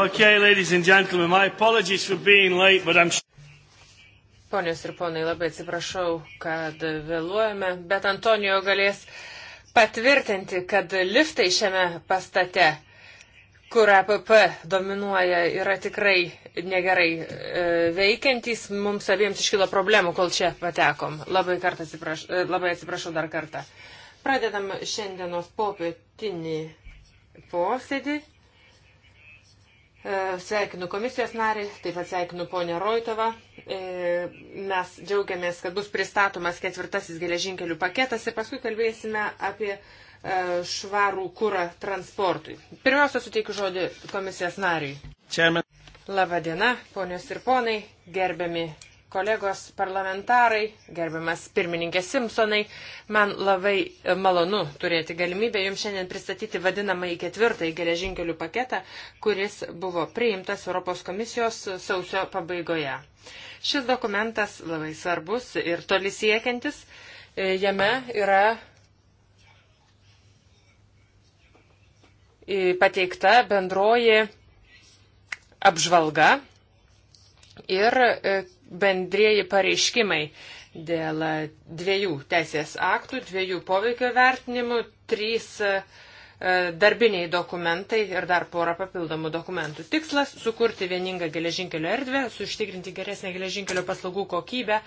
Okay, ladies and gentlemen, my apologies for being late, but I'm. Ponios ir ponai, labai atsiprašau, kad vėluojame, bet Antonijo galės patvirtinti, kad liftai šiame pastate, kur APP dominuoja, yra tikrai negerai e, veikiantys. Mums abiems iškilo problemų, kol čia patekom. Labai, atsipraš, e, labai atsiprašau dar kartą. Pradedam šiandienos popietinį posėdį. E, sveikinu komisijos narį, taip pat sveikinu ponę Roitovą. E, mes džiaugiamės, kad bus pristatomas ketvirtasis geležinkelių paketas ir paskui kalbėsime apie e, švarų kūrą transportui. Pirmiausia, suteikiu žodį komisijos nariui. Čia mes. Labadiena, ponios ir ponai, gerbiami kolegos parlamentarai, gerbiamas pirmininkė Simpsonai, man labai malonu turėti galimybę jums šiandien pristatyti vadinamąjį ketvirtąjį geležinkelių paketą, kuris buvo priimtas Europos komisijos sausio pabaigoje. Šis dokumentas labai svarbus ir toli siekiantis. E, jame yra pateikta bendroji apžvalga ir e, bendrieji pareiškimai dėl e, dviejų teisės aktų, dviejų poveikio vertinimų, trys e, e, darbiniai dokumentai ir dar pora papildomų dokumentų. Tikslas - sukurti vieningą geležinkelio erdvę, suštikrinti geresnę geležinkelio paslaugų kokybę.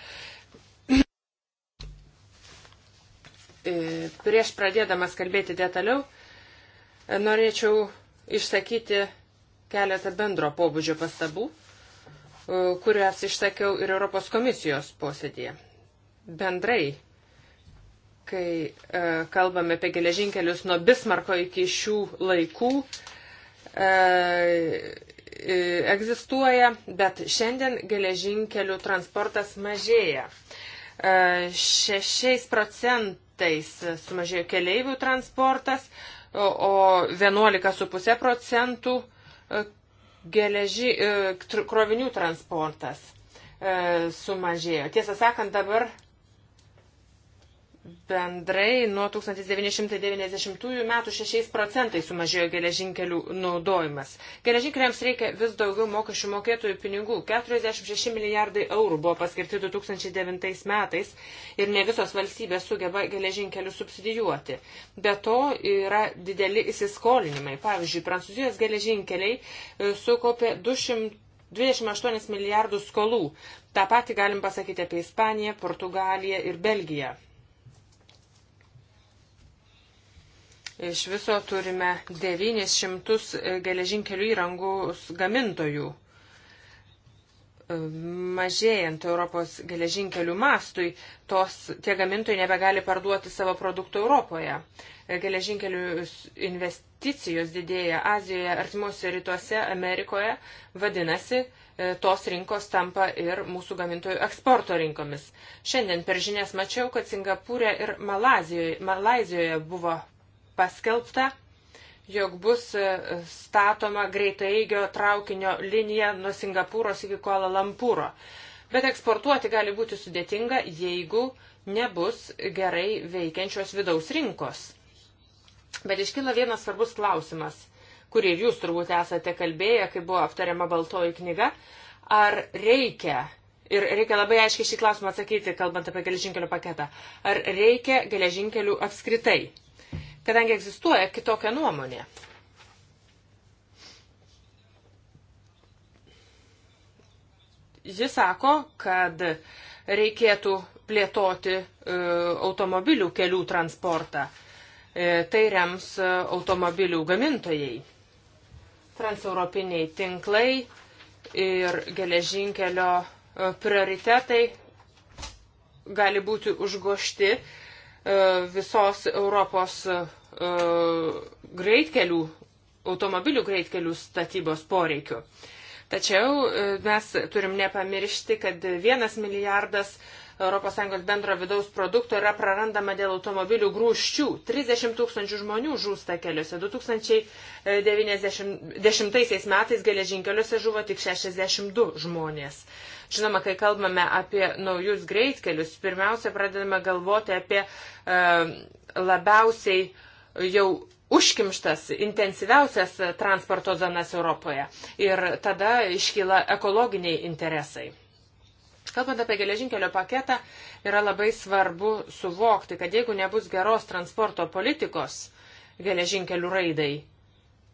Prieš pradėdamas kalbėti detaliau, norėčiau išsakyti keletą bendro pobūdžio pastabų. E, kurias išsakiau ir Europos komisijos posėdėje. Bendrai, kai e, kalbame apie geležinkelius nuo Bismarko iki šių laikų, e, egzistuoja, bet šiandien geležinkelių transportas mažėja. 6 procentais sumažėjo keleivių transportas, o 11,5 procentų Geleži, e, krovinių transportas e, sumažėjo. Tiesą sakant, dabar bendrai nuo 1990 metų 6 procentais sumažėjo geležinkelių naudojimas. Geležinkeliams reikia vis daugiau mokesčių mokėtojų pinigų. 46 milijardai eurų buvo paskirti 2009 metais ir ne visos valstybės sugeba geležinkelių subsidijuoti. Be to yra dideli įsiskolinimai. Pavyzdžiui, Prancūzijos geležinkeliai e, sukaupė 200 28 milijardų skolų. Ta pati galim pasakyti apie Ispaniją, Portugaliją ir Belgiją. Iš viso turime 900 geležinkelių įrangų gamintojų. Mažėjant Europos geležinkelių mastui, tos, tie gamintojai nebegali parduoti savo produktų Europoje. Geležinkelių investicijos didėja Azijoje, Artimuose rytuose, Amerikoje. Vadinasi, e, tos rinkos tampa ir mūsų gamintojų eksporto rinkomis. Šiandien per žinias mačiau, kad Singapūrė ir Malazijoje, Malazijoje buvo paskelbta, jog bus e, statoma greitaeigio traukinio linija nuo Singapūros iki Kuala Lampūro. Bet eksportuoti gali būti sudėtinga, jeigu nebus gerai veikiančios vidaus rinkos. Bet iškyla vienas svarbus klausimas, kurį ir jūs turbūt esate kalbėję, kai buvo aptariama baltoji knyga. Ar reikia Ir reikia labai aiškiai šį klausimą atsakyti, kalbant apie geležinkelių paketą. Ar reikia geležinkelių apskritai? kadangi egzistuoja kitokia nuomonė. Jis sako, kad reikėtų plėtoti e, automobilių kelių transportą. E, tai rems e, automobilių gamintojai. Transeuropiniai tinklai ir geležinkelio e, prioritetai gali būti užgošti E, visos Europos e, greitkelių, automobilių greitkelių statybos poreikiu. Tačiau e, mes turim nepamiršti, kad vienas milijardas ES bendro vidaus produkto yra prarandama dėl automobilių grūščių. 30 tūkstančių žmonių žūsta keliuose. 2010 metais geležinkeliuose žuvo tik 62 žmonės. Žinoma, kai kalbame apie naujus greitkelius, pirmiausia pradedame galvoti apie e, labiausiai jau užkimštas intensyviausias transporto zonas Europoje. Ir tada iškyla ekologiniai interesai. Kalbant apie geležinkelio paketą, yra labai svarbu suvokti, kad jeigu nebus geros transporto politikos geležinkelių raidai,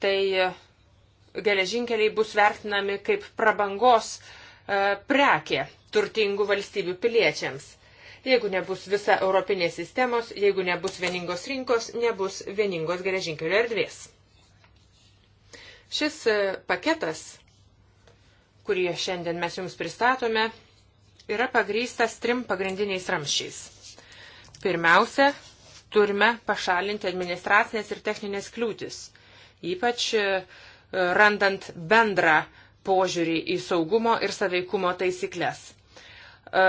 tai e, geležinkeliai bus vertinami kaip prabangos E, prekė turtingų valstybių piliečiams. Jeigu nebus visa europinės sistemos, jeigu nebus vieningos rinkos, nebus vieningos geležinkelio erdvės. Šis e, paketas, kurį šiandien mes jums pristatome, yra pagrystas trim pagrindiniais ramščiais. Pirmiausia, turime pašalinti administracinės ir techninės kliūtis, ypač e, randant bendrą uh, požiūrį į saugumo ir saveikumo taisyklės. E,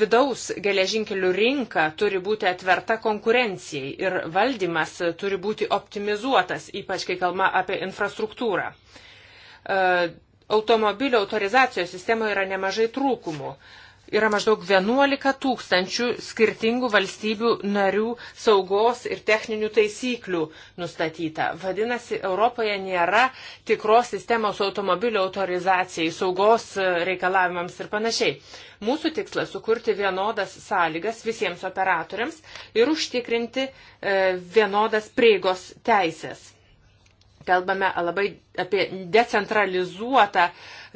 vidaus geležinkelių rinka turi būti atverta konkurencijai ir valdymas turi būti optimizuotas, ypač kai kalba apie infrastruktūrą. E, Automobilio autorizacijos sistemoje yra nemažai trūkumų yra maždaug 11 tūkstančių skirtingų valstybių narių saugos ir techninių taisyklių nustatyta. Vadinasi, Europoje nėra tikros sistemos automobilio autorizacijai, saugos e, reikalavimams ir panašiai. Mūsų tikslas - sukurti vienodas sąlygas visiems operatoriams ir užtikrinti e, vienodas prieigos teisės kalbame labai apie decentralizuotą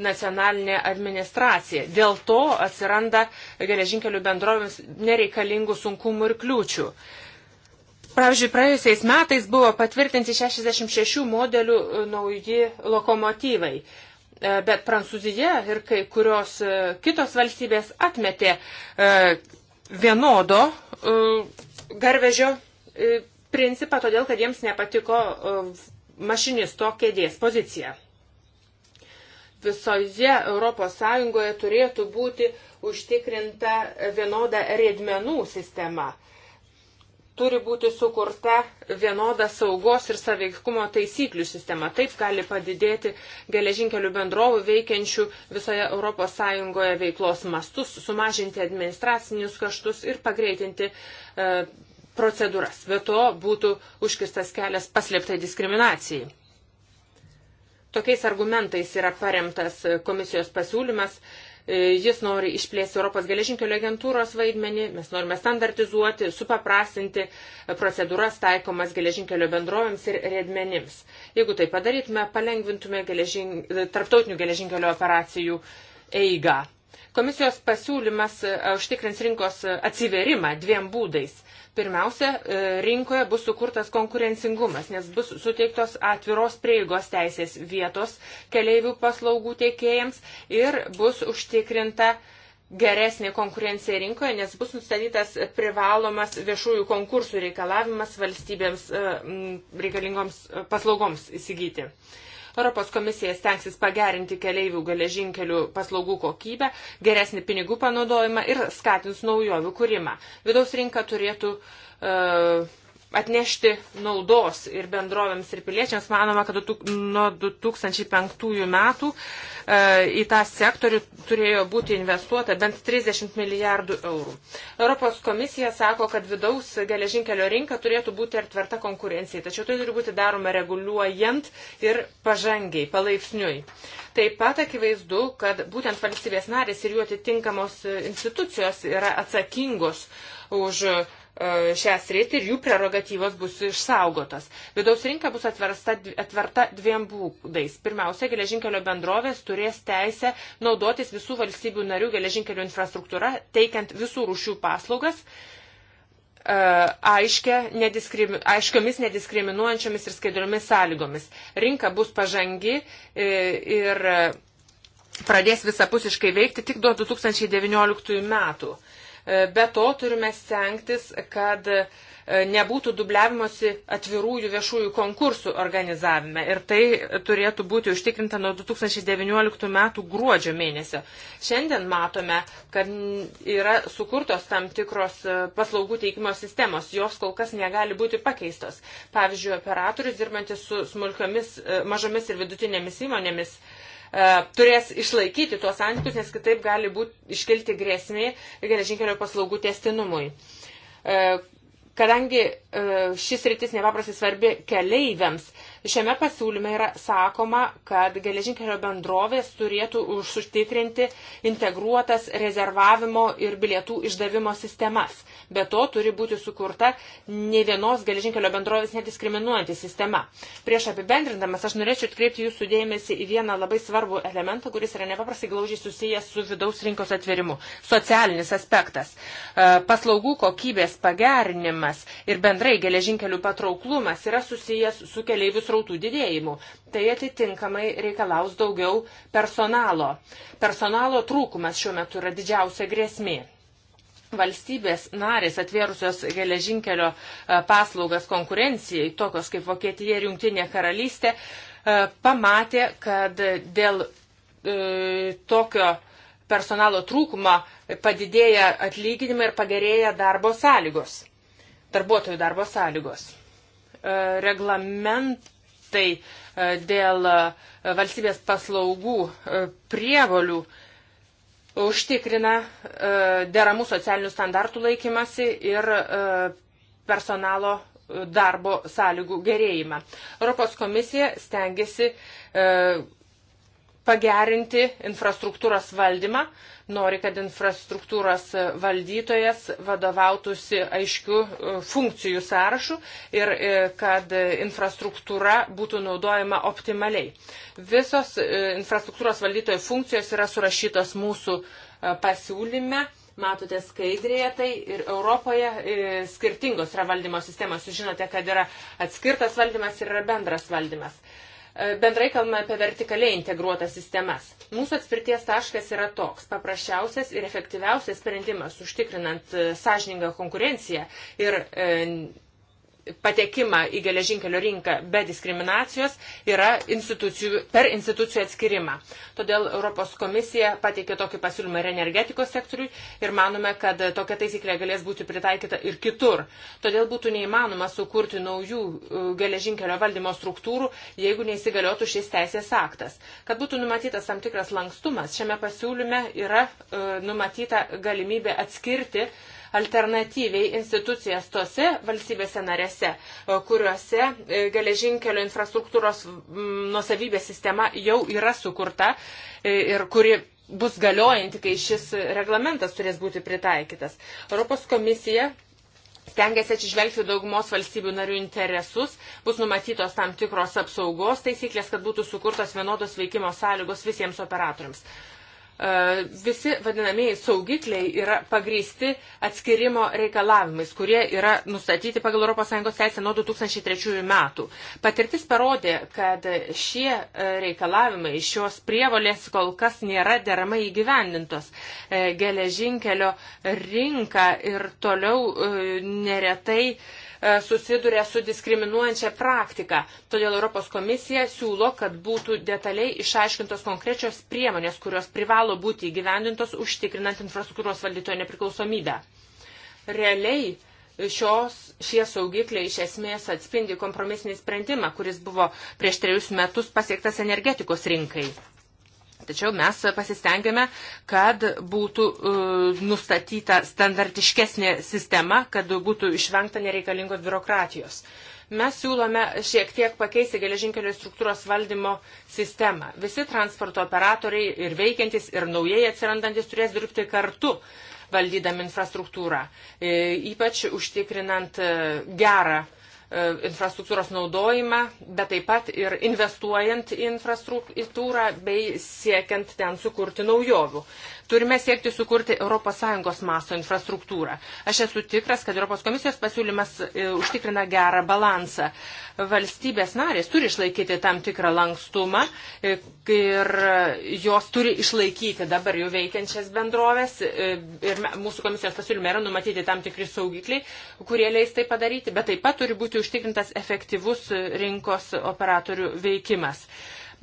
nacionalinę administraciją. Dėl to atsiranda geležinkelių bendrovėms nereikalingų sunkumų ir kliūčių. Pavyzdžiui, praėjusiais metais buvo patvirtinti 66 modelių e, nauji lokomotyvai. E, bet Prancūzija ir kai kurios e, kitos valstybės atmetė vienodo garvežio principą, todėl kad jiems nepatiko mašinisto kėdės poziciją. Visoje ES turėtų būti užtikrinta vienoda riedmenų sistema. Turi būti sukurta vienoda saugos ir saveikumo taisyklių sistema. Taip gali padidėti geležinkelių bendrovų veikiančių visoje ES veiklos mastus, sumažinti administracinius kaštus ir pagreitinti e, procedūras. Be to būtų užkistas kelias paslėptai diskriminacijai. Tokiais argumentais yra paremtas komisijos pasiūlymas. E, jis nori išplėsti Europos geležinkelio agentūros vaidmenį, mes norime standartizuoti, supaprastinti procedūras taikomas geležinkelio bendrovėms ir riedmenims. Jeigu tai padarytume, palengvintume geležin... tarptautinių geležinkelio operacijų eigą. Komisijos pasiūlymas e, užtikrins rinkos e, atsiverimą dviem būdais. Pirmiausia, e, rinkoje bus sukurtas konkurencingumas, nes bus suteiktos atviros prieigos teisės vietos keleivių paslaugų tiekėjams ir bus užtikrinta geresnė konkurencija rinkoje, nes bus nustatytas privalomas viešųjų konkursų reikalavimas valstybėms reikalingoms paslaugoms įsigyti. Europos komisija stengsis pagerinti keleivių geležinkelių paslaugų kokybę, geresnį pinigų panaudojimą ir skatins naujovių kūrimą. Vidaus rinka turėtų uh, atnešti naudos ir bendrovėms ir piliečiams. Manoma, kad nuo 2005 metų e, į tą sektorių turėjo būti investuota bent 30 milijardų eurų. Europos komisija sako, kad vidaus geležinkelio rinka turėtų būti atverta konkurencijai, tačiau tai turi būti daroma reguliuojant ir pažangiai, palaipsniui. Taip pat akivaizdu, kad būtent valstybės narės ir jų atitinkamos institucijos yra atsakingos už uh, E, šią sritį ir jų prerogatyvos bus išsaugotos. Vidaus rinka bus atversta, atverta dviem būdais. Pirmiausia, geležinkelio bendrovės turės teisę naudotis visų valstybių narių geležinkelio infrastruktūra, teikiant visų rūšių paslaugas e, aiškia, nediskrimi, aiškiomis nediskriminuojančiomis ir skaidriomis sąlygomis. Rinka bus pažangi e, ir pradės visapusiškai veikti tik nuo 2019 metų. E, be to turime stengtis, kad e, nebūtų dubliavimosi atvirųjų viešųjų konkursų organizavime. Ir tai turėtų būti užtikrinta nuo 2019 metų gruodžio mėnesio. Šiandien matome, kad yra sukurtos tam tikros e, paslaugų teikimo sistemos. Jos kol kas negali būti pakeistos. Pavyzdžiui, operatorius dirbantis su smulkiomis, mažomis ir vidutinėmis įmonėmis E, turės išlaikyti tuos santykius, nes kitaip gali būti iškilti grėsmė geležinkelio paslaugų testinumui. E, kadangi e, šis rytis nepaprastai svarbi keleiviams, Šiame pasiūlyme yra sakoma, kad geležinkelio bendrovės turėtų užsutikrinti integruotas rezervavimo ir bilietų išdavimo sistemas. Be to turi būti sukurta ne vienos geležinkelio bendrovės nediskriminuojanti sistema. Prieš apibendrindamas aš norėčiau atkreipti jūsų dėmesį į vieną labai svarbų elementą, kuris yra nepaprastai glaužiai susijęs su vidaus rinkos atverimu - socialinis aspektas. E, paslaugų kokybės pagerinimas ir bendrai geležinkelių patrauklumas yra susijęs su keleivius srautų didėjimu. Tai atitinkamai reikalaus daugiau personalo. Personalo trūkumas šiuo metu yra didžiausia grėsmė. Valstybės narės atvėrusios geležinkelio e, paslaugas konkurencijai, tokios kaip Vokietija ir Junktinė karalystė, e, pamatė, kad dėl e, tokio personalo trūkumo padidėja atlyginimai ir pagerėja darbo sąlygos, darbuotojų darbo sąlygos. E, reglament, tekstai e, dėl e, valstybės paslaugų e, prievolių užtikrina deramų socialinių standartų laikymasi ir personalo darbo sąlygų gerėjimą. Europos komisija stengiasi pagerinti infrastruktūros valdymą, nori, kad infrastruktūros valdytojas vadovautųsi aiškių e, funkcijų sąrašų ir e, kad infrastruktūra būtų naudojama optimaliai. Visos e, infrastruktūros valdytojų funkcijos yra surašytos mūsų pasiūlyme matote skaidrėje, tai ir Europoje ir skirtingos yra valdymo sistemos. Jūs žinote, kad yra atskirtas valdymas ir yra bendras valdymas. E, bendrai kalbame apie vertikaliai integruotas sistemas. Mūsų atspirties taškas yra toks - paprasčiausias ir efektyviausias sprendimas užtikrinant e, sąžiningą konkurenciją ir e, patekimą į geležinkelio rinką be diskriminacijos yra institucijų, per institucijų atskirimą. Todėl Europos komisija pateikė tokį pasiūlymą ir energetikos sektoriui ir manome, kad tokia taisyklė galės būti pritaikyta ir kitur. Todėl būtų neįmanoma sukurti naujų e, geležinkelio valdymo struktūrų, jeigu neįsigaliotų šis teisės aktas. Kad būtų numatytas tam tikras lankstumas, šiame pasiūlyme yra e, numatyta galimybė atskirti uh, alternatyviai institucijas tose valstybėse narėse, kuriuose e, geležinkelio infrastruktūros nusavybės sistema jau yra sukurta e, ir kuri bus galiojanti, kai šis reglamentas turės būti pritaikytas. Europos komisija stengiasi atsižvelgti daugumos valstybių narių interesus, bus numatytos tam tikros apsaugos taisyklės, kad būtų sukurtos vienodos veikimo sąlygos visiems operatoriams. E, visi vadinamieji saugikliai yra pagrįsti atskirimo reikalavimais, kurie yra nustatyti pagal ES teisę nuo 2003 metų. Patirtis parodė, kad šie e, reikalavimai, šios prievolės kol kas nėra deramai įgyvendintos. E, geležinkelio rinka ir toliau neretai E, susiduria su diskriminuojančia praktika. Todėl Europos komisija siūlo, kad būtų detaliai išaiškintos konkrečios priemonės, kurios privalo būti įgyvendintos užtikrinant infrastruktūros valdytojo nepriklausomybę. Realiai šios, šie saugikliai iš esmės atspindi kompromisinį sprendimą, kuris buvo prieš trejus metus pasiektas energetikos rinkai. Tačiau mes pasistengėme, kad būtų uh, nustatyta standartiškesnė sistema, kad būtų išvengta nereikalingos biurokratijos. Mes siūlome šiek tiek pakeisti geležinkelio struktūros valdymo sistemą. Visi transporto operatoriai ir veikiantis, ir naujai atsirandantis turės dirbti kartu valdydami infrastruktūrą, e, ypač užtikrinant e, gerą uh, E, infrastruktūros naudojimą, bet taip pat ir investuojant į infrastruktūrą bei siekiant ten sukurti naujovių. Turime siekti sukurti ES masto infrastruktūrą. Aš esu tikras, kad ES komisijos pasiūlymas e, užtikrina gerą balansą. Valstybės narės turi išlaikyti tam tikrą lankstumą e, ir jos turi išlaikyti dabar jau veikiančias bendrovės. E, ir mūsų komisijos pasiūlyme yra numatyti tam tikri saugikliai, kurie leis tai padaryti, bet taip pat turi būti užtikrintas efektyvus rinkos operatorių veikimas.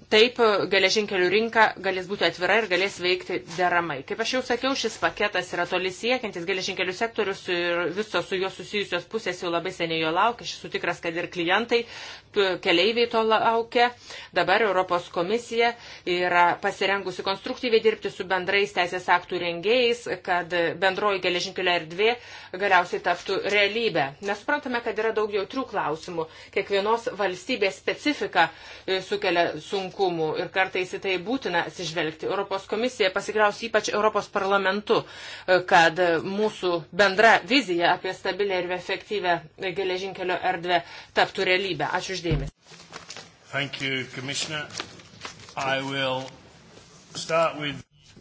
Taip geležinkelių rinka galės būti atvira ir galės veikti deramai. Kaip aš jau sakiau, šis paketas yra toli siekiantis, geležinkelių sektorius ir visos su juo susijusios pusės jau labai seniai jo laukia, aš esu tikras, kad ir klientai, keleiviai to laukia. Dabar Europos komisija yra pasirengusi konstruktyviai dirbti su bendrais teisės aktų rengėjais, kad bendroji geležinkelio erdvė galiausiai taptų realybę. Mes suprantame, kad yra daug jautrių klausimų. Kiekvienos valstybės specifika e, sukelia sunkumų sunkumų ir kartais į tai būtina atsižvelgti. Europos komisija pasikriaus ypač Europos parlamentu, e, kad mūsų bendra vizija apie stabilę ir efektyvę geležinkelio erdvę taptų realybę. Ačiū uždėmesi. With...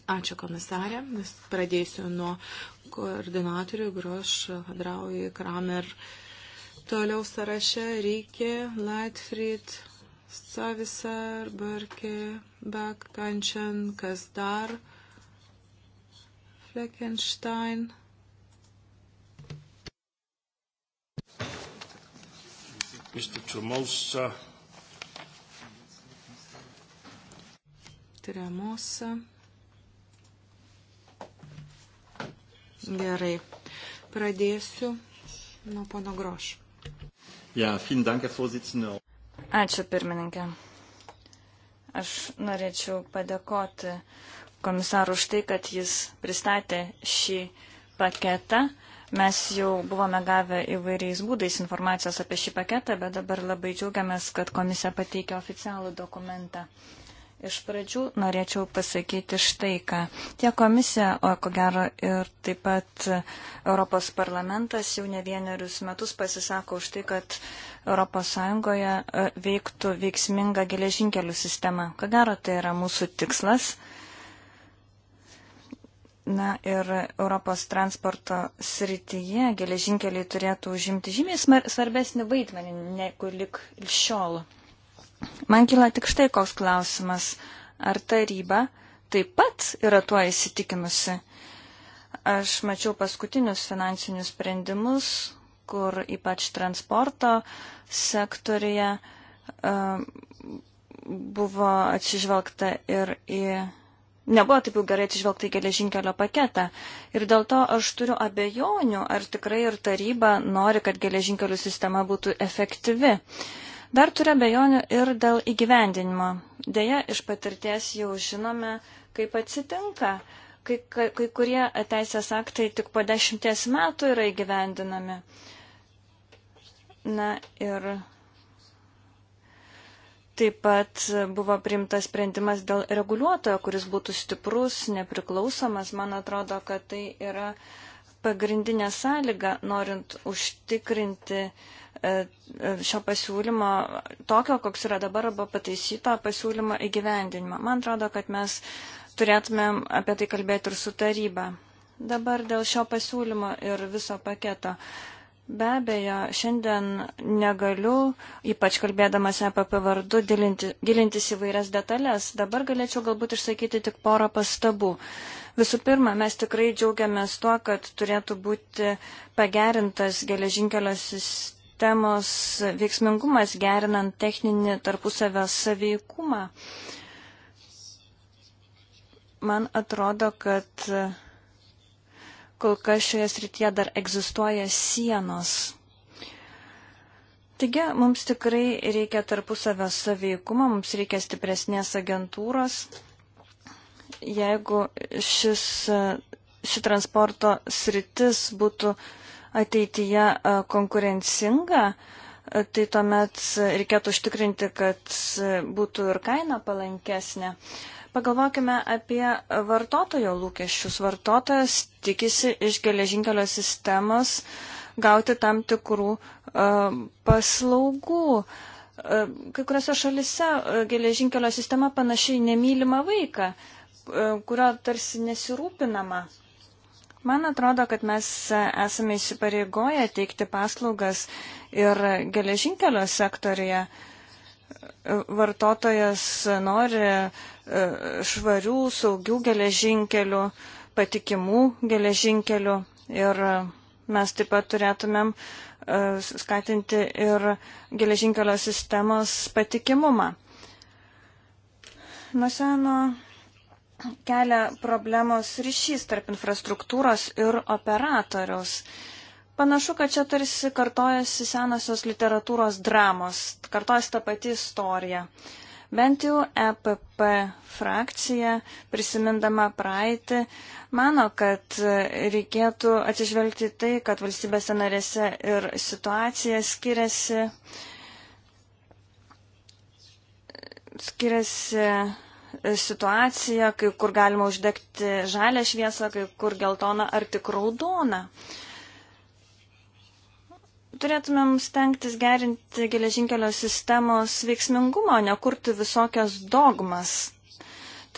Ačiū komisarė. Vis pradėsiu nuo koordinatorių Groš, Drauji, Kramer. Toliau sąraše reikia Lightfried, Savisar, Barke, Bak, Kančan, Kazdar, Fleckenstein. Mr. Tremosa. Tremosa. Gerai. Pradėsiu nuo pono Groš. Ja, vielen Dank, Herr Vorsitzender. Ačiū pirmininkė. Aš norėčiau padėkoti komisaru už tai, kad jis pristatė šį paketą. Mes jau buvome gavę įvairiais būdais informacijos apie šį paketą, bet dabar labai džiaugiamės, kad komisija pateikė oficialų dokumentą. Iš pradžių norėčiau pasakyti štai ką. Tiek komisija, o ko gero ir taip pat Europos parlamentas jau ne vienerius metus pasisako už tai, kad ES e, veiktų veiksminga geležinkelių sistema. Ko gero tai yra mūsų tikslas. Na ir Europos transporto srityje geležinkeliai turėtų užimti žymiai svarbesnį vaidmenį negu lik šiol. Man kyla tik štai koks klausimas. Ar taryba taip pat yra tuo įsitikinusi? Aš mačiau paskutinius finansinius sprendimus, kur ypač transporto sektorija e, buvo atsižvelgta ir į. Nebuvo taip jau gerai atsižvelgta į geležinkelio paketą. Ir dėl to aš turiu abejonių, ar tikrai ir taryba nori, kad geležinkelių sistema būtų efektyvi. Uh, Dar turiu bejonių ir dėl įgyvendinimo. Deja, iš patirties jau žinome, kaip atsitinka. Kai, kai, kai kurie teisės aktai tik po dešimties metų yra įgyvendinami. Na ir Taip pat buvo priimtas sprendimas dėl reguliuotojo, kuris būtų stiprus, nepriklausomas. Man atrodo, kad tai yra pagrindinė sąlyga, norint užtikrinti e, e, šio pasiūlymo, tokio, koks yra dabar, arba pataisyto pasiūlymo įgyvendinimą. Man atrodo, kad mes turėtumėm apie tai kalbėti ir su taryba. Dabar dėl šio pasiūlymo ir viso paketo. Be abejo, šiandien negaliu, ypač kalbėdamas apie pavardų, gilintis į vairias detalės. Dabar galėčiau galbūt išsakyti tik porą pastabų. Uh, Visų pirma, mes tikrai džiaugiamės tuo, kad turėtų būti pagerintas geležinkelio sistemos veiksmingumas, gerinant techninį tarpusavę saveikumą. Man atrodo, kad kol kas šioje srityje dar egzistuoja sienos. Taigi, mums tikrai reikia tarpusavio saveikumo, mums reikia stipresnės agentūros jeigu šis, e, ši transporto sritis būtų ateityje e, konkurencinga, e, tai tuomet reikėtų užtikrinti, kad būtų ir kaina palankesnė. Pagalvokime apie vartotojo lūkesčius. Vartotojas tikisi iš geležinkelio sistemos gauti tam tikrų uh, paslaugų. Uh, kai kuriuose šalise geležinkelio sistema panašiai nemylima vaiką. Uh, E, kurio tarsi nesirūpinama. Man atrodo, kad mes esame įsipareigoję teikti paslaugas ir geležinkelio sektorija. Vartotojas nori e, švarių, saugių geležinkelių, patikimų geležinkelių ir mes taip pat turėtumėm e, skatinti ir geležinkelio sistemos patikimumą. Nuo seno kelia problemos ryšys tarp infrastruktūros ir operatoriaus. Panašu, kad čia tarsi kartojasi senosios literatūros dramos, kartojasi ta pati istorija. Bent jau EPP frakcija, prisimindama praeitį, mano, kad reikėtų atsižvelgti tai, kad valstybėse narėse ir situacija skiriasi, skiriasi situacija, kai kur galima uždegti žalę šviesą, kai kur geltoną ar tik raudoną. Turėtumėm stengtis gerinti geležinkelio sistemos veiksmingumą, nekurti visokias dogmas.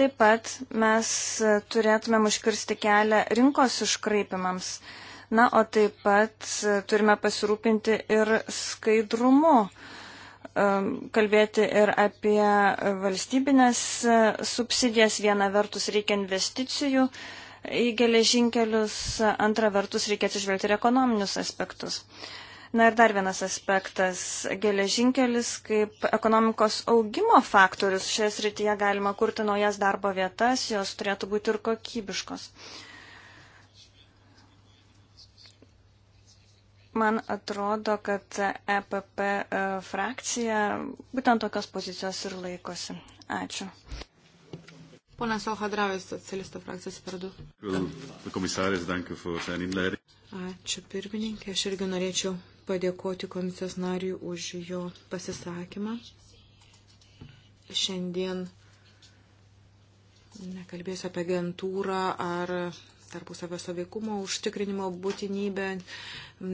Taip pat mes turėtumėm užkirsti kelią rinkos iškraipimams. Na, o taip pat turime pasirūpinti ir skaidrumu Um, kalbėti ir apie valstybinės uh, subsidijas. Viena vertus reikia investicijų į geležinkelius, antra vertus reikia atsižvelgti ir ekonominius aspektus. Na ir dar vienas aspektas - geležinkelis kaip ekonomikos augimo faktorius. Šioje srityje galima kurti naujas darbo vietas, jos turėtų būti ir kokybiškos. Uh, Man atrodo, kad EPP e, frakcija būtent tokios pozicijos ir laikosi. Ačiū. Ponas Ohadravis, socialistų frakcijos vardu. Komisarės, dankiu už inleidį. Ačiū pirmininkė, aš irgi norėčiau padėkoti komisijos nariui už jo pasisakymą. Šiandien nekalbėsiu apie agentūrą ar tarpusavio saveikumo užtikrinimo būtinybę,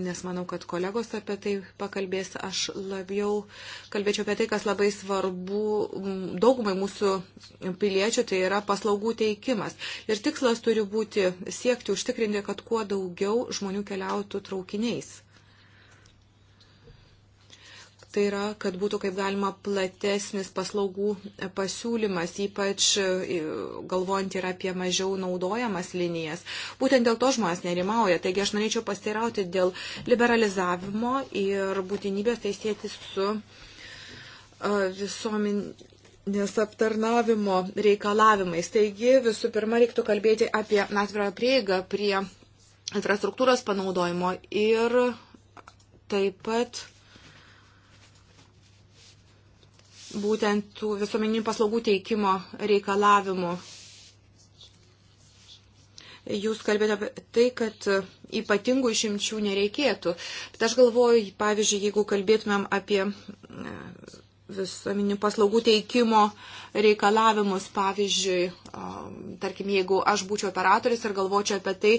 nes manau, kad kolegos apie tai pakalbės. Aš labiau kalbėčiau apie tai, kas labai svarbu daugumai mūsų piliečių, tai yra paslaugų teikimas. Ir tikslas turi būti siekti užtikrinti, kad kuo daugiau žmonių keliautų traukiniais. Tai yra, kad būtų kaip galima platesnis paslaugų pasiūlymas, ypač e, galvojant ir apie mažiau naudojamas linijas. Būtent dėl to žmonės nerimauja. Taigi aš norėčiau pasteirauti dėl liberalizavimo ir būtinybės tai sėti su e, visuomenė nes aptarnavimo reikalavimais. Taigi visų pirma reiktų kalbėti apie atvirą prieigą prie infrastruktūros panaudojimo ir taip pat būtent tų visuomeninių paslaugų teikimo reikalavimų. Jūs kalbėte apie tai, kad ypatingų išimčių nereikėtų. Bet aš galvoju, pavyzdžiui, jeigu kalbėtumėm apie visuomenių paslaugų teikimo reikalavimus. Pavyzdžiui, tarkim, jeigu aš būčiau operatorius ir galvočiau apie tai,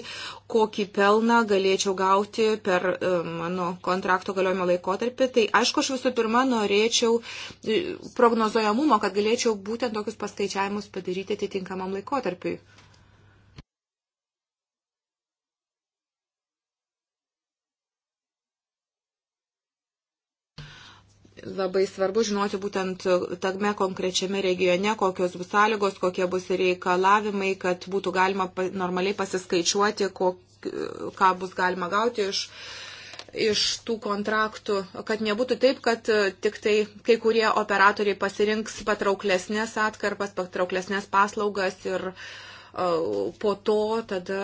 kokį pelną galėčiau gauti per e, mano kontrakto galiojimo laikotarpį, tai aišku, aš visų pirma norėčiau e, prognozojamumo, kad galėčiau būtent tokius paskaičiavimus padaryti atitinkamam laikotarpiui. labai svarbu žinoti būtent tame konkrečiame regione, kokios bus sąlygos, kokie bus reikalavimai, kad būtų galima normaliai pasiskaičiuoti, kok, ką bus galima gauti iš iš tų kontraktų, kad nebūtų taip, kad tik tai kai kurie operatoriai pasirinks patrauklesnės atkarpas, patrauklesnės paslaugas ir uh, po to tada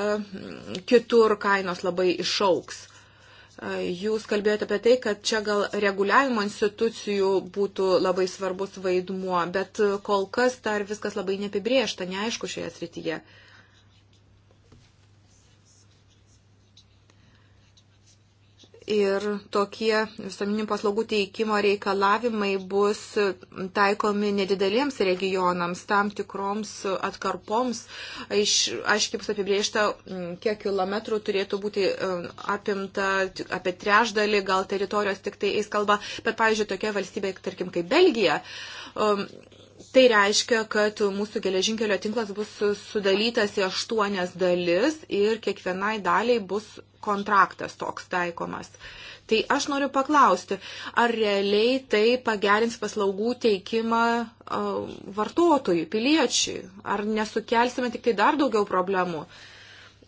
kitur kainos labai išauks. Jūs kalbėjote apie tai, kad čia gal reguliavimo institucijų būtų labai svarbus vaidmuo, bet kol kas dar viskas labai neapibriešta, neaišku šioje srityje. Uh, ir tokie visuomeninių paslaugų teikimo reikalavimai bus taikomi nedideliems regionams, tam tikroms atkarpoms. Aiš, aiškiai bus apibriešta, kiek kilometrų turėtų būti apimta, apie trešdalį gal teritorijos tik tai eis kalba, bet, pavyzdžiui, tokia valstybė, tarkim, kaip Belgija. Tai reiškia, kad mūsų geležinkelio tinklas bus sudalytas į aštuonias dalis ir kiekvienai daliai bus kontraktas toks taikomas. Tai aš noriu paklausti, ar realiai tai pagerins paslaugų teikimą vartotojui, piliečiui, ar nesukelsime tik tai dar daugiau problemų? Uh,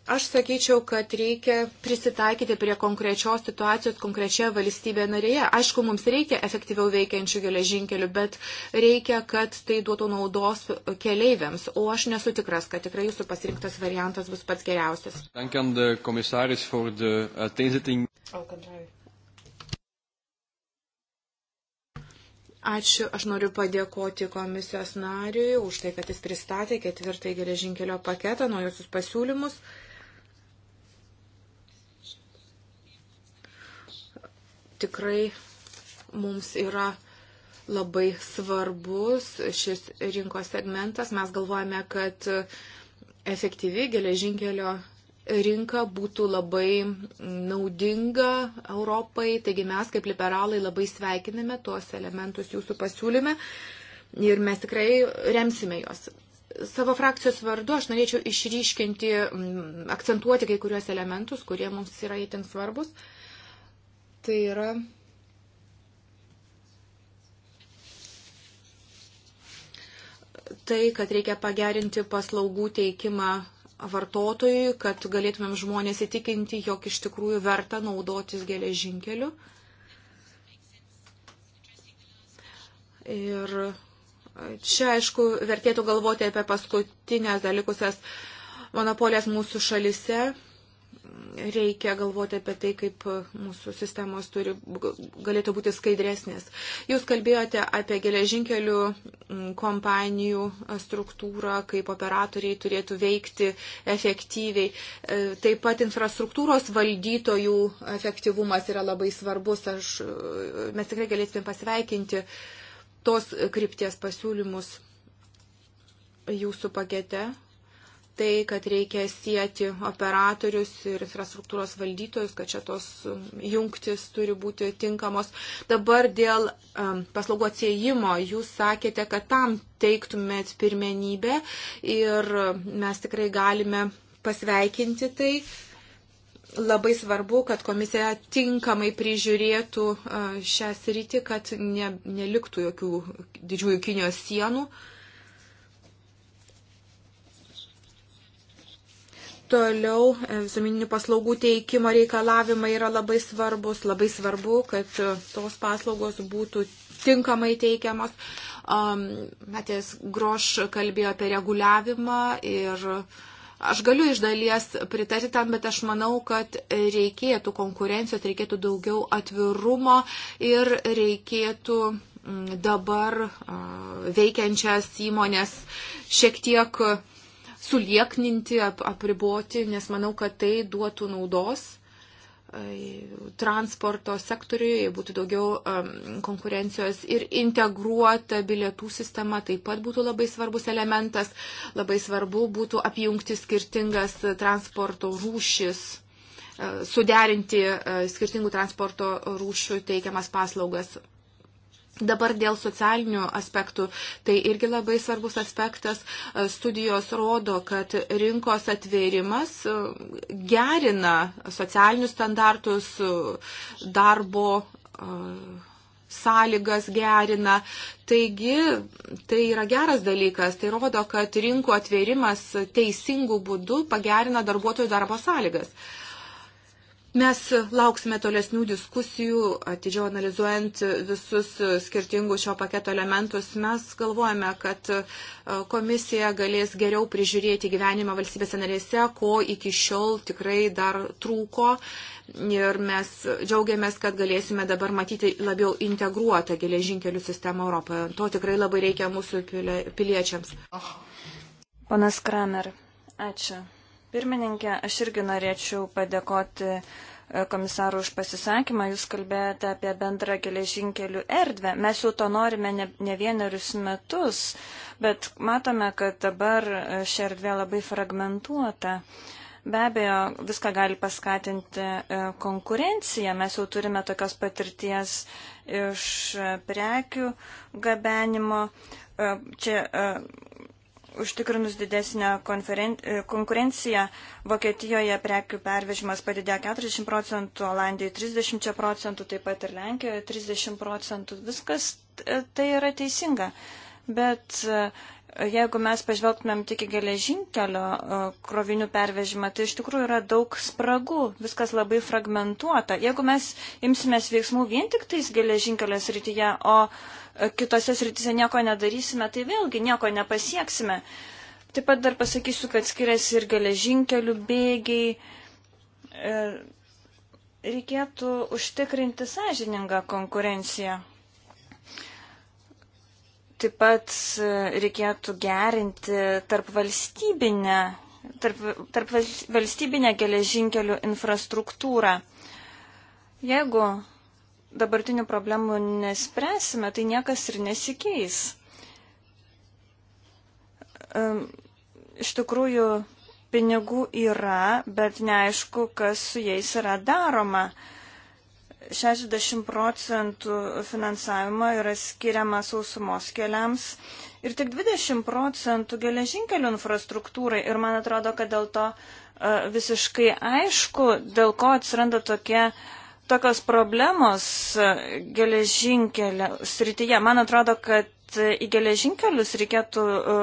Aš sakyčiau, kad reikia prisitaikyti prie konkrečios situacijos konkrečioje valstybėje narėje. Aišku, mums reikia efektyviau veikiančių geležinkelių, bet reikia, kad tai duotų naudos keleiviams. O aš nesu tikras, kad tikrai jūsų pasirinktas variantas bus pats geriausias. Ačiū, aš noriu padėkoti komisijos nariui už tai, kad jis pristatė ketvirtąjį geležinkelio paketą, naujosius pasiūlymus. tikrai mums yra labai svarbus šis rinkos segmentas. Mes galvojame, kad efektyvi geležinkelio rinka būtų labai naudinga Europai. Taigi mes kaip liberalai labai sveikiname tuos elementus jūsų pasiūlyme ir mes tikrai remsime juos. Savo frakcijos vardu aš norėčiau išryškinti, akcentuoti kai kuriuos elementus, kurie mums yra itin svarbus. Uh, Tai yra tai, kad reikia pagerinti paslaugų teikimą vartotojui, kad galėtumėm žmonės įtikinti, jog iš tikrųjų verta naudotis geležinkeliu. Ir čia, aišku, vertėtų galvoti apie paskutinės dalikusias monopolijas mūsų šalise reikia galvoti apie tai, kaip mūsų sistemos turi, galėtų būti skaidresnės. Jūs kalbėjote apie geležinkelių mm, kompanijų e, struktūrą, kaip operatoriai turėtų veikti efektyviai. E, taip pat infrastruktūros valdytojų efektyvumas yra labai svarbus. Aš, e, mes tikrai galėtume pasveikinti tos krypties pasiūlymus jūsų pakete tai, kad reikia sieti operatorius ir infrastruktūros valdytojus, kad čia tos um, jungtis turi būti tinkamos. Dabar dėl um, paslaugų atsiejimo jūs sakėte, kad tam teiktumėt pirmenybę ir mes tikrai galime pasveikinti tai labai svarbu, kad komisija tinkamai prižiūrėtų uh, šią sritį, kad ne, neliktų jokių didžiųjų Kinijos sienų. Uh, Toliau e, visuomeninių paslaugų teikimo reikalavimai yra labai svarbus, labai svarbu, kad e, tos paslaugos būtų tinkamai teikiamos. Matės Groš kalbėjo apie reguliavimą ir aš galiu iš dalies pritarti tam, bet aš manau, kad reikėtų konkurencijos, reikėtų daugiau atvirumo ir reikėtų mm, dabar veikiančias įmonės šiek tiek suliekninti, ap, apriboti, nes manau, kad tai duotų naudos e, transporto sektoriui, būtų daugiau um, konkurencijos ir integruota bilietų sistema taip pat būtų labai svarbus elementas, labai svarbu būtų apjungti skirtingas transporto rūšis, e, suderinti e, skirtingų transporto rūšių teikiamas paslaugas. Dabar dėl socialinių aspektų. Tai irgi labai svarbus aspektas. E, studijos rodo, kad rinkos atvėrimas e, gerina socialinius standartus, e, darbo sąlygas gerina. Taigi tai yra geras dalykas. Tai rodo, kad rinkų atvėrimas teisingų būdų pagerina darbuotojų darbo sąlygas. Uh, Mes lauksime tolesnių diskusijų, atidžiau analizuojant visus skirtingus šio paketo elementus. Mes galvojame, kad e, komisija galės geriau prižiūrėti gyvenimą valstybės narėse, ko iki šiol tikrai dar trūko. Ir mes džiaugiamės, kad galėsime dabar matyti labiau integruotą geležinkelių sistemą Europoje. To tikrai labai reikia mūsų piliečiams. Panas Kramer, ačiū pirmininkė. Aš irgi norėčiau padėkoti e, komisarų už pasisakymą. Jūs kalbėjote apie bendrą geležinkelių erdvę. Mes jau to norime ne, ne vienerius metus, bet matome, kad dabar e, ši erdvė labai fragmentuota. Be abejo, viską gali paskatinti e, konkurencija. Mes jau turime tokios patirties iš prekių gabenimo. Čia Užtikrinus didesnę e, konkurenciją, Vokietijoje prekių pervežimas padidėjo 40 procentų, Olandijoje 30 procentų, taip pat ir Lenkijoje 30 procentų. Viskas e, tai yra teisinga. Bet e, jeigu mes pažvelgtumėm tik į geležinkelio krovinių pervežimą, tai iš tikrųjų yra daug spragų, viskas labai fragmentuota. Jeigu mes imsimės veiksmų vien tik tais geležinkelio srityje, o kitose srityse nieko nedarysime, tai vėlgi nieko nepasieksime. Taip pat dar pasakysiu, kad skiriasi ir geležinkelių bėgiai. E, reikėtų užtikrinti sąžiningą konkurenciją. Taip pat e, reikėtų gerinti tarp valstybinę, tarp, tarp valstybinę geležinkelių infrastruktūrą. Jeigu dabartinių problemų nespręsime, tai niekas ir nesikeis. Iš tikrųjų, pinigų yra, bet neaišku, kas su jais yra daroma. 60 procentų finansavimo yra skiriama sausumos keliams ir tik 20 procentų geležinkelių infrastruktūrai. Ir man atrodo, kad dėl to e, visiškai aišku, dėl ko atsiranda tokie uh, tokios problemos e, geležinkelio srityje. Man atrodo, kad į geležinkelius reikėtų e,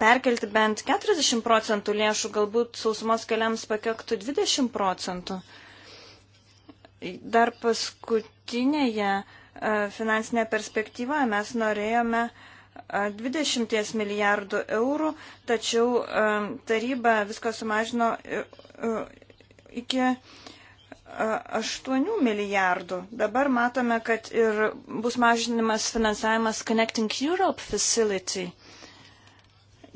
perkelti bent 40 procentų lėšų, galbūt sausumos keliams pakaktų 20 procentų. Dar paskutinėje e, finansinėje perspektyvoje mes norėjome 20 milijardų eurų, tačiau taryba viską sumažino iki 8 milijardų. Dabar matome, kad ir bus mažinimas finansavimas Connecting Europe Facility.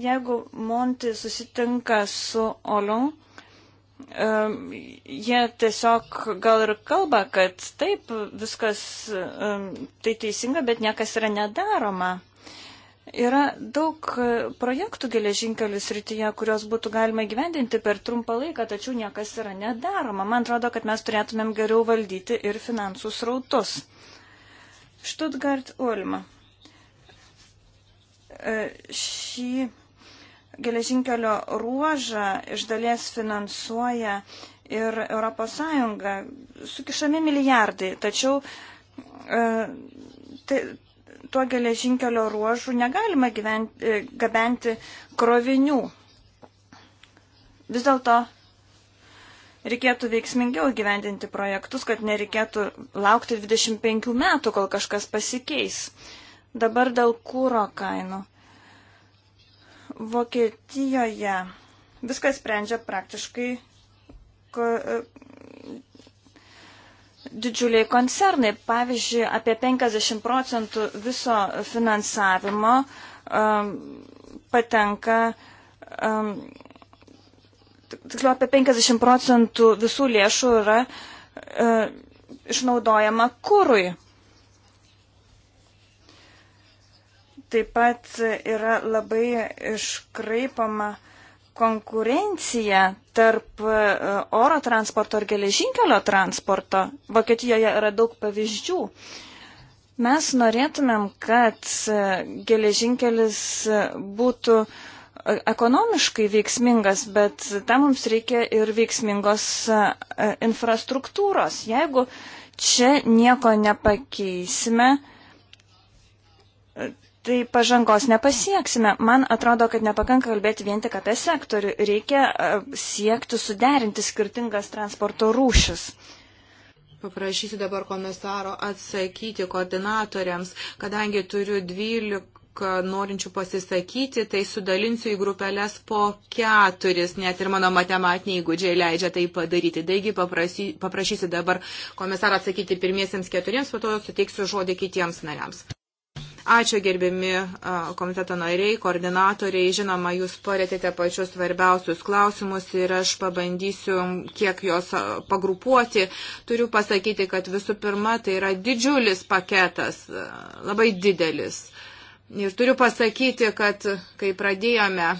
Jeigu Monti susitinka su Olon, um, jie tiesiog gal ir kalba, kad taip, viskas um, tai teisinga, bet niekas yra nedaroma. Yra daug e, projektų geležinkelių srityje, kuriuos būtų galima gyvendinti per trumpą laiką, tačiau niekas yra nedaroma. Man atrodo, kad mes turėtumėm geriau valdyti ir finansų srautus. Stuttgart Ulma. E, šį geležinkelio ruožą iš dalies finansuoja ir ES, sukišami milijardai, tačiau e, tai, tuo geležinkelio ruožu negalima gyventi, e, gabenti krovinių. Vis dėlto reikėtų veiksmingiau gyvendinti projektus, kad nereikėtų laukti 25 metų, kol kažkas pasikeis. Dabar dėl kūro kainų. Vokietijoje viskas sprendžia praktiškai e, didžiuliai koncernai. Pavyzdžiui, apie 50 procentų viso finansavimo um, patenka, um, tiksliau apie 50 procentų visų lėšų yra uh, išnaudojama kūrui. Taip pat yra labai iškraipama konkurencija tarp e, oro transporto ir geležinkelio transporto. Vokietijoje yra daug pavyzdžių. Mes norėtumėm, kad e, geležinkelis e, būtų ekonomiškai veiksmingas, bet tam mums reikia ir veiksmingos infrastruktūros. Jeigu čia nieko nepakeisime, tai pažangos nepasieksime. Man atrodo, kad nepakanka kalbėti vien tik apie sektorių. Reikia e, siekti suderinti skirtingas transporto rūšis. Paprašysiu dabar komisaro atsakyti koordinatoriams, kadangi turiu 12 norinčių pasisakyti, tai sudalinsiu į grupelės po keturis, net ir mano matematiniai įgūdžiai leidžia tai padaryti. Taigi paprašysiu dabar komisarą atsakyti pirmiesiems keturiems, po to suteiksiu žodį kitiems nariams. Ačiū gerbiami komiteto nariai, koordinatoriai. Žinoma, jūs parėtėte pačius svarbiausius klausimus ir aš pabandysiu kiek juos pagrupuoti. Turiu pasakyti, kad visų pirma, tai yra didžiulis paketas, labai didelis. Ir turiu pasakyti, kad kai pradėjome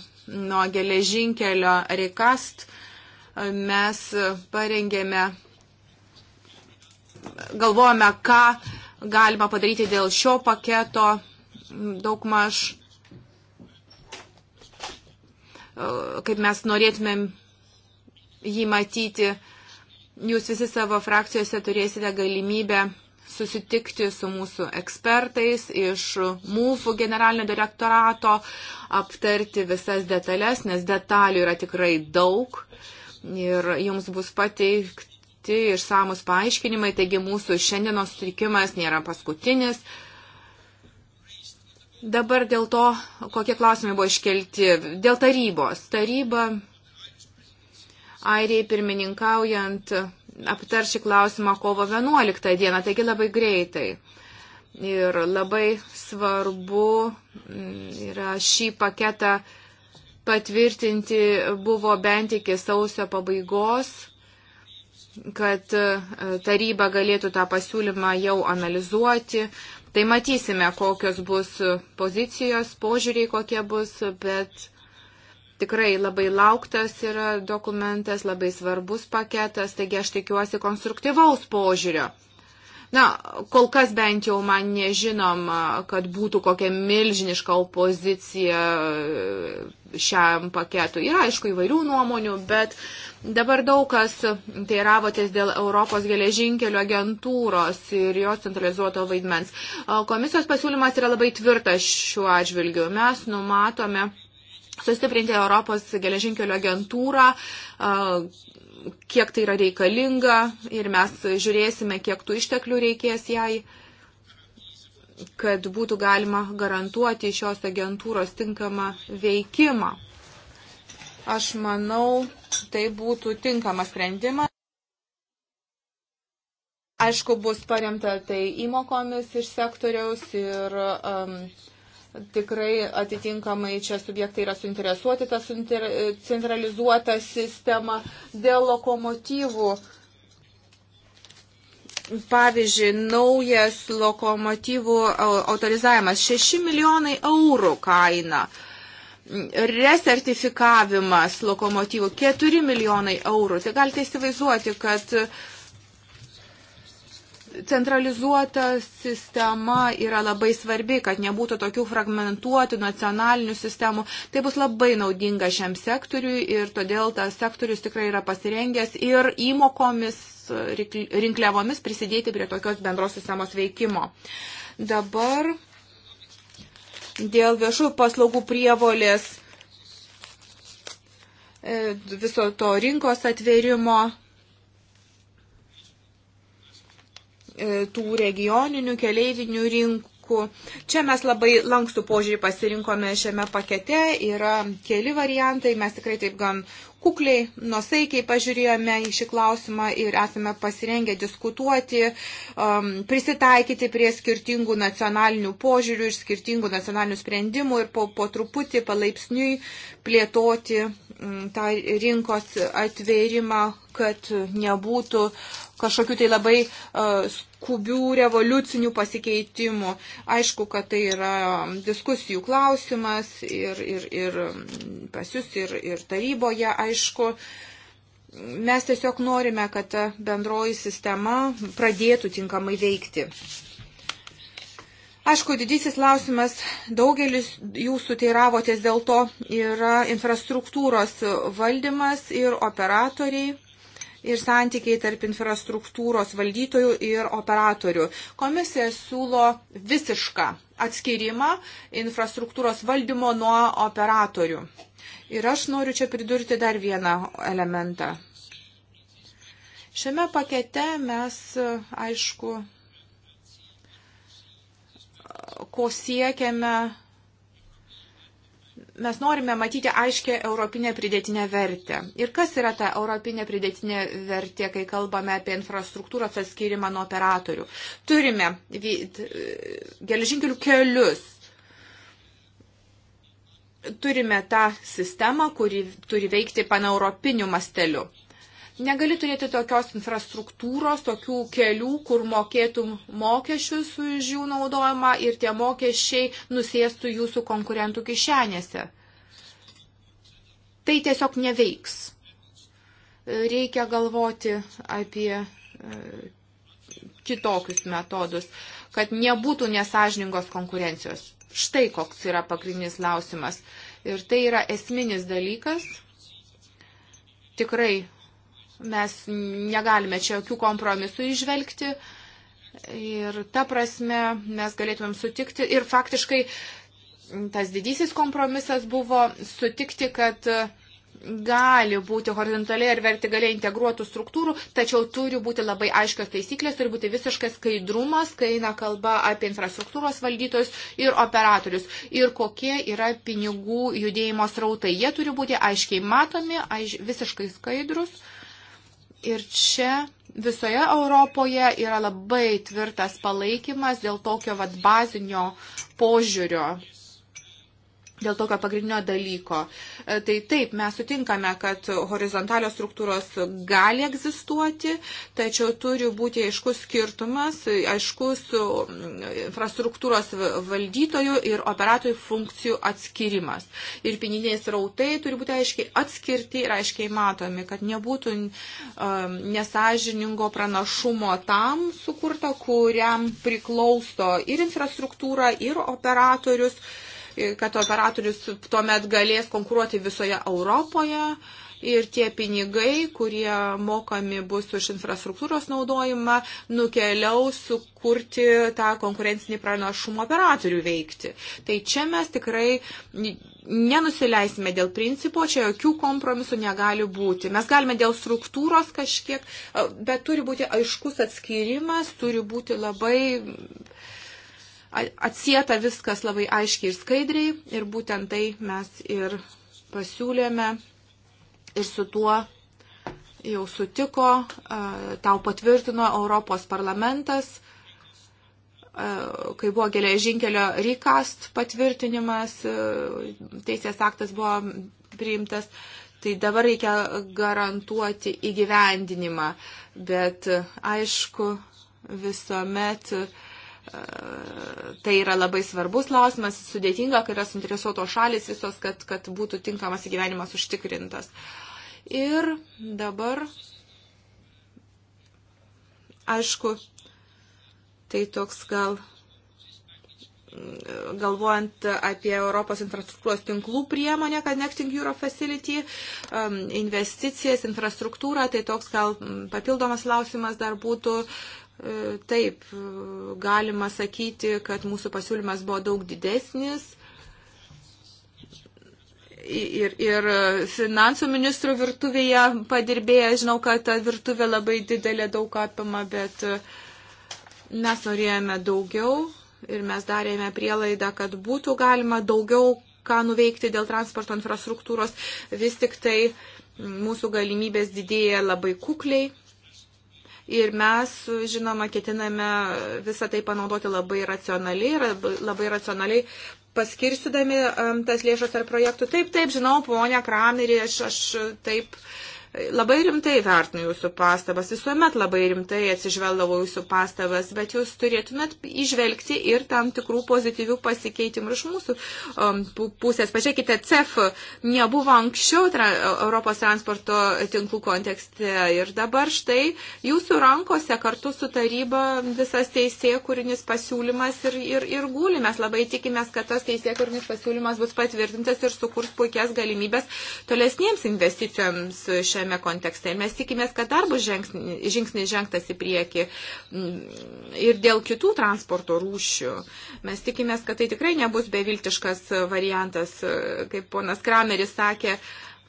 nuo geležinkelio Rikast, mes parengėme, galvojame, ką galima padaryti dėl šio paketo daugmaž, e, kaip mes norėtumėm jį matyti. Jūs visi savo frakcijose turėsite galimybę susitikti su mūsų ekspertais iš mūsų generalinio direktorato, aptarti visas detalės, nes detalių yra tikrai daug ir jums bus pateikta pateikti išsamus paaiškinimai, taigi mūsų šiandienos sutikimas nėra paskutinis. Dabar dėl to, kokie klausimai buvo iškelti. Dėl tarybos. Taryba airiai pirmininkaujant aptar šį klausimą kovo 11 dieną, taigi labai greitai. Ir labai svarbu mm, yra šį paketą patvirtinti buvo bent iki sausio pabaigos kad e, taryba galėtų tą pasiūlymą jau analizuoti. Tai matysime, kokios bus pozicijos, požiūriai kokie bus, bet tikrai labai lauktas yra dokumentas, labai svarbus paketas, taigi aš tikiuosi konstruktyvaus požiūrio. Na, kol kas bent jau man nežinoma, kad būtų kokia milžiniška opozicija e, šiam paketui. Yra, aišku, įvairių nuomonių, bet dabar daug kas teiravotės dėl Europos geležinkelio agentūros ir jos centralizuoto vaidmens. E, komisijos pasiūlymas yra labai tvirtas šiuo atžvilgiu. Mes numatome sustiprinti Europos geležinkelio agentūrą, e, kiek tai yra reikalinga ir mes žiūrėsime, kiek tų išteklių reikės jai, kad būtų galima garantuoti šios agentūros tinkamą veikimą. Aš manau, tai būtų tinkamas sprendimas. Aišku, bus paremta tai įmokomis iš sektoriaus ir um, tikrai atitinkamai čia subjektai yra suinteresuoti tą centralizuotą sistemą dėl lokomotyvų. Pavyzdžiui, naujas lokomotyvų autorizavimas 6 milijonai eurų kaina, resertifikavimas lokomotyvų 4 milijonai eurų. Tai galite įsivaizduoti, kad uh, centralizuota sistema yra labai svarbi, kad nebūtų tokių fragmentuotų nacionalinių sistemų. Tai bus labai naudinga šiam sektoriui ir todėl tas sektorius tikrai yra pasirengęs ir įmokomis, rinkliavomis prisidėti prie tokios bendros sistemos veikimo. Dabar dėl viešų paslaugų prievolės e, viso to rinkos atvėrimo E, tų regioninių keleivinių rinkų. Čia mes labai lankstų požiūrį pasirinkome šiame pakete, yra keli variantai, mes tikrai taip gan kukliai, nusaikiai pažiūrėjome į šį klausimą ir esame pasirengę diskutuoti, um, prisitaikyti prie skirtingų nacionalinių požiūrių ir skirtingų nacionalinių sprendimų ir po, po truputį palaipsniui plėtoti um, tą rinkos atvėrimą, kad nebūtų kažkokių tai labai uh, skubių revoliucinių pasikeitimų. Aišku, kad tai yra diskusijų klausimas ir, ir, ir pas jūs ir, ir taryboje, aišku. Mes tiesiog norime, kad ta bendroji sistema pradėtų tinkamai veikti. Aišku, didysis klausimas, daugelis jūsų teiravotės dėl to, yra infrastruktūros valdymas ir operatoriai ir santykiai tarp infrastruktūros valdytojų ir operatorių. Komisija siūlo visišką atskirimą infrastruktūros valdymo nuo operatorių. Ir aš noriu čia pridurti dar vieną elementą. Šiame pakete mes, aišku, ko siekiame mes norime matyti aiškę europinę pridėtinę vertę. Ir kas yra ta europinė pridėtinė vertė, kai kalbame apie infrastruktūros atskirimą nuo operatorių? Turime geležinkelių kelius. Turime tą sistemą, kuri turi veikti paneuropiniu masteliu. Negali turėti tokios infrastruktūros, tokių kelių, kur mokėtum mokesčius už jų naudojimą ir tie mokesčiai nusėstų jūsų konkurentų kišenėse. Tai tiesiog neveiks. Reikia galvoti apie e, kitokius metodus, kad nebūtų nesažningos konkurencijos. Štai koks yra pagrindinis klausimas. Ir tai yra esminis dalykas. Tikrai Mes negalime čia jokių kompromisų išvelgti ir ta prasme mes galėtumėm sutikti ir faktiškai tas didysis kompromisas buvo sutikti, kad gali būti horizontaliai ir vertikaliai integruotų struktūrų, tačiau turi būti labai aiškios taisyklės, turi būti visiškas skaidrumas, kai eina kalba apie infrastruktūros valdytojus ir operatorius. Ir kokie yra pinigų judėjimo srautai. Jie turi būti aiškiai matomi, aiš, visiškai skaidrus. Uh, Ir čia visoje Europoje yra labai tvirtas palaikymas dėl tokio vat bazinio požiūrio Dėl tokio pagrindinio dalyko. E, tai taip, mes sutinkame, kad horizontalios struktūros gali egzistuoti, tačiau turi būti aiškus skirtumas, aiškus e, infrastruktūros valdytojų ir operatorių funkcijų atskirimas. Ir piniginiai srautai turi būti aiškiai atskirti ir aiškiai matomi, kad nebūtų um, nesažiningo pranašumo tam sukurta, kuriam priklauso ir infrastruktūra, ir operatorius. Uh, kad operatorius tuomet galės konkuruoti visoje Europoje ir tie pinigai, kurie mokami bus už infrastruktūros naudojimą, nukeliaus sukurti tą konkurencinį pranašumą operatorių veikti. Tai čia mes tikrai nenusileisime dėl principo, čia jokių kompromisų negali būti. Mes galime dėl struktūros kažkiek, bet turi būti aiškus atskirimas, turi būti labai atsieta viskas labai aiškiai ir skaidriai ir būtent tai mes ir pasiūlėme ir su tuo jau sutiko, tau patvirtino Europos parlamentas, kai buvo geležinkelio rykast patvirtinimas, teisės aktas buvo priimtas, tai dabar reikia garantuoti įgyvendinimą, bet aišku, visuomet uh, tai yra labai svarbus klausimas, sudėtinga, kai yra suinteresuotos šalis visos, kad, kad būtų tinkamas gyvenimas užtikrintas. Ir dabar, aišku, tai toks gal galvojant apie Europos infrastruktūros tinklų priemonę Connecting Euro Facility, um, investicijas, infrastruktūrą, tai toks gal papildomas klausimas dar būtų, E, taip, e, galima sakyti, kad mūsų pasiūlymas buvo daug didesnis. Ir, ir finansų ministrų virtuvėje padirbėję, žinau, kad ta virtuvė labai didelė daug apima, bet e, mes norėjome daugiau ir mes darėme prielaidą, kad būtų galima daugiau ką nuveikti dėl transporto infrastruktūros. Vis tik tai mūsų galimybės didėja labai kukliai Ir mes, žinoma, ketiname visą tai panaudoti labai racionaliai, labai racionaliai paskirstydami um, tas lėšas ar projektų. Taip, taip, žinau, ponia Kramerį, aš, aš taip Labai rimtai vertinu jūsų pastabas, visuomet labai rimtai atsižvelgdavau jūsų pastabas, bet jūs turėtumėt išvelgti ir tam tikrų pozityvių pasikeitimų iš mūsų um, pusės. Pažiūrėkite, CEF nebuvo anksčiau tra, Europos transporto tinklų kontekste ir dabar štai jūsų rankose kartu su taryba visas teisėkurinis pasiūlymas ir, ir, ir gūli. Mes labai tikimės, kad tas teisėkurinis pasiūlymas bus patvirtintas ir sukurs puikias galimybės tolesniems investicijoms šią šiame kontekste. Ir mes tikimės, kad dar bus žingsnis žingsni žengtas į priekį mm, ir dėl kitų transporto rūšių. Mes tikimės, kad tai tikrai nebus beviltiškas variantas, kaip ponas Krameris sakė.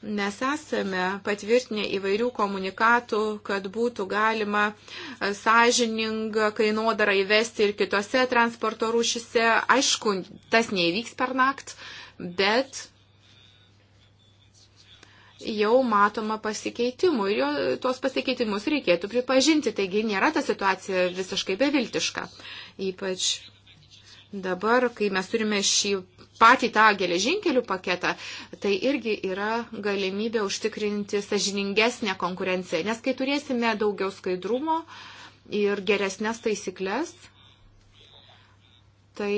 Mes esame patvirtinę įvairių komunikatų, kad būtų galima e, sąžiningą kainodarą įvesti ir kitose transporto rūšise. Aišku, tas neįvyks per nakt, bet jau matoma pasikeitimų ir jo, tuos pasikeitimus reikėtų pripažinti, taigi nėra ta situacija visiškai beviltiška. Ypač dabar, kai mes turime šį patį tą geležinkelių paketą, tai irgi yra galimybė užtikrinti sažiningesnę konkurenciją, nes kai turėsime daugiau skaidrumo ir geresnės taisyklės, tai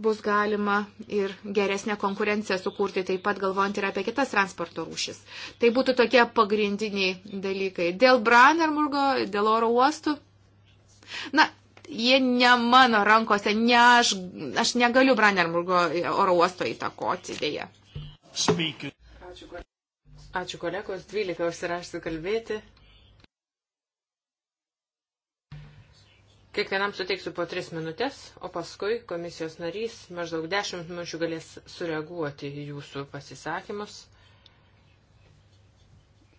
bus galima ir geresnę konkurenciją sukurti, taip pat galvojant ir apie kitas transporto rūšis. Tai būtų tokie pagrindiniai dalykai. Dėl Brandenburgo, dėl oro uostų. Na, jie ne mano rankose, ne aš, aš negaliu Brandenburgo oro uosto įtakoti dėje. Ačiū, kolegos, 12 užsirašysiu kalbėti. Kiekvienam suteiksiu po tris minutės, o paskui komisijos narys maždaug dešimt minučių galės sureaguoti į jūsų pasisakymus.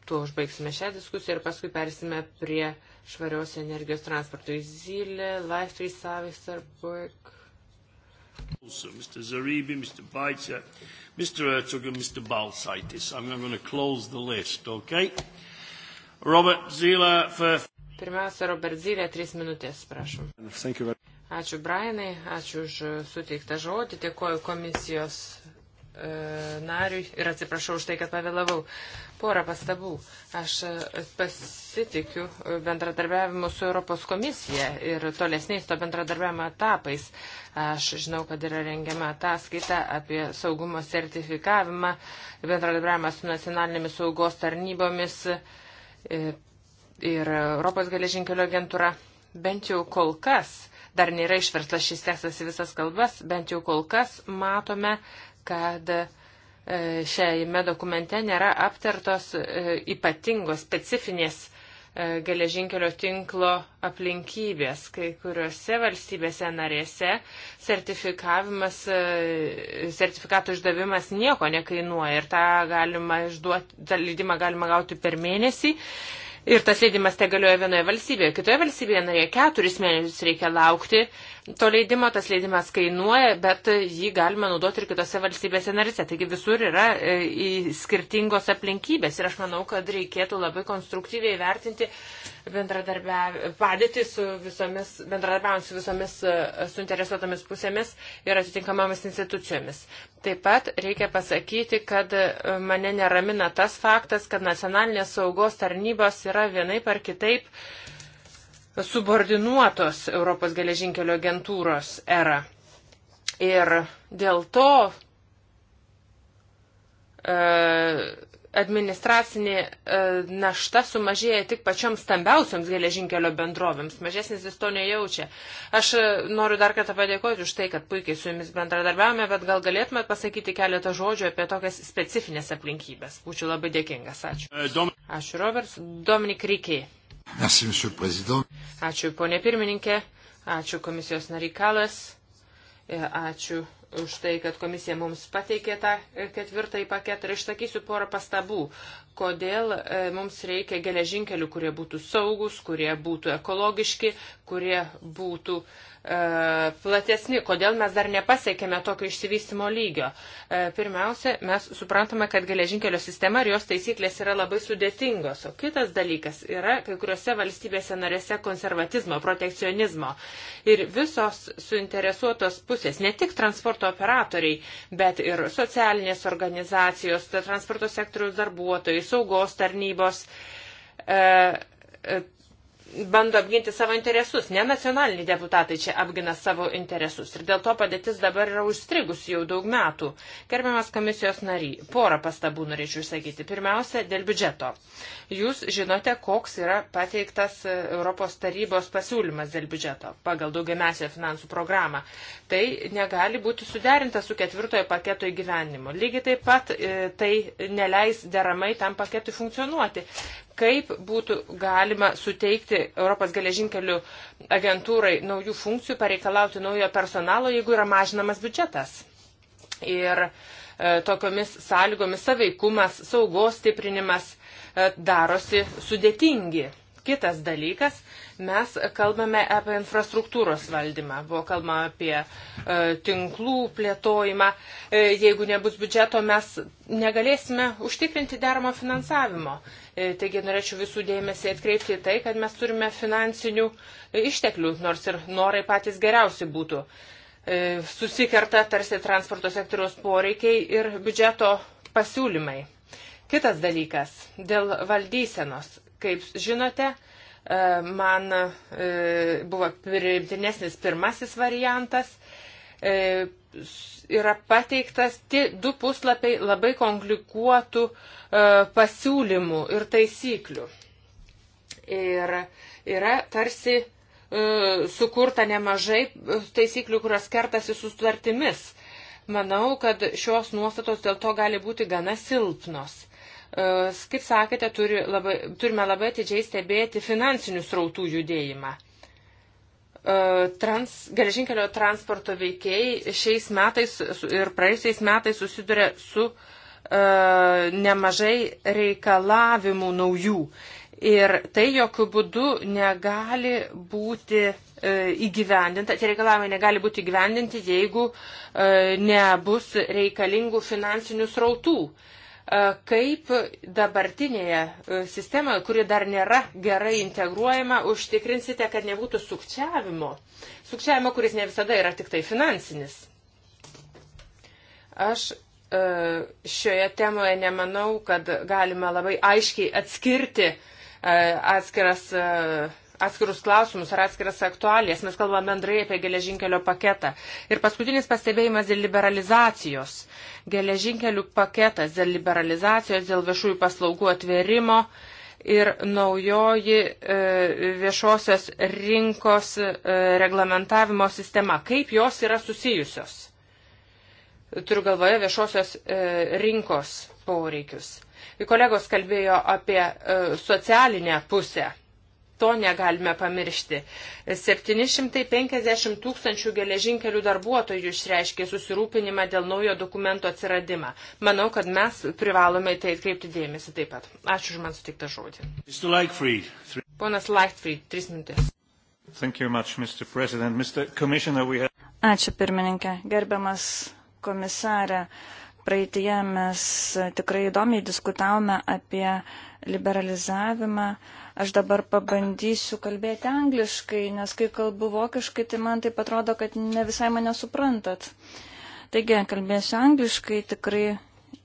Tuo užbaigsime šią diskusiją ir paskui persime prie švarios energijos transporto į Zylę, Laisvai Savisarburg. Also, Mr. Zaribi, Mr. Baitzer, Mr. Ertug, and Mr. Balsaitis. I'm going to close the list, okay? Robert Zila for Pirmiausia, Robert Zylė, trys minutės, prašom. Ačiū Brainai, ačiū už e, suteiktą žodį, dėkoju komisijos e, nariui ir atsiprašau už tai, kad pavėlavau. Porą pastabų. Aš e, pasitikiu e, bendradarbiavimu su Europos komisija ir tolesniais to bendradarbiavimo etapais. Aš žinau, kad yra rengiama ataskaita apie saugumo sertifikavimą, bendradarbiavimą su nacionalinėmis saugos tarnybomis ir Europos geležinkelio agentūra. Bent jau kol kas, dar nėra išverstas šis tekstas į visas kalbas, bent jau kol kas matome, kad e, šiame dokumente nėra aptartos e, ypatingos, specifinės e, geležinkelio tinklo aplinkybės. Kai kuriuose valstybėse narėse sertifikavimas, sertifikato išdavimas nieko nekainuoja ir tą galima išduoti, tą leidimą galima gauti per mėnesį Ir tas leidimas te galioja vienoje valstybėje. Kitoje valstybėje narėje keturis mėnesius reikia laukti, to leidimo, tas leidimas kainuoja, bet jį galima naudoti ir kitose valstybėse narise. Taigi visur yra e, skirtingos aplinkybės ir aš manau, kad reikėtų labai konstruktyviai vertinti padėtį su visomis, bendradarbiavant su visomis e, suinteresuotomis pusėmis ir atitinkamomis institucijomis. Taip pat reikia pasakyti, kad e, mane neramina tas faktas, kad nacionalinės saugos tarnybos yra vienaip ar kitaip uh, subordinuotos Europos geležinkelio agentūros era. Ir dėl to e, administracinė e, našta sumažėja tik pačioms stambiausiams geležinkelio bendrovėms. Mažesnis jis to nejaučia. Aš e, noriu dar kartą padėkoti už tai, kad puikiai su jumis bendradarbiavome, bet gal galėtumėt pasakyti keletą žodžių apie tokias specifines aplinkybės. Būčiau labai dėkingas. Ačiū. Ačiū, Roberts. Dominik Rykiai. Merci, ačiū, ponė pirmininkė, ačiū komisijos narikalas, e, ačiū už tai, kad komisija mums pateikė tą ketvirtąjį paketą ir išsakysiu porą pastabų, kodėl e, mums reikia geležinkelių, kurie būtų saugus, kurie būtų ekologiški, kurie būtų e, platesni, kodėl mes dar nepasiekėme tokio išsivystimo lygio. E, pirmiausia, mes suprantame, kad geležinkelio sistema ir jos taisyklės yra labai sudėtingos, o kitas dalykas yra kai kuriuose valstybėse narėse konservatizmo, protekcionizmo. Ir visos suinteresuotos pusės, ne tik transporto operatoriai, bet ir socialinės organizacijos, transporto sektoriaus darbuotojai, saugos tarnybos e, bando apginti savo interesus. Ne nacionaliniai deputatai čia apgina savo interesus. Ir dėl to padėtis dabar yra užstrigusi jau daug metų. Gerbiamas komisijos nariai, porą pastabų norėčiau išsakyti. Pirmiausia, dėl biudžeto. Jūs žinote, koks yra pateiktas Europos tarybos pasiūlymas dėl biudžeto pagal daugiamesio finansų programą. Tai negali būti suderinta su ketvirtojo paketo įgyvenimu. Lygiai taip pat e, tai neleis deramai tam paketui funkcionuoti kaip būtų galima suteikti Europos geležinkelių agentūrai naujų funkcijų, pareikalauti naujo personalo, jeigu yra mažinamas biudžetas. Ir e, tokiomis sąlygomis saveikumas, saugos stiprinimas e, darosi sudėtingi. Kitas dalykas, Mes kalbame apie infrastruktūros valdymą, buvo kalbama apie e, tinklų plėtojimą. E, jeigu nebus biudžeto, mes negalėsime užtikrinti deramo finansavimo. E, taigi norėčiau visų dėmesį atkreipti į tai, kad mes turime finansinių išteklių, nors ir norai patys geriausi būtų. E, susikerta tarsi transporto sektoriaus poreikiai ir biudžeto pasiūlymai. Kitas dalykas - dėl valdysenos. Kaip žinote, E, man e, buvo priimtinesnis pirmasis variantas. E, yra pateiktas du puslapiai labai komplikuotų pasiūlymų ir taisyklių. Ir yra tarsi sukurta nemažai taisyklių, kurios kertasi su sutartimis. Manau, kad šios nuostatos dėl to gali būti gana silpnos. E, kaip sakėte, turi labai, turime labai atidžiai stebėti finansinių srautų judėjimą. E, trans, geležinkelio transporto veikėjai šiais metais ir praėjusiais metais susiduria su e, nemažai reikalavimų naujų. Ir tai jokių būdų negali būti e, įgyvendinta, tie reikalavimai negali būti įgyvendinti, jeigu e, nebus reikalingų finansinių srautų. E, E, kaip dabartinėje e, sistemoje, kuri dar nėra gerai integruojama, užtikrinsite, kad nebūtų sukčiavimo. Sukčiavimo, kuris ne visada yra tik tai finansinis. Aš e, šioje temoje nemanau, kad galima labai aiškiai atskirti atskiras atskirus klausimus ar atskiras aktualijas. Mes kalbame bendrai apie geležinkelio paketą. Ir paskutinis pastebėjimas dėl liberalizacijos. Geležinkelių paketas dėl liberalizacijos, dėl viešųjų paslaugų atvėrimo ir naujoji e, viešosios rinkos e, reglamentavimo sistema. Kaip jos yra susijusios? Turiu galvoje viešosios e, rinkos poreikius. Kolegos kalbėjo apie socialinę pusę To negalime pamiršti. 750 tūkstančių geležinkelių darbuotojų išreiškė susirūpinimą dėl naujo dokumento atsiradimą. Manau, kad mes privalome į tai atkreipti dėmesį taip pat. Ačiū už man sutiktą žodį. Ponas Leichtfried, tris minutės. Much, Mr. Mr. Have... Ačiū pirmininkė. Gerbiamas komisarė, praeitie mes tikrai įdomiai diskutavome apie liberalizavimą. Uh, Aš dabar pabandysiu kalbėti angliškai, nes kai kalbu vokiškai, tai man tai atrodo, kad ne visai mane suprantat. Taigi, kalbėsiu angliškai, tikrai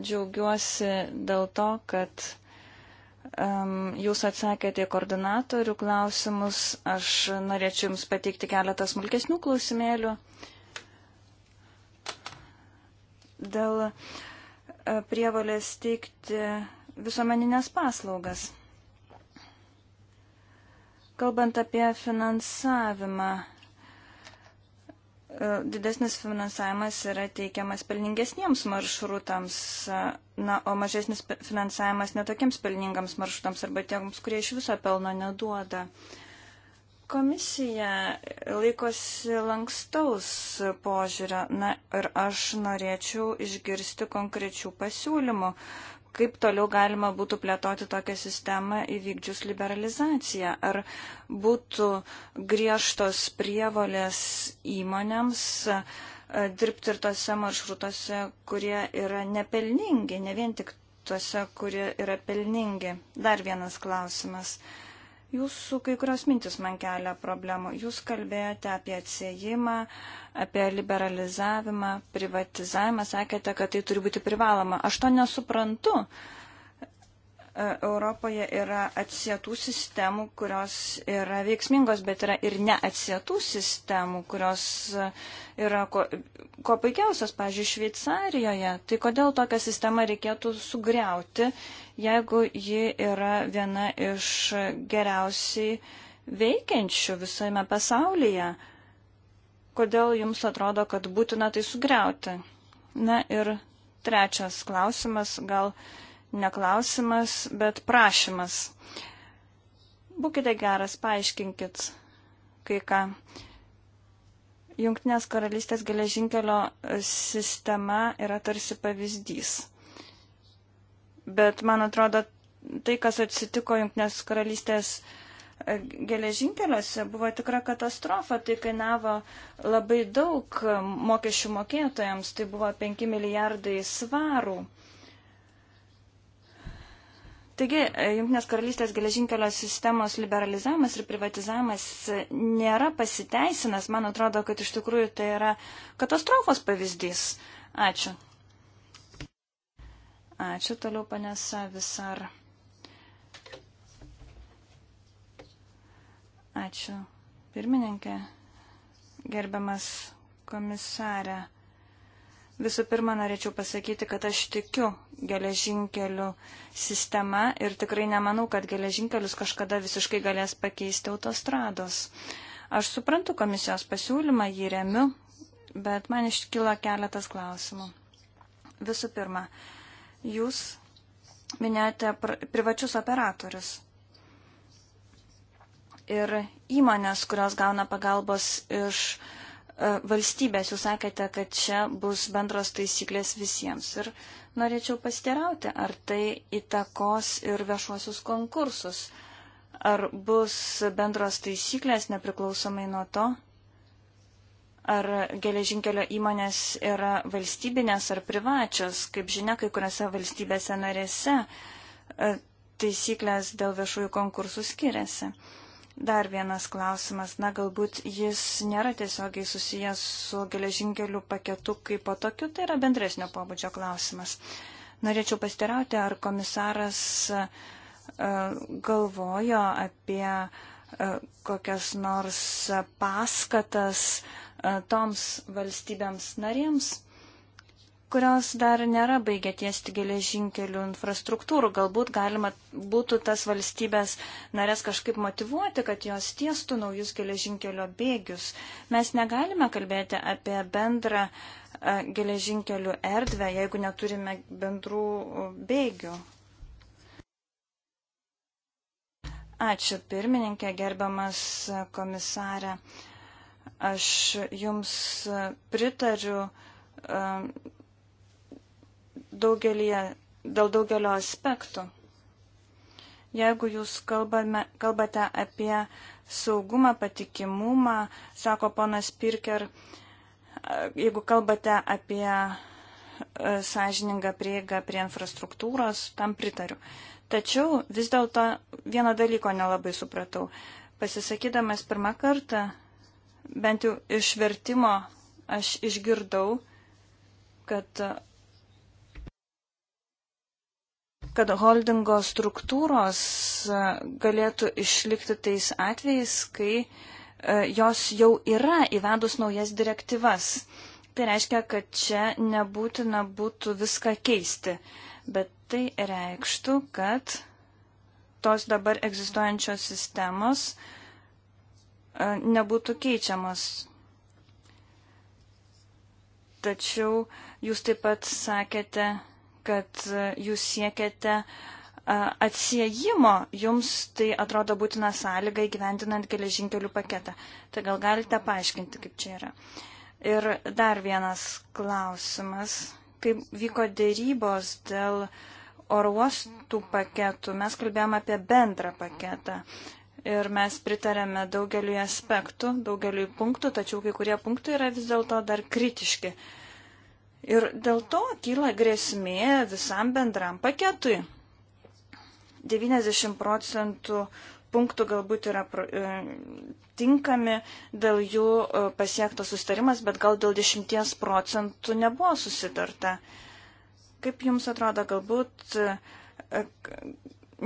džiaugiuosi dėl to, kad um, jūs atsakėte į koordinatorių klausimus. Aš norėčiau Jums pateikti keletą smulkesnių klausimėlių. Dėl e, prievalės teikti visuomeninės paslaugas. Kalbant apie finansavimą, e, didesnis finansavimas yra teikiamas pelningesniems maršrutams, e, na, o mažesnis finansavimas netokiems pelningams maršrutams arba tiems, kurie iš viso pelno neduoda. Komisija laikosi lankstaus požiūrio, na ir aš norėčiau išgirsti konkrečių pasiūlymų. Uh, kaip toliau galima būtų plėtoti tokią sistemą įvykdžius liberalizaciją. Ar būtų griežtos prievolės įmonėms dirbti ir tose maršrutuose, kurie yra nepelningi, ne vien tik tose, kurie yra pelningi. Dar vienas klausimas. Uh, Jūsų kai kurios mintis man kelia problemų. Jūs kalbėjote apie atsiejimą, apie liberalizavimą, privatizavimą, sakėte, kad tai turi būti privaloma. Aš to nesuprantu. Uh, E, Europoje yra atsietų sistemų, kurios yra veiksmingos, bet yra ir neatsietų sistemų, kurios e, yra ko, ko puikiausios, pavyzdžiui, Šveicarijoje. Tai kodėl tokią sistemą reikėtų sugriauti, jeigu ji yra viena iš geriausiai veikiančių visame pasaulyje? Kodėl jums atrodo, kad būtina tai sugriauti? Na ir trečias klausimas, gal uh, neklausimas, bet prašymas. Būkite geras, paaiškinkit kai ką. Junktinės karalystės geležinkelio sistema yra tarsi pavyzdys. Bet man atrodo, tai, kas atsitiko Junktinės karalystės e, geležinkeliuose, buvo tikra katastrofa. Tai kainavo labai daug mokesčių mokėtojams, tai buvo 5 milijardai svarų. Taigi, e, Junktinės karalystės geležinkelio sistemos liberalizavimas ir privatizavimas e, nėra pasiteisinas. Man atrodo, kad iš tikrųjų tai yra katastrofos pavyzdys. Ačiū. Ačiū toliau, panesa Visar. Ačiū. Pirmininkė, gerbiamas komisarė. Visų pirma, norėčiau pasakyti, kad aš tikiu geležinkelių sistema ir tikrai nemanau, kad geležinkelius kažkada visiškai galės pakeisti autostrados. Aš suprantu komisijos pasiūlymą, jį remiu, bet man iškyla keletas klausimų. Visų pirma, jūs minėjote privačius operatorius ir įmonės, kurios gauna pagalbos iš uh, E, valstybės. Jūs sakėte, kad čia bus bendros taisyklės visiems. Ir norėčiau pasiterauti, ar tai įtakos ir viešuosius konkursus. Ar bus bendros taisyklės nepriklausomai nuo to, ar geležinkelio įmonės yra valstybinės ar privačios. Kaip žinia, kai kuriuose valstybėse narėse e, taisyklės dėl viešųjų konkursų skiriasi. Dar vienas klausimas, na galbūt jis nėra tiesiogiai susijęs su geležinkelių paketu kaip po tokiu, tai yra bendresnio pobūdžio klausimas. Norėčiau pastirauti, ar komisaras e, galvojo apie e, kokias nors paskatas e, toms valstybėms narėms, kurios dar nėra baigę tiesti geležinkelių infrastruktūrų. Galbūt galima būtų tas valstybės narės kažkaip motivuoti, kad jos tiestų naujus geležinkelio bėgius. Mes negalime kalbėti apie bendrą e, geležinkelių erdvę, jeigu neturime bendrų e, bėgių. Ačiū pirmininkė, gerbiamas e, komisarė. Aš jums pritariu daugelie, dėl daugelio aspektų. Jeigu jūs kalbame, kalbate apie saugumą, patikimumą, sako ponas Pirker, jeigu kalbate apie e, sąžiningą prieigą prie infrastruktūros, tam pritariu. Tačiau vis dėlto vieno dalyko nelabai supratau. Pasisakydamas pirmą kartą, bent jau iš vertimo aš išgirdau, kad kad holdingo struktūros e, galėtų išlikti tais atvejais, kai e, jos jau yra įvedus naujas direktyvas. Tai reiškia, kad čia nebūtina būtų viską keisti, bet tai reikštų, kad tos dabar egzistuojančios sistemos e, nebūtų keičiamos. Tačiau jūs taip pat sakėte, kad e, jūs siekiate e, atsiejimo, jums tai atrodo būtina sąlyga įgyvendinant geležinkelių paketą. Tai gal galite paaiškinti, kaip čia yra. Ir dar vienas klausimas. Kaip vyko dėrybos dėl oro uostų paketų, mes kalbėjome apie bendrą paketą ir mes pritarėme daugeliu aspektų, daugeliu punktų, tačiau kai kurie punktai yra vis dėlto dar kritiški. Uh, Ir dėl to kyla grėsmė visam bendram paketui. 90 procentų punktų galbūt yra e, tinkami, dėl jų e, pasiektas sustarimas, bet gal dėl 10 procentų nebuvo susitarta. Kaip Jums atrodo, galbūt e,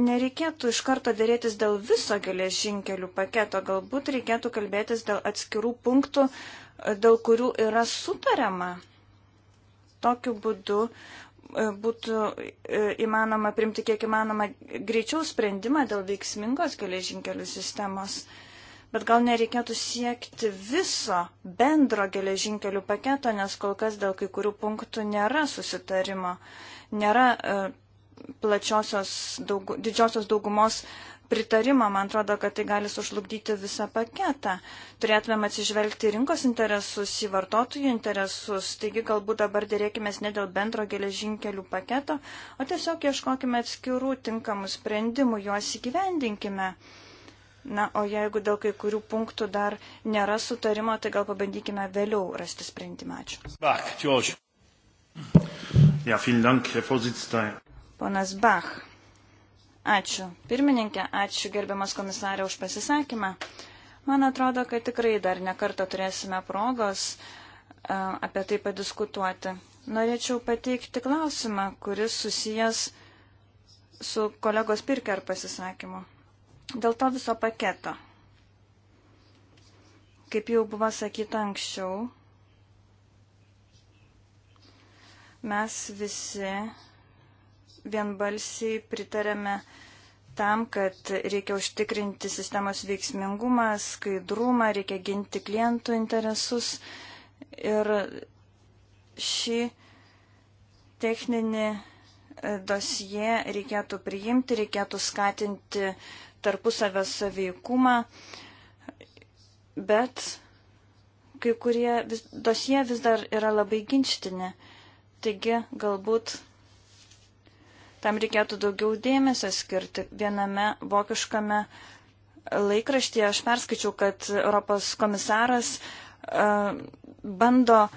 nereikėtų iš karto dėrėtis dėl viso geležinkelių paketo, galbūt reikėtų kalbėtis dėl atskirų punktų, dėl kurių yra sutariama tokiu būdu e, būtų e, įmanoma primti kiek įmanoma greičiau sprendimą dėl veiksmingos geležinkelių sistemos. Bet gal nereikėtų siekti viso bendro geležinkelių paketo, nes kol kas dėl kai kurių punktų nėra susitarimo, nėra e, plačiosios, daug, didžiosios daugumos pritarimą, man atrodo, kad tai gali sužlugdyti visą paketą. Turėtumėm atsižvelgti rinkos interesus, į vartotojų interesus, taigi galbūt dabar dėrėkime ne dėl bendro geležinkelių paketo, o tiesiog ieškokime atskirų tinkamų sprendimų, juos įgyvendinkime. Na, o jeigu dėl kai kurių punktų dar nėra sutarimo, tai gal pabandykime vėliau rasti sprendimą. Ačiū. Bach, George. Ja, vielen Dank, Herr Vorsitzender. Ponas Bach. Ačiū pirmininkė, ačiū gerbiamas komisarė už pasisakymą. Man atrodo, kad tikrai dar nekartą turėsime progos e, apie tai padiskutuoti. Norėčiau pateikti klausimą, kuris susijęs su kolegos Pirker pasisakymu. Dėl to viso paketo. Kaip jau buvo sakyta anksčiau, mes visi vienbalsiai pritarėme tam, kad reikia užtikrinti sistemos veiksmingumą, skaidrumą, reikia ginti klientų interesus. Ir šį techninį e, dosiją reikėtų priimti, reikėtų skatinti tarpusavio saveikumą, bet kai kurie vis, dosie vis dar yra labai ginčtini. Taigi galbūt Tam reikėtų daugiau dėmesio skirti. Viename vokiškame laikraštyje aš perskaičiau, kad Europos komisaras uh, bando uh,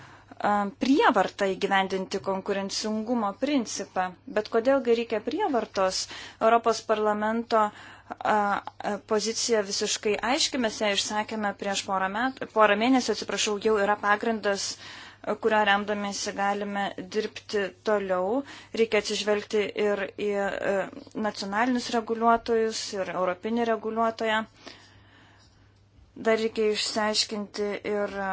prievartą įgyvendinti konkurencingumo principą. Bet kodėlgi reikia prievartos? Europos parlamento uh, pozicija visiškai aiški, mes ją išsakėme prieš porą, met, porą mėnesių, atsiprašau, jau yra pagrindas uh, kurio remdamėsi galime dirbti toliau. Reikia atsižvelgti ir į e, nacionalinius reguliuotojus, ir europinį reguliuotoją. Dar reikia išsiaiškinti ir e,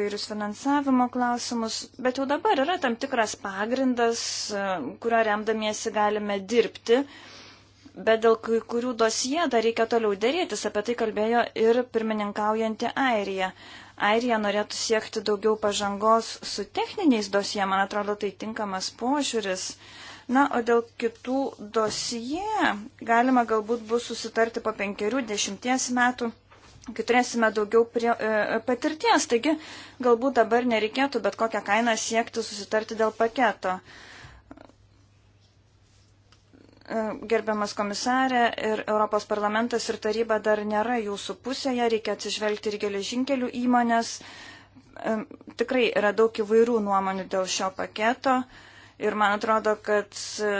vairius finansavimo klausimus, bet jau dabar yra tam tikras pagrindas, e, kurio remdamiesi galime dirbti, bet dėl kai kurių dosie dar reikia toliau dėrėtis, apie tai kalbėjo ir pirmininkaujanti Airija. Airija norėtų siekti daugiau pažangos su techniniais dosie, man atrodo, tai tinkamas požiūris. Na, o dėl kitų dosie galima galbūt bus susitarti po penkerių, dešimties metų, kai turėsime daugiau prie, e, e patirties. Taigi, galbūt dabar nereikėtų bet kokią kainą siekti susitarti dėl paketo. E, E, gerbiamas komisarė ir Europos parlamentas ir taryba dar nėra jūsų pusėje, reikia atsižvelgti ir geležinkelių įmonės. E, tikrai yra daug įvairių nuomonių dėl šio paketo ir man atrodo, kad e,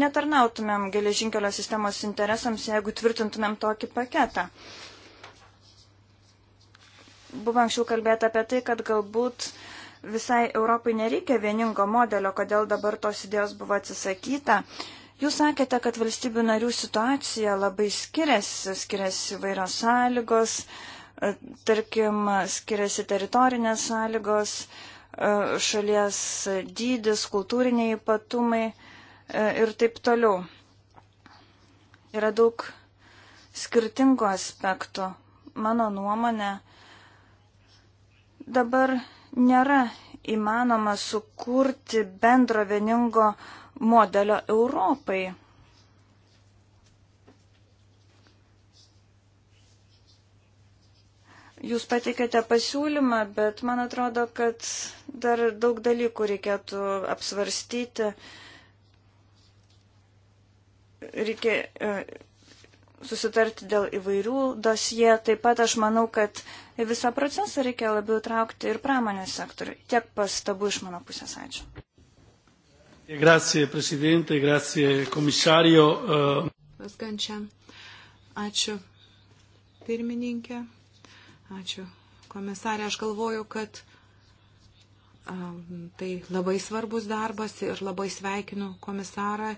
netarnautumėm geležinkelio sistemos interesams, jeigu tvirtintumėm tokį paketą. Buvo anksčiau kalbėta apie tai, kad galbūt visai Europai nereikia vieningo modelio, kodėl dabar tos idėjos buvo atsisakyta. Jūs sakėte, kad valstybių narių situacija labai skiriasi, skiriasi vairios sąlygos, e, tarkim, skiriasi teritorinės sąlygos, e, šalies dydis, kultūriniai ypatumai e, ir taip toliau. Yra daug skirtingų aspektų. Mano nuomonė, dabar nėra įmanoma sukurti bendro vieningo uh, modelio Europai. Jūs pateikėte pasiūlymą, bet man atrodo, kad dar daug dalykų reikėtų apsvarstyti. Reikia e, susitarti dėl įvairių dosie. Taip pat aš manau, kad į visą procesą reikia labiau traukti ir pramonės sektorių. Tiek pastabų iš mano pusės. Ačiū. E grazie, prezidente, grazie, komisario. Pas eh. gančia. Ačiū, pirmininkė. Ačiū, komisarė. Aš galvoju, kad tai labai svarbus darbas ir labai sveikinu komisarą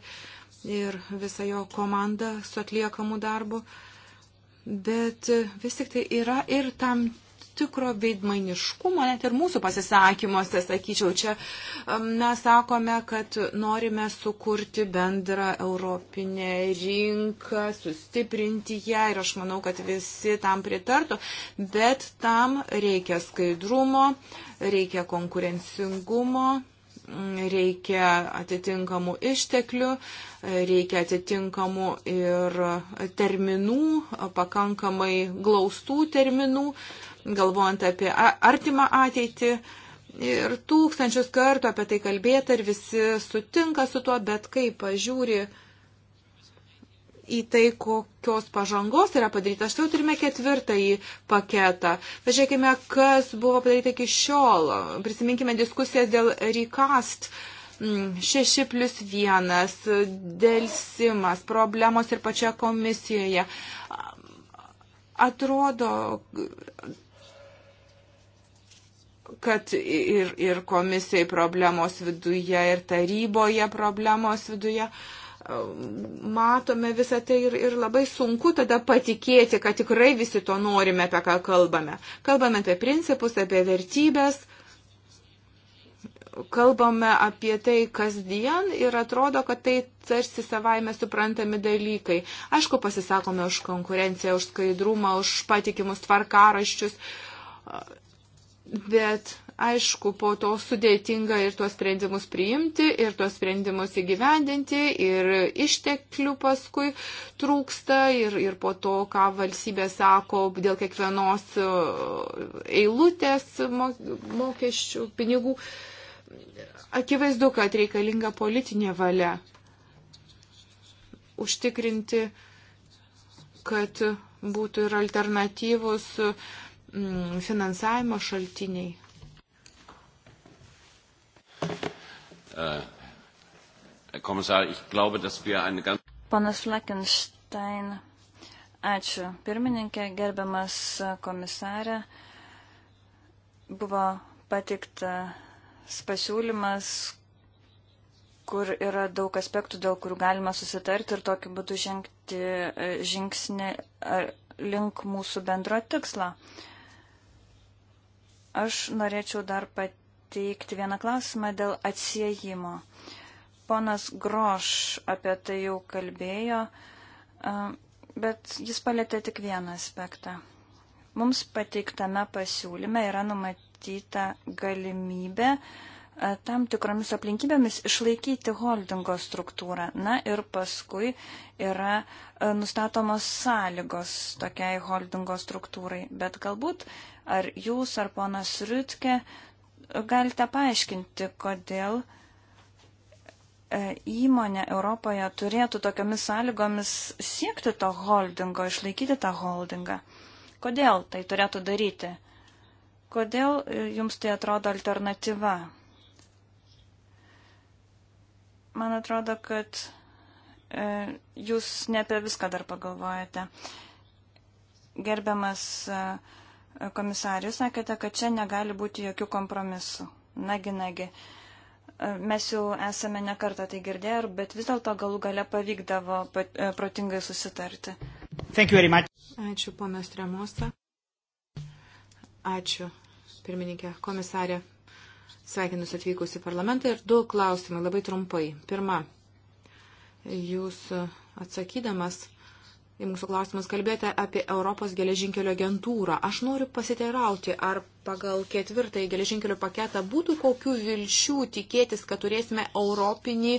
ir visą jo komandą su atliekamu darbu. Bet vis tik tai yra ir tam tikro veidmainiškumo, net ir mūsų pasisakymuose, sakyčiau, čia mes sakome, kad norime sukurti bendrą europinę rinką, sustiprinti ją ir aš manau, kad visi tam pritartų, bet tam reikia skaidrumo, reikia konkurencingumo reikia atitinkamų išteklių, reikia atitinkamų ir terminų, pakankamai glaustų terminų galvojant apie artimą ateitį. Ir tūkstančius kartų apie tai kalbėta ir visi sutinka su tuo, bet kai pažiūri į tai, kokios pažangos yra padaryta. Štai jau turime ketvirtąjį paketą. Pažiūrėkime, kas buvo padaryta iki šiol. Prisiminkime diskusijas dėl recast. 6 mm, plus 1, dėlsimas, problemos ir pačioje komisijoje. Atrodo, kad ir, ir komisijai problemos viduje, ir taryboje problemos viduje. Matome visą tai ir, ir labai sunku tada patikėti, kad tikrai visi to norime, apie ką kalbame. Kalbame apie principus, apie vertybės, kalbame apie tai kasdien ir atrodo, kad tai tarsi savaime suprantami dalykai. Aišku, pasisakome už konkurenciją, už skaidrumą, už patikimus tvarkaraščius bet aišku, po to sudėtinga ir tuos sprendimus priimti, ir tuos sprendimus įgyvendinti, ir išteklių paskui trūksta, ir, ir po to, ką valstybė sako dėl kiekvienos e, eilutės mokesčių, pinigų. Akivaizdu, kad reikalinga politinė valia užtikrinti, kad būtų ir alternatyvus uh, Mm, finansavimo šaltiniai? Äh, Panas Lekenstein, ačiū. Pirmininkė, gerbiamas komisarė, buvo patiktas pasiūlymas, kur yra daug aspektų, dėl kurių galima susitarti ir tokiu būdu žengti e, žingsnį link mūsų bendro tikslo. Uh, Aš norėčiau dar pateikti vieną klausimą dėl atsiejimo. Ponas Groš apie tai jau kalbėjo, bet jis palėtė tik vieną aspektą. Mums pateiktame pasiūlyme yra numatyta galimybė uh, E, tam tikromis aplinkybėmis išlaikyti holdingo struktūrą. Na ir paskui yra e, nustatomos sąlygos tokiai holdingo struktūrai. Bet galbūt ar jūs, ar ponas Rytke galite paaiškinti, kodėl e, įmonė Europoje turėtų tokiamis sąlygomis siekti to holdingo, išlaikyti tą holdingą. Kodėl tai turėtų daryti? Kodėl jums tai atrodo alternatyva? Man atrodo, kad e, jūs ne apie viską dar pagalvojate. Gerbiamas e, komisarius, sakėte, kad čia negali būti jokių kompromisų. Nagi, nagi. E, mes jau esame nekartą tai girdėję, bet vis dėlto galų gale pavykdavo pat, e, protingai susitarti. Ačiū, ponas Tremosta. Ačiū, pirmininkė, komisarė. Sveikinus atvykus į parlamentą ir du klausimai labai trumpai. Pirma, jūs atsakydamas į mūsų klausimus kalbėjote apie Europos geležinkelio agentūrą. Aš noriu pasiteirauti, ar pagal ketvirtąjį geležinkelio paketą būtų kokių vilčių tikėtis, kad turėsime europinį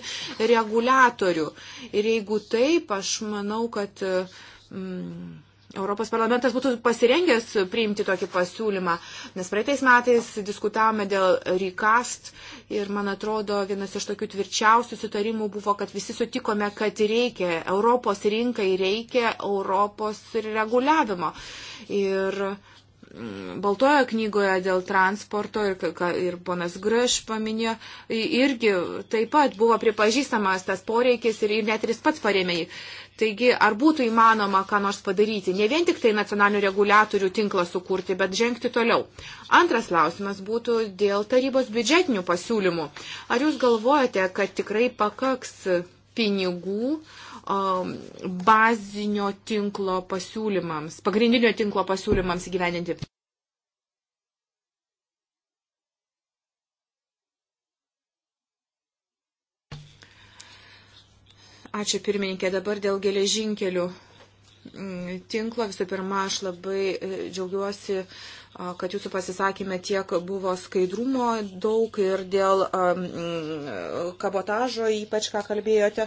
reguliatorių. Ir jeigu taip, aš manau, kad. Mm, Europos parlamentas būtų pasirengęs priimti tokį pasiūlymą, nes praeitais metais diskutavome dėl rikast ir, man atrodo, vienas iš tokių tvirčiausių sutarimų buvo, kad visi sutikome, kad reikia Europos rinkai, reikia Europos reguliavimo. Ir mm, Baltojo knygoje dėl transporto ir, ir ponas Grš paminėjo, irgi taip pat buvo pripažįstamas tas poreikis ir, ir net ir jis pats parėmė jį. Taigi, ar būtų įmanoma ką nors padaryti, ne vien tik tai nacionalinių reguliatorių tinklą sukurti, bet žengti toliau. Antras klausimas būtų dėl tarybos biudžetinių pasiūlymų. Ar jūs galvojate, kad tikrai pakaks pinigų um, bazinio tinklo pasiūlymams, pagrindinio tinklo pasiūlymams įgyvendinti? Ačiū pirmininkė, dabar dėl geležinkelių mm, tinklo. Visų pirma, aš labai e, džiaugiuosi kad jūsų pasisakymė tiek buvo skaidrumo daug ir dėl kabotažo, ypač ką kalbėjote.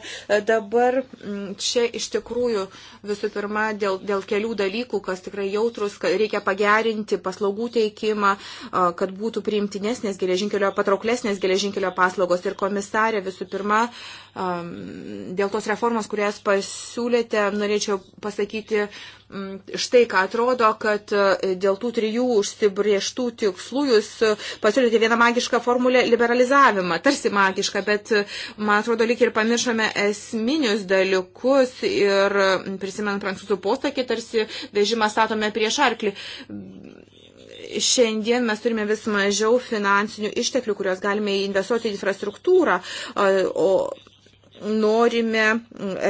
Dabar čia iš tikrųjų visų pirma dėl, dėl kelių dalykų, kas tikrai jautrus, reikia pagerinti paslaugų teikimą, kad būtų priimtinesnės geležinkelio, patrauklesnės geležinkelio paslaugos. Ir komisarė visų pirma, dėl tos reformos, kurias pasiūlėte, norėčiau pasakyti, Mm, štai ką atrodo, kad e, dėl tų trijų užsibrieštų tikslų jūs e, pasiūlyti vieną magišką formulę liberalizavimą, tarsi magišką, bet e, man atrodo, lyg ir pamiršome esminius dalykus ir mm, prisimint prancūzų posakį, tarsi vežimą statome prieš arklį. Šiandien mes turime vis mažiau finansinių išteklių, kuriuos galime investuoti į infrastruktūrą, o norime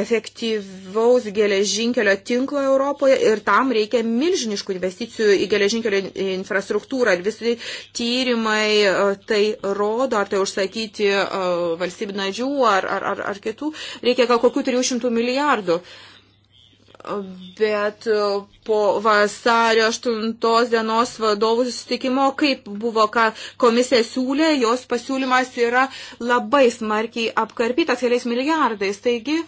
efektyvaus geležinkelio tinklo Europoje ir tam reikia milžiniškų investicijų į geležinkelio infrastruktūrą. Ir visi tyrimai e, tai rodo, ar tai užsakyti e, valstybinadžių ar, ar, ar, ar kitų, reikia gal kokių 300 milijardų. Uh, Bet e, po vasario 8 dienos vadovų susitikimo, kaip buvo, ką komisija siūlė, jos pasiūlymas yra labai smarkiai apkarpytas keliais milijardais. Taigi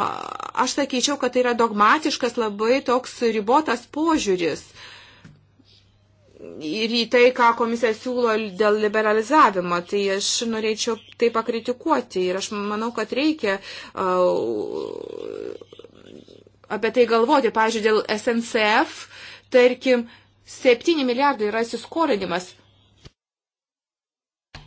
aš sakyčiau, kad tai yra dogmatiškas, labai toks ribotas požiūris. Ir į tai, ką komisija siūlo dėl liberalizavimo, tai aš norėčiau tai pakritikuoti. Ir aš manau, kad reikia uh, apie tai galvoti. Pavyzdžiui, dėl SNCF, tarkim, 7 milijardai yra įsiskolinimas.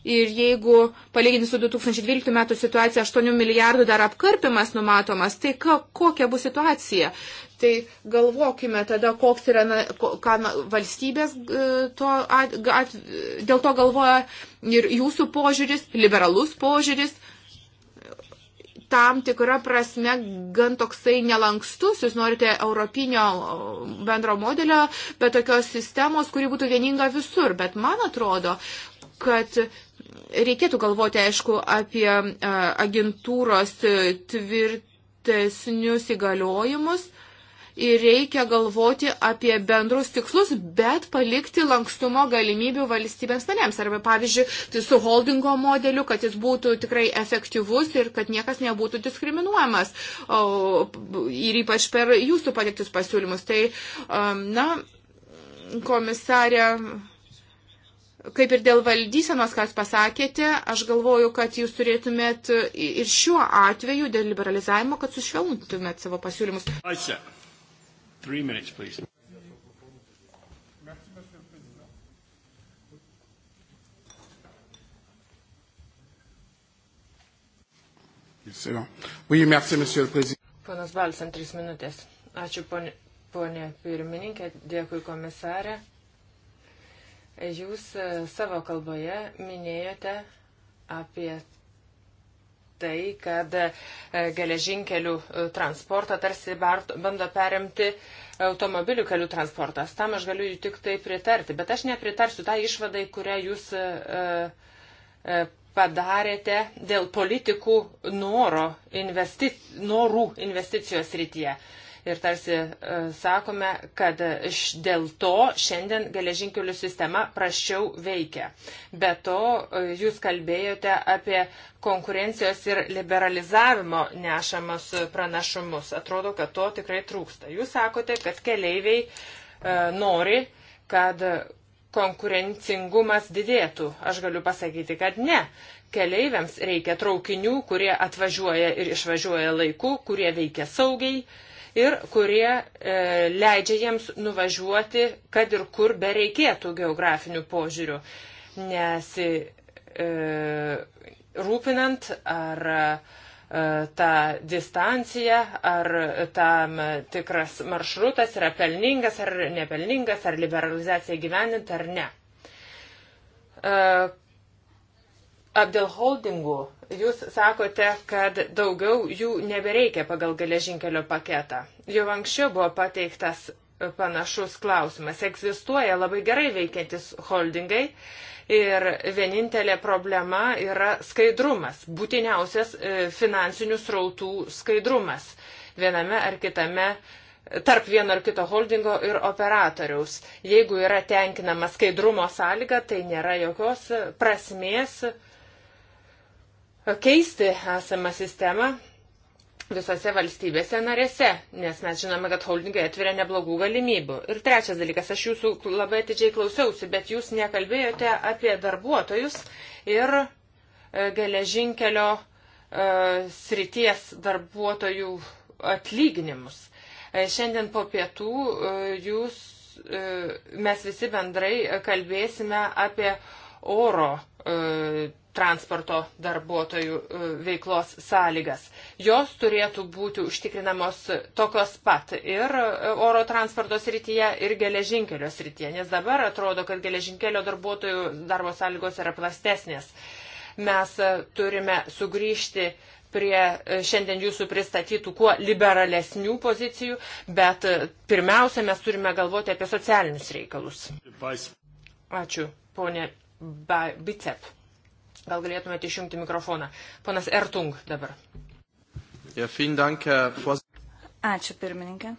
Ir jeigu palyginti su 2012 metų situacija 8 milijardų dar apkarpimas numatomas, tai ka, kokia bus situacija? Tai galvokime tada, koks yra, ką valstybės e, to, at, at, dėl to galvoja ir jūsų požiūris, liberalus požiūris, tam tikra prasme gan toksai nelankstus, jūs norite europinio uh, bendro modelio, bet tokios sistemos, kuri būtų vieninga visur. Bet man atrodo, kad reikėtų galvoti, aišku, apie uh, agentūros uh, tvirtesnius įgaliojimus ir reikia galvoti apie bendrus tikslus, bet palikti lankstumo galimybių valstybėms narėms. Arba pavyzdžiui, tai su holdingo modeliu, kad jis būtų tikrai efektyvus ir kad niekas nebūtų diskriminuojamas. O, ir ypač per jūsų patiktus pasiūlymus. Tai, um, na, komisarė kaip ir dėl valdysenos, ką jūs pasakėte, aš galvoju, kad jūs turėtumėt ir šiuo atveju dėl liberalizavimo, kad sušvelntumėt savo pasiūlymus. Ačiū. Three minutes, please. Excellent. Oui, merci, Monsieur le Président. Ponas Balsan, trys minutės. Ačiū, ponė, ponė pirmininkė, dėkui komisarė. Jūs e, savo kalboje minėjote apie tai, kad e, geležinkelių e, transportą tarsi bando perimti automobilių kelių transportas. Tam aš galiu jų tik tai pritarti. Bet aš nepritarsiu tą tai išvadai, kurią jūs e, padarėte dėl politikų noro investi norų investicijos rytyje ir tarsi e, sakome, kad dėl to šiandien geležinkelių sistema praščiau veikia. Be to, e, jūs kalbėjote apie konkurencijos ir liberalizavimo nešamas pranašumus. Atrodo, kad to tikrai trūksta. Jūs sakote, kad keleiviai e, nori, kad konkurencingumas didėtų. Aš galiu pasakyti, kad ne. Keleiviams reikia traukinių, kurie atvažiuoja ir išvažiuoja laiku, kurie veikia saugiai ir kurie e, leidžia jiems nuvažiuoti, kad ir kur bereikėtų geografinių požiūrių. Nes e, rūpinant ar e, tą distanciją, ar tam tikras maršrutas yra pelningas ar nepelningas, ar liberalizacija gyvenint ar ne e, Dėl holdingų jūs sakote, kad daugiau jų nebereikia pagal geležinkelio paketą. Jau anksčiau buvo pateiktas panašus klausimas. Egzistuoja labai gerai veikiantis holdingai ir vienintelė problema yra skaidrumas, būtiniausias e, finansinių srautų skaidrumas viename ar kitame tarp vieno ar kito holdingo ir operatoriaus. Jeigu yra tenkinama skaidrumo sąlyga, tai nėra jokios prasmės uh, keisti esamą sistemą visose valstybėse narėse, nes mes žinome, kad holdingai atveria neblogų galimybių. Ir trečias dalykas, aš jūsų labai atidžiai klausiausi, bet jūs nekalbėjote apie darbuotojus ir e, geležinkelio e, srities darbuotojų atlyginimus. E, šiandien po pietų e, jūs, e, mes visi bendrai kalbėsime apie oro E, transporto darbuotojų e, veiklos sąlygas. Jos turėtų būti užtikrinamos tokios pat ir e, oro transporto srityje, ir geležinkelio srityje, nes dabar atrodo, kad geležinkelio darbuotojų darbo sąlygos yra plastesnės. Mes turime sugrįžti prie šiandien jūsų pristatytų kuo liberalesnių pozicijų, bet pirmiausia, mes turime galvoti apie socialinius reikalus. Ačiū, ponė Bicep. Gal galėtumėte išjungti mikrofoną. Ponas Ertung dabar. Ačiū pirmininkė.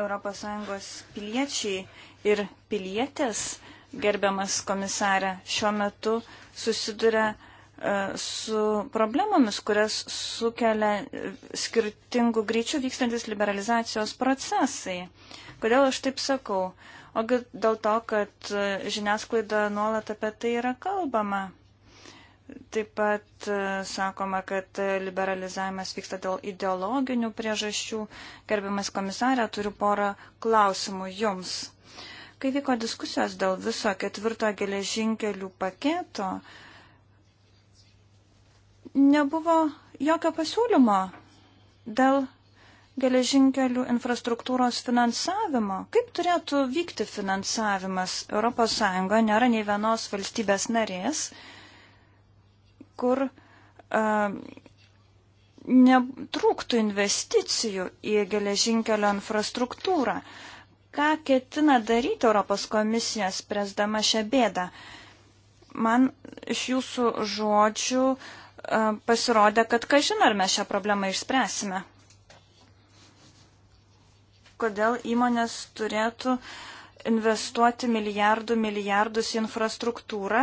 ES piliečiai ir pilietės, gerbiamas komisarė, šiuo metu susiduria e, su problemomis, kurias sukelia e, skirtingų greičių vykstantis liberalizacijos procesai. Kodėl aš taip sakau? ogi dėl to, kad e, žiniasklaida nuolat apie tai yra kalbama. Taip pat e, sakoma, kad e, liberalizavimas vyksta dėl ideologinių priežasčių. Gerbiamas komisarė, turiu porą klausimų jums. Kai vyko diskusijos dėl viso ketvirto geležinkelių paketo, nebuvo jokio pasiūlymo dėl geležinkelių infrastruktūros finansavimo. Kaip turėtų vykti finansavimas? ES nėra nei vienos valstybės narės, kur uh, netrūktų investicijų į geležinkelio infrastruktūrą. Ką ketina daryti Europos komisija spręsdama šią bėdą? Man iš jūsų žodžių uh, pasirodė, kad kažin ar mes šią problemą išspręsime kodėl įmonės turėtų investuoti milijardų milijardus į infrastruktūrą,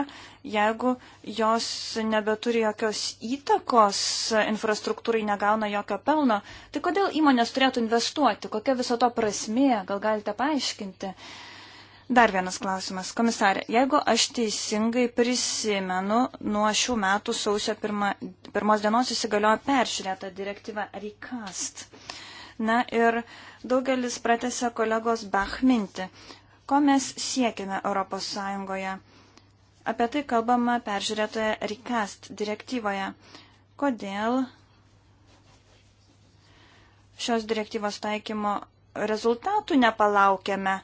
jeigu jos nebeturi jokios įtakos infrastruktūrai, negauna jokio pelno. Tai kodėl įmonės turėtų investuoti? Kokia viso to prasmė? Gal galite paaiškinti? Dar vienas klausimas. Komisarė, jeigu aš teisingai prisimenu, nuo šių metų sausio pirma, pirmos dienos įsigaliojo peržiūrėta direktyva RECAST. Na ir daugelis pratęsė kolegos Bach mintį. Ko mes siekime ES? Apie tai kalbama peržiūrėtoje RICAST direktyvoje. Kodėl šios direktyvos taikymo rezultatų nepalaukėme?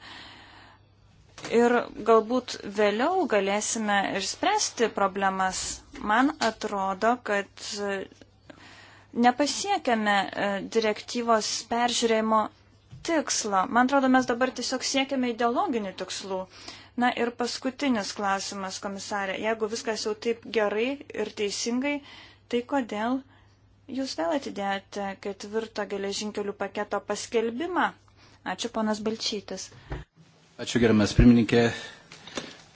ir galbūt vėliau galėsime ir spręsti problemas. Man atrodo, kad nepasiekėme e, direktyvos peržiūrėjimo tikslo. Man atrodo, mes dabar tiesiog siekiame ideologinių tikslų. Na ir paskutinis klausimas, komisarė. Jeigu viskas jau taip gerai ir teisingai, tai kodėl jūs vėl atidėjote ketvirto geležinkelių paketo paskelbimą? Ačiū, ponas Balčytis. Ačiū, gerbiamas pirmininkė.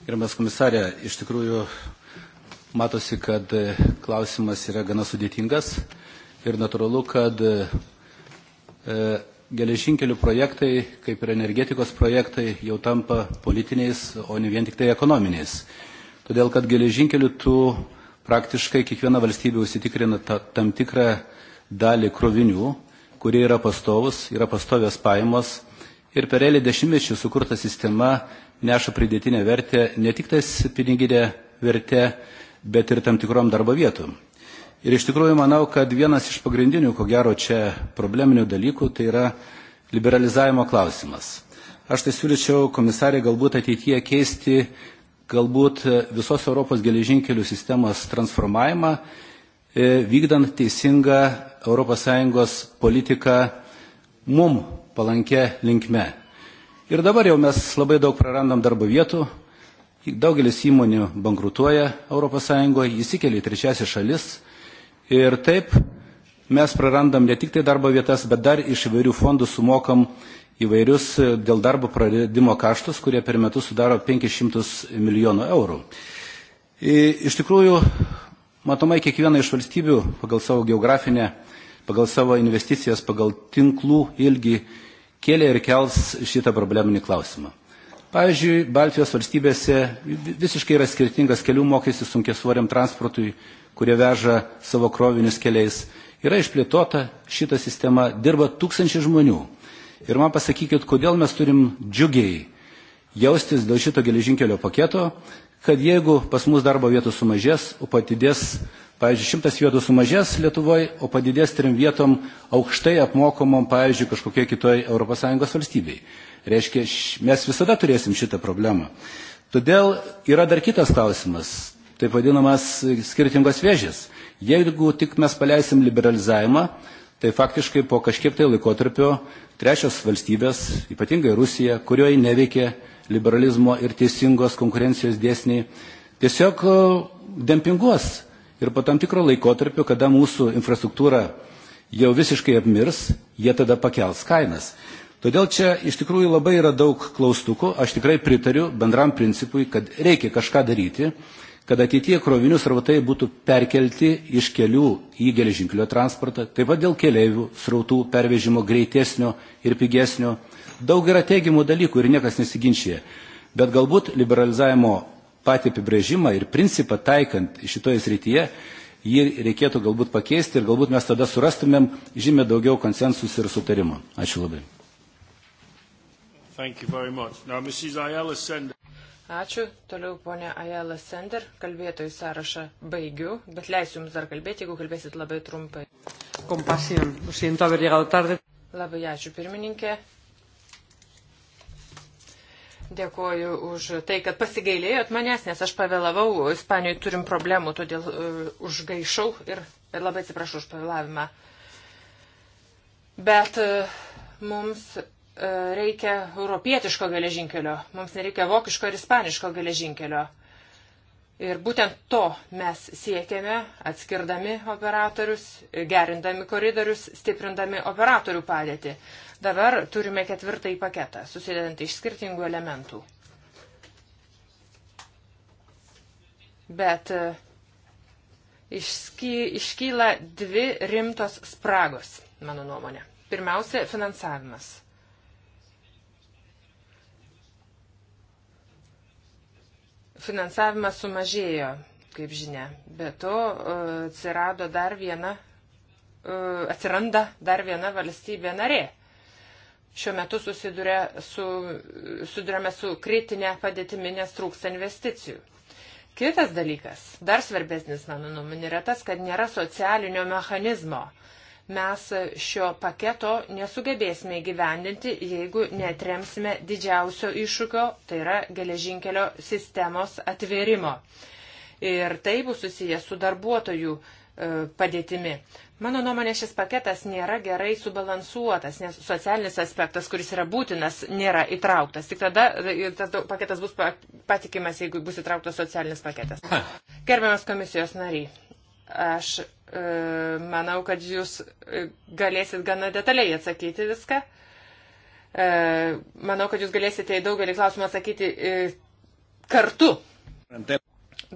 Gerbiamas komisarė, iš tikrųjų matosi, kad e, klausimas yra gana sudėtingas ir natūralu, kad e, e, geležinkelių projektai, kaip ir energetikos projektai, jau tampa politiniais, o ne vien tik tai ekonominiais. Todėl, kad geležinkelių tu praktiškai kiekviena valstybė užsitikrina ta, tam tikrą dalį krovinių, kurie yra pastovus, yra pastovios pajamos ir per eilį dešimtmečių sukurta sistema neša pridėtinę vertę ne tik tais piniginę vertę, bet ir tam tikrom darbo vietom. Ir iš tikrųjų manau, kad vienas iš pagrindinių, ko gero, čia probleminių dalykų tai yra liberalizavimo klausimas. Aš tai siūlyčiau komisarė galbūt ateityje keisti galbūt visos Europos geležinkelių sistemos transformavimą, e, vykdant teisingą ES politiką mum palankę linkme. Ir dabar jau mes labai daug prarandam darbo vietų, daugelis įmonių bankrutuoja ES, įsikelia į trečiasis šalis, ir taip mes prarandam ne tik tai darbo vietas, bet dar iš įvairių fondų sumokam įvairius e, dėl darbo praradimo kaštus, kurie per metus sudaro 500 milijonų eurų. E, iš tikrųjų, matomai kiekviena iš valstybių pagal savo geografinę, pagal savo investicijas, pagal tinklų ilgį kėlė ir kels šitą probleminį klausimą. Pavyzdžiui, Baltijos valstybėse visiškai yra skirtingas kelių mokestis sunkiasvoriam transportui, kurie veža savo krovinius keliais. Yra išplėtota šita sistema, dirba tūkstančiai žmonių. Ir man pasakykit, kodėl mes turim džiugiai jaustis dėl šito geležinkelio paketo, kad jeigu pas mus darbo vietų sumažės, o padidės, pavyzdžiui, šimtas vietų sumažės Lietuvoje, o padidės trim vietom aukštai apmokomom, pavyzdžiui, kažkokie kitoj ES valstybei. Reiškia, mes visada turėsim šitą problemą. Todėl yra dar kitas klausimas taip vadinamas skirtingos vėžės. Jeigu tik mes paleisim liberalizavimą, tai faktiškai po kažkiek tai laikotarpio trečios valstybės, ypatingai Rusija, kurioje neveikia liberalizmo ir teisingos konkurencijos dėsniai, tiesiog e, dempinguos. Ir po tam tikro laikotarpio, kada mūsų infrastruktūra jau visiškai apmirs, jie tada pakels kainas. Todėl čia iš tikrųjų labai yra daug klaustukų, aš tikrai pritariu bendram principui, kad reikia kažką daryti, kad ateitie krovinių srautai būtų perkelti iš kelių į geležinkelio transportą, taip pat dėl keliaivių srautų pervežimo greitesnio ir pigesnio. Daug yra teigiamų dalykų ir niekas nesiginčia, bet galbūt liberalizavimo patį apibrėžimą ir principą taikant šitoje srityje, jį reikėtų galbūt pakeisti ir galbūt mes tada surastumėm žymiai daugiau konsensus ir sutarimo. Ačiū labai. Thank you very much. Now, Mrs. Ayala Sender. Ačiū. Toliau ponė Ajala Sender, kalbėtojų sąrašą baigiu, bet leisiu Jums dar kalbėti, jeigu kalbėsit labai trumpai. Kompasijom, siento haber llegado tarde. Labai ačiū pirmininkė. Dėkoju už tai, kad pasigailėjot manęs, nes aš pavėlavau, Ispanijoje turim problemų, todėl uh, užgaišau ir, ir labai atsiprašau už pavėlavimą. Bet uh, mums reikia europietiško geležinkelio, mums nereikia vokiško ir ispaniško geležinkelio. Ir būtent to mes siekiame, atskirdami operatorius, gerindami koridorius, stiprindami operatorių padėtį. Dabar turime ketvirtąjį paketą, susidedantį iš skirtingų elementų. Bet e, išsky, iškyla dvi rimtos spragos, mano nuomonė. Pirmiausia, finansavimas finansavimas sumažėjo, kaip žinia. Be to e, atsirado dar viena, e, atsiranda dar viena valstybė narė. Šiuo metu susidurėme su, su kritinė padėtimi, nes trūksta investicijų. Kitas dalykas, dar svarbesnis mano nuomonė, yra tas, kad nėra socialinio mechanizmo mes šio paketo nesugebėsime įgyvendinti, jeigu netremsime didžiausio iššūkio, tai yra geležinkelio sistemos atvėrimo. Ir tai bus susijęs su darbuotojų e, padėtimi. Mano nuomonė, šis paketas nėra gerai subalansuotas, nes socialinis aspektas, kuris yra būtinas, nėra įtrauktas. Tik tada e, tas paketas bus patikimas, jeigu bus įtrauktas socialinis paketas. Gerbiamas komisijos nariai, Aš e, manau, kad jūs galėsit gana detaliai atsakyti viską. E, manau, kad jūs galėsite į daugelį klausimų atsakyti e, kartu.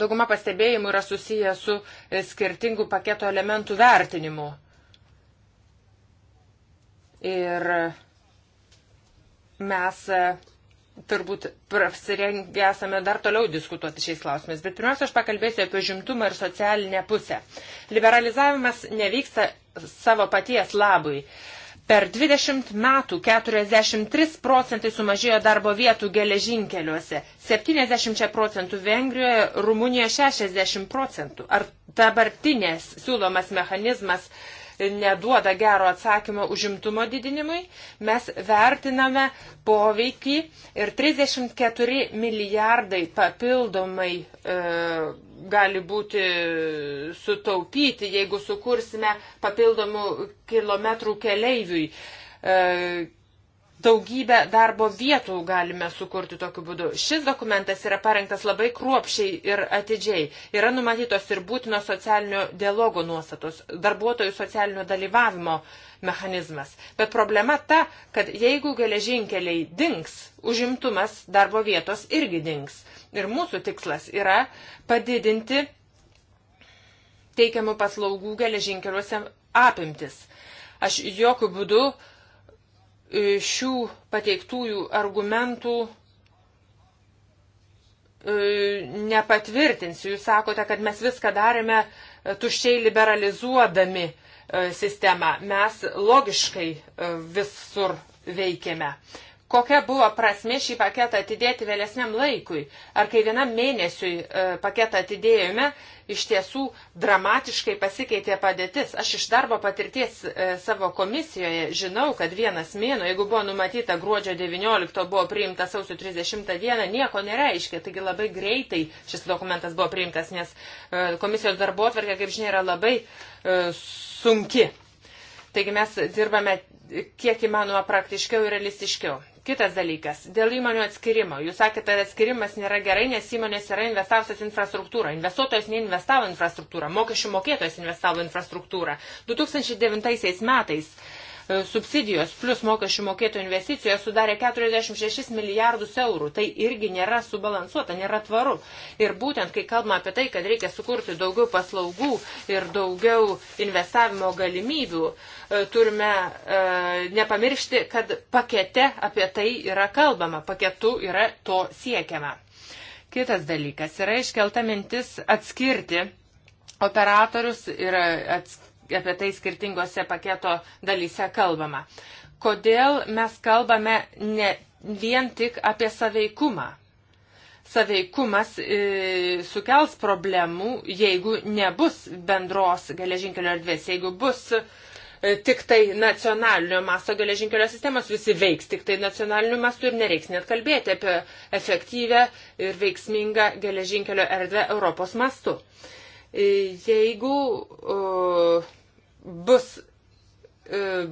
Dauguma pastebėjimų yra susiję su e, skirtingų paketo elementų vertinimu. Ir mes e, turbūt apsirengę esame dar toliau diskutuoti šiais klausimais, bet pirmiausia, aš pakalbėsiu apie žimtumą ir socialinę pusę. Liberalizavimas nevyksta savo paties labui. Per 20 metų 43 procentai sumažėjo darbo vietų geležinkeliuose, 70 procentų Vengrijoje, Rumunijoje 60 procentų. Ar dabartinės siūlomas mechanizmas uh, neduoda gero atsakymo užimtumo didinimui, mes vertiname poveikį ir 34 milijardai papildomai e, gali būti sutaupyti, jeigu sukursime papildomų kilometrų keleiviui. E, daugybę darbo vietų galime sukurti tokiu būdu. Šis dokumentas yra parengtas labai kruopšiai ir atidžiai. Yra numatytos ir būtinos socialinio dialogo nuostatos, darbuotojų socialinio dalyvavimo mechanizmas. Bet problema ta, kad jeigu geležinkeliai dinks, užimtumas darbo vietos irgi dinks. Ir mūsų tikslas yra padidinti teikiamų paslaugų geležinkeliuose apimtis. Aš jokių būdų uh, šių pateiktųjų argumentų e, nepatvirtinsiu. Jūs sakote, kad mes viską darėme e, tuščiai liberalizuodami e, sistemą. Mes logiškai visur veikėme kokia buvo prasme šį paketą atidėti vėlesniam laikui. Ar kai vienam mėnesiui e, paketą atidėjome, iš tiesų dramatiškai pasikeitė padėtis. Aš iš darbo patirties e, savo komisijoje žinau, kad vienas mėno, jeigu buvo numatyta gruodžio 19, buvo priimta sausio 30 dieną, nieko nereiškia. Taigi labai greitai šis dokumentas buvo priimtas, nes e, komisijos darbo atverkė, kaip žinia, yra labai sunki. Taigi mes dirbame kiek įmanoma praktiškiau ir realistiškiau. Kitas dalykas, dėl įmonių atskirimo. Jūs sakėte, kad atskirimas nėra gerai, nes įmonės yra investavusios infrastruktūrą. Investuotojas neinvestavo infrastruktūrą, mokesčių mokėtojas investavo infrastruktūrą. 2009 metais e, subsidijos plus mokesčių mokėtojų investicijos sudarė 46 milijardus eurų. Tai irgi nėra subalansuota, nėra tvaru. Ir būtent, kai kalbame apie tai, kad reikia sukurti daugiau paslaugų ir daugiau investavimo galimybių, uh, E, turime e, nepamiršti, kad pakete apie tai yra kalbama, paketu yra to siekiama. Kitas dalykas yra iškelta mintis atskirti operatorius ir e, ats, apie tai skirtingose paketo dalyse kalbama. Kodėl mes kalbame ne vien tik apie saveikumą? Saveikumas e, sukels problemų, jeigu nebus bendros geležinkelio erdvės, jeigu bus e, E, tik tai nacionalinio masto geležinkelio sistemos visi veiks, tik tai nacionaliniu mastu ir nereiks net kalbėti apie efektyvę ir veiksmingą geležinkelio erdvę Europos mastu. E, jeigu uh, bus uh,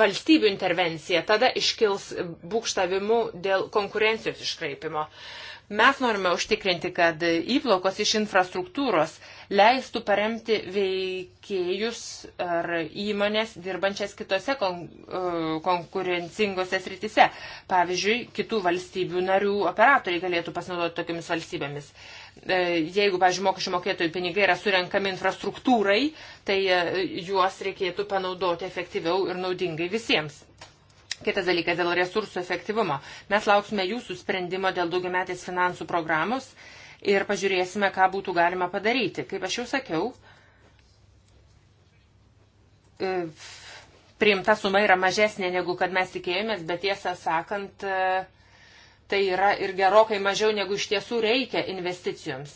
valstybių intervencija, tada iškils būkštavimų dėl konkurencijos iškraipimo. Uh, Mes norime užtikrinti, kad įplaukos iš infrastruktūros leistų paremti veikėjus ar įmonės dirbančias kitose kon, e, konkurencingose srityse. Pavyzdžiui, kitų valstybių narių operatoriai galėtų pasinaudoti tokiamis valstybėmis. E, jeigu, pavyzdžiui, mokesčių mokėtojų pinigai yra surenkami infrastruktūrai, tai e, juos reikėtų panaudoti efektyviau ir naudingai visiems. Kitas dalykas dėl resursų efektyvumo. Mes lauksime jūsų sprendimo dėl daugiametės finansų programos ir pažiūrėsime, ką būtų galima padaryti. Kaip aš jau sakiau, e, priimta suma yra mažesnė negu kad mes tikėjomės, bet tiesą sakant, e, tai yra ir gerokai mažiau negu iš tiesų reikia investicijoms.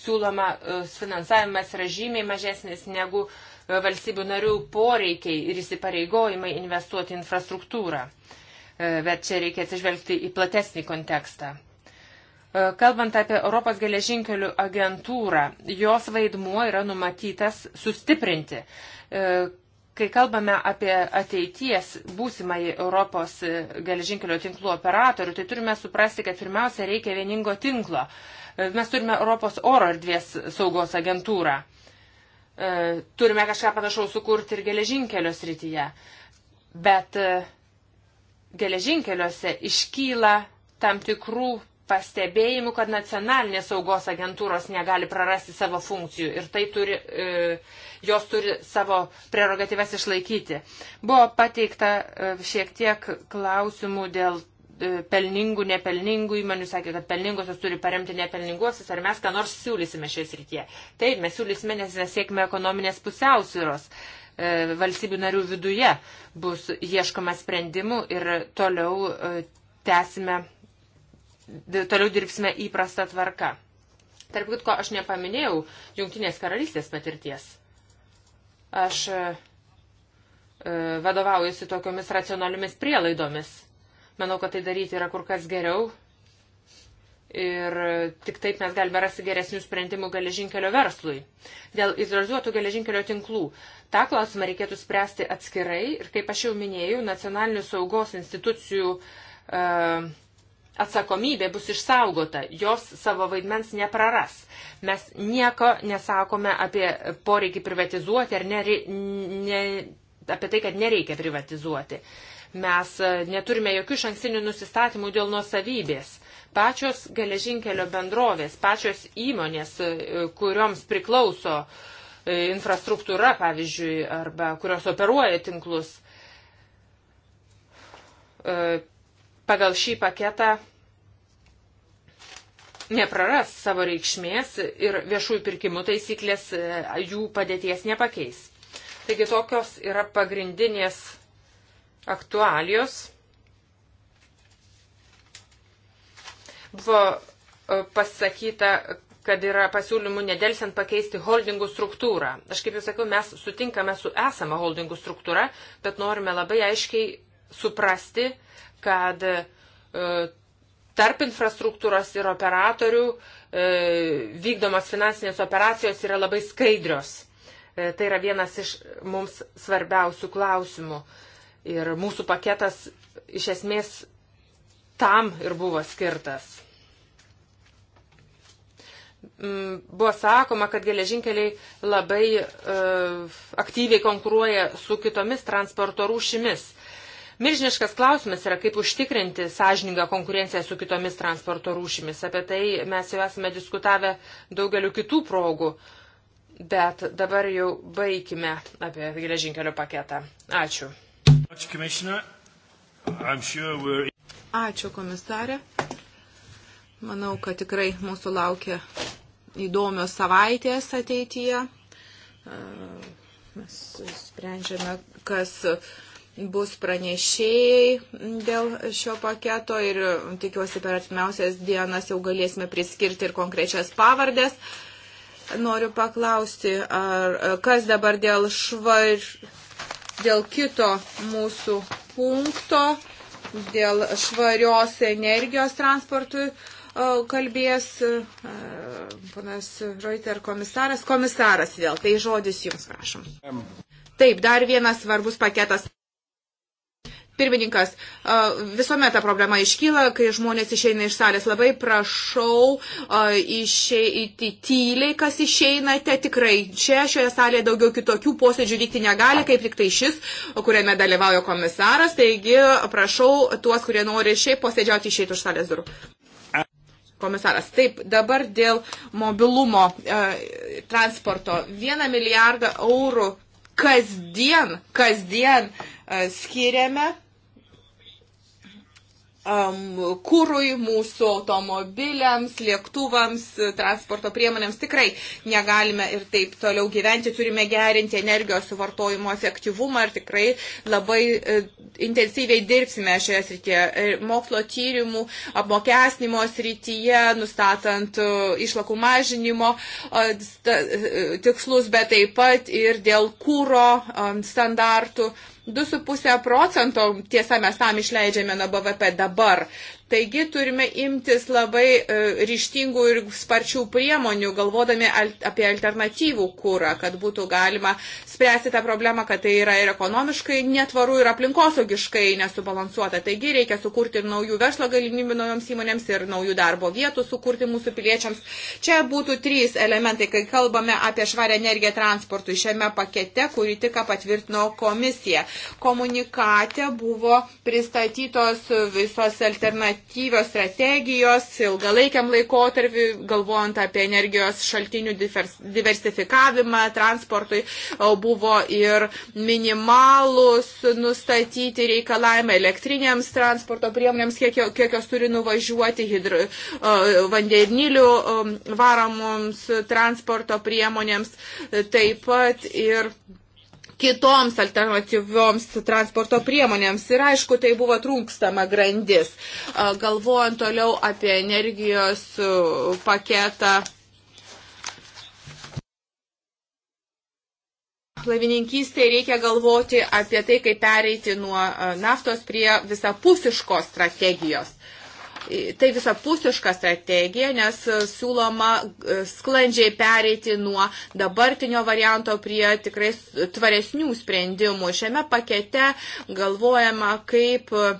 Siūloma e, finansavimas yra žymiai mažesnis negu uh, valstybių narių poreikiai ir įsipareigojimai investuoti infrastruktūrą. E, bet čia reikia atsižvelgti į platesnį kontekstą. E, kalbant apie Europos geležinkelių agentūrą, jos vaidmuo yra numatytas sustiprinti. E, kai kalbame apie ateities būsimąjį Europos geležinkelio tinklų operatorių, tai turime suprasti, kad pirmiausia reikia vieningo tinklo. Mes turime Europos oro erdvės saugos agentūrą. E, turime kažką panašaus sukurti ir geležinkelio srityje. Bet e, geležinkeliuose iškyla tam tikrų pastebėjimų, kad nacionalinės saugos agentūros negali prarasti savo funkcijų ir tai turi, e, jos turi savo prerogatyves išlaikyti. Buvo pateikta šiek tiek klausimų dėl E, pelningų, nepelningų įmonių, sakė, kad pelningosios turi paremti nepelninguosius, ar mes ką nors siūlysime šioje srityje. Taip, mes siūlysime, nes mes siekime ekonominės pusiausvyros e, valstybių narių viduje bus ieškoma sprendimų ir toliau e, tęsime, toliau dirbsime įprastą tvarką. Tarp kitko, aš nepaminėjau Junktinės karalystės patirties. Aš vadovaujuosi tokiomis racionaliomis prielaidomis Manau, kad tai daryti yra kur kas geriau. Ir tik taip mes galime rasti geresnių sprendimų geležinkelio verslui. Dėl izolizuotų geležinkelio tinklų. Ta klausimą reikėtų spręsti atskirai ir, kaip aš jau minėjau, nacionalinių saugos institucijų uh, atsakomybė bus išsaugota, jos savo vaidmens nepraras. Mes nieko nesakome apie poreikį privatizuoti ar nere, ne, apie tai, kad nereikia privatizuoti. Uh, Mes e, neturime jokių šanksinių nusistatymų dėl nuosavybės. Pačios geležinkelio bendrovės, pačios įmonės, e, kurioms priklauso e, infrastruktūra, pavyzdžiui, arba kurios operuoja tinklus, pagal šį paketą nepraras savo reikšmės ir viešųjų pirkimų taisyklės jų padėties nepakeis. Taigi tokios yra pagrindinės aktualijos. Buvo e, pasakyta, kad yra pasiūlymų nedelsiant pakeisti holdingų struktūrą. Aš kaip jau sakiau, mes sutinkame su esama holdingų struktūra, bet norime labai aiškiai suprasti, kad e, tarp infrastruktūros ir operatorių e, vykdomos finansinės operacijos yra labai skaidrios. Tai yra vienas iš mums svarbiausių klausimų. Ir mūsų paketas iš esmės tam ir buvo skirtas. Mm, buvo sakoma, kad geležinkeliai labai e, aktyviai konkuruoja su kitomis transporto rūšimis. Milžiniškas klausimas yra, kaip užtikrinti sąžiningą konkurenciją su kitomis transporto rūšimis. Apie tai mes jau esame diskutavę daugeliu kitų progų, bet dabar jau baigime apie geležinkelio paketą. Ačiū. Ačiū komisarė. Manau, kad tikrai mūsų laukia įdomios savaitės ateityje. Mes sprendžiame, kas bus pranešėjai dėl šio paketo ir tikiuosi per artimiausias dienas jau galėsime priskirti ir konkrečias pavardės. Noriu paklausti, ar, kas dabar dėl švar, dėl kito mūsų punkto, dėl švarios energijos transportui e, kalbės e, panas Reuter komisaras. Komisaras vėl, tai žodis jums prašom. Taip, dar vienas svarbus paketas. Pirmininkas, visuomet ta problema iškyla, kai žmonės išeina iš salės. Labai prašau išeiti tyliai, kas išeinate. Tikrai čia šioje salėje daugiau kitokių posėdžių vykti negali, kaip tik tai šis, kuriame dalyvauja komisaras. Taigi prašau tuos, kurie nori šiaip posėdžiauti, išeiti už salės durų. Komisaras, taip, dabar dėl mobilumo e, transporto. Vieną milijardą eurų kasdien, kasdien e, skiriame um, kūrui, mūsų automobiliams, lėktuvams, transporto priemonėms tikrai negalime ir taip toliau gyventi, turime gerinti energijos suvartojimo efektyvumą ir tikrai labai uh, intensyviai dirbsime šioje srityje. Mokslo tyrimų, apmokesnimo srityje, nustatant uh, išlakų mažinimo uh, sta, uh, tikslus, bet taip pat ir dėl kūro um, standartų. Uh, 2,5 procento, tiesa, mes tam išleidžiame nuo BVP dabar. Taigi turime imtis labai e, ryštingų ir sparčių priemonių, galvodami apie alternatyvų kūrą, kad būtų galima spręsti tą problemą, kad tai yra ir ekonomiškai netvaru, ir aplinkosaugiškai nesubalansuota. Taigi reikia sukurti ir naujų verslo galimybių naujoms įmonėms, ir naujų darbo vietų sukurti mūsų piliečiams. Čia būtų trys elementai, kai kalbame apie švarę energiją transportui šiame pakete, kurį tik patvirtino komisija. Komunikate buvo pristatytos visos alternatyvios strategijos ilgalaikiam laikotarpiu, galvojant apie energijos šaltinių diversifikavimą transportui buvo ir minimalus nustatyti reikalavimai elektrinėms transporto priemonėms, kiek, kiek jos turi nuvažiuoti, hidro, vandenilių varomoms transporto priemonėms, e, taip pat ir kitoms alternatyvioms transporto priemonėms. Ir aišku, tai buvo trūkstama grandis. Galvojant toliau apie energijos paketą Plavininkystėje reikia galvoti apie tai, kaip pereiti nuo e, naftos prie visapusiškos strategijos tai visapusiška strategija, nes e, siūloma e, sklandžiai pereiti nuo dabartinio varianto prie tikrai tvaresnių sprendimų. Šiame pakete galvojama, kaip e,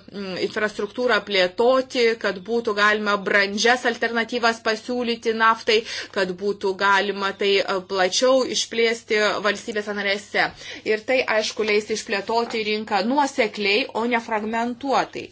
infrastruktūrą plėtoti, kad būtų galima brandžias alternatyvas pasiūlyti naftai, kad būtų galima tai plačiau išplėsti valstybės narėse. Ir tai, aišku, leis išplėtoti rinką nuosekliai, o ne fragmentuotai.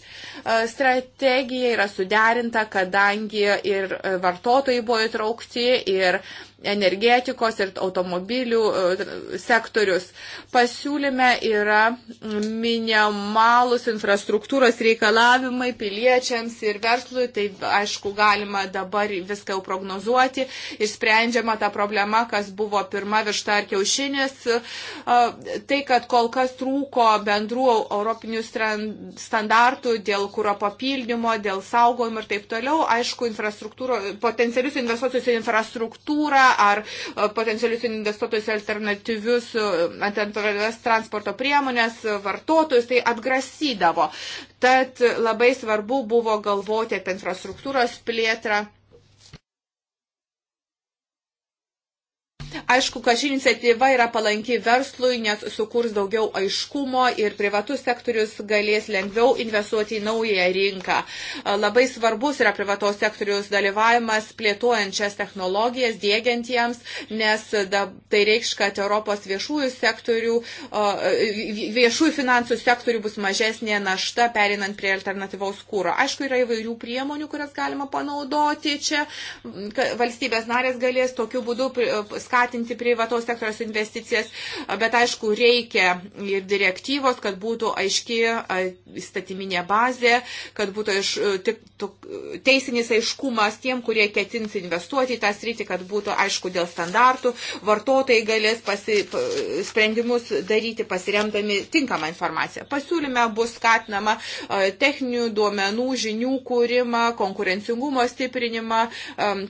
Strategija yra su suderinta, kadangi ir e, vartotojai buvo įtraukti, ir energetikos ir automobilių e, sektorius. Pasiūlyme yra minimalus infrastruktūros reikalavimai piliečiams ir verslui, tai aišku galima dabar viską jau prognozuoti ir sprendžiama ta problema, kas buvo pirma višta ar kiaušinis. E, tai, kad kol kas trūko bendrų europinių standartų dėl kūro papildymo, dėl saugojimo ir taip toliau, aišku, potencialius investuotojus į infrastruktūrą ar e, potencialius investuotojus alternatyvius, e, alternatyvias transporto priemonės, e, vartotojus, tai atgrasydavo. Tad labai svarbu buvo galvoti apie infrastruktūros plėtrą. Aišku, kad ši iniciatyva yra palanki verslui, nes sukurs daugiau aiškumo ir privatus sektorius galės lengviau investuoti į naują rinką. Labai svarbus yra privatos sektorius dalyvavimas plėtojant šias technologijas, dėgiant jiems, nes tai reikš, kad Europos viešųjų sektorių, viešųjų finansų sektorių bus mažesnė našta perinant prie alternatyvaus kūro. Aišku, yra įvairių priemonių, kurias galima panaudoti čia. Valstybės narės galės tokiu būdu skatinti skatinti privataus sektoriaus investicijas, bet aišku, reikia ir direktyvos, kad būtų aiški įstatyminė bazė, kad būtų aiš, tik, tuk, teisinis aiškumas tiem, kurie ketins investuoti į tą sritį, kad būtų aišku dėl standartų, vartotojai galės pasi, sprendimus daryti pasiremdami tinkamą informaciją. Pasiūlyme bus skatinama techninių duomenų, žinių kūrimą, konkurencingumo stiprinimą,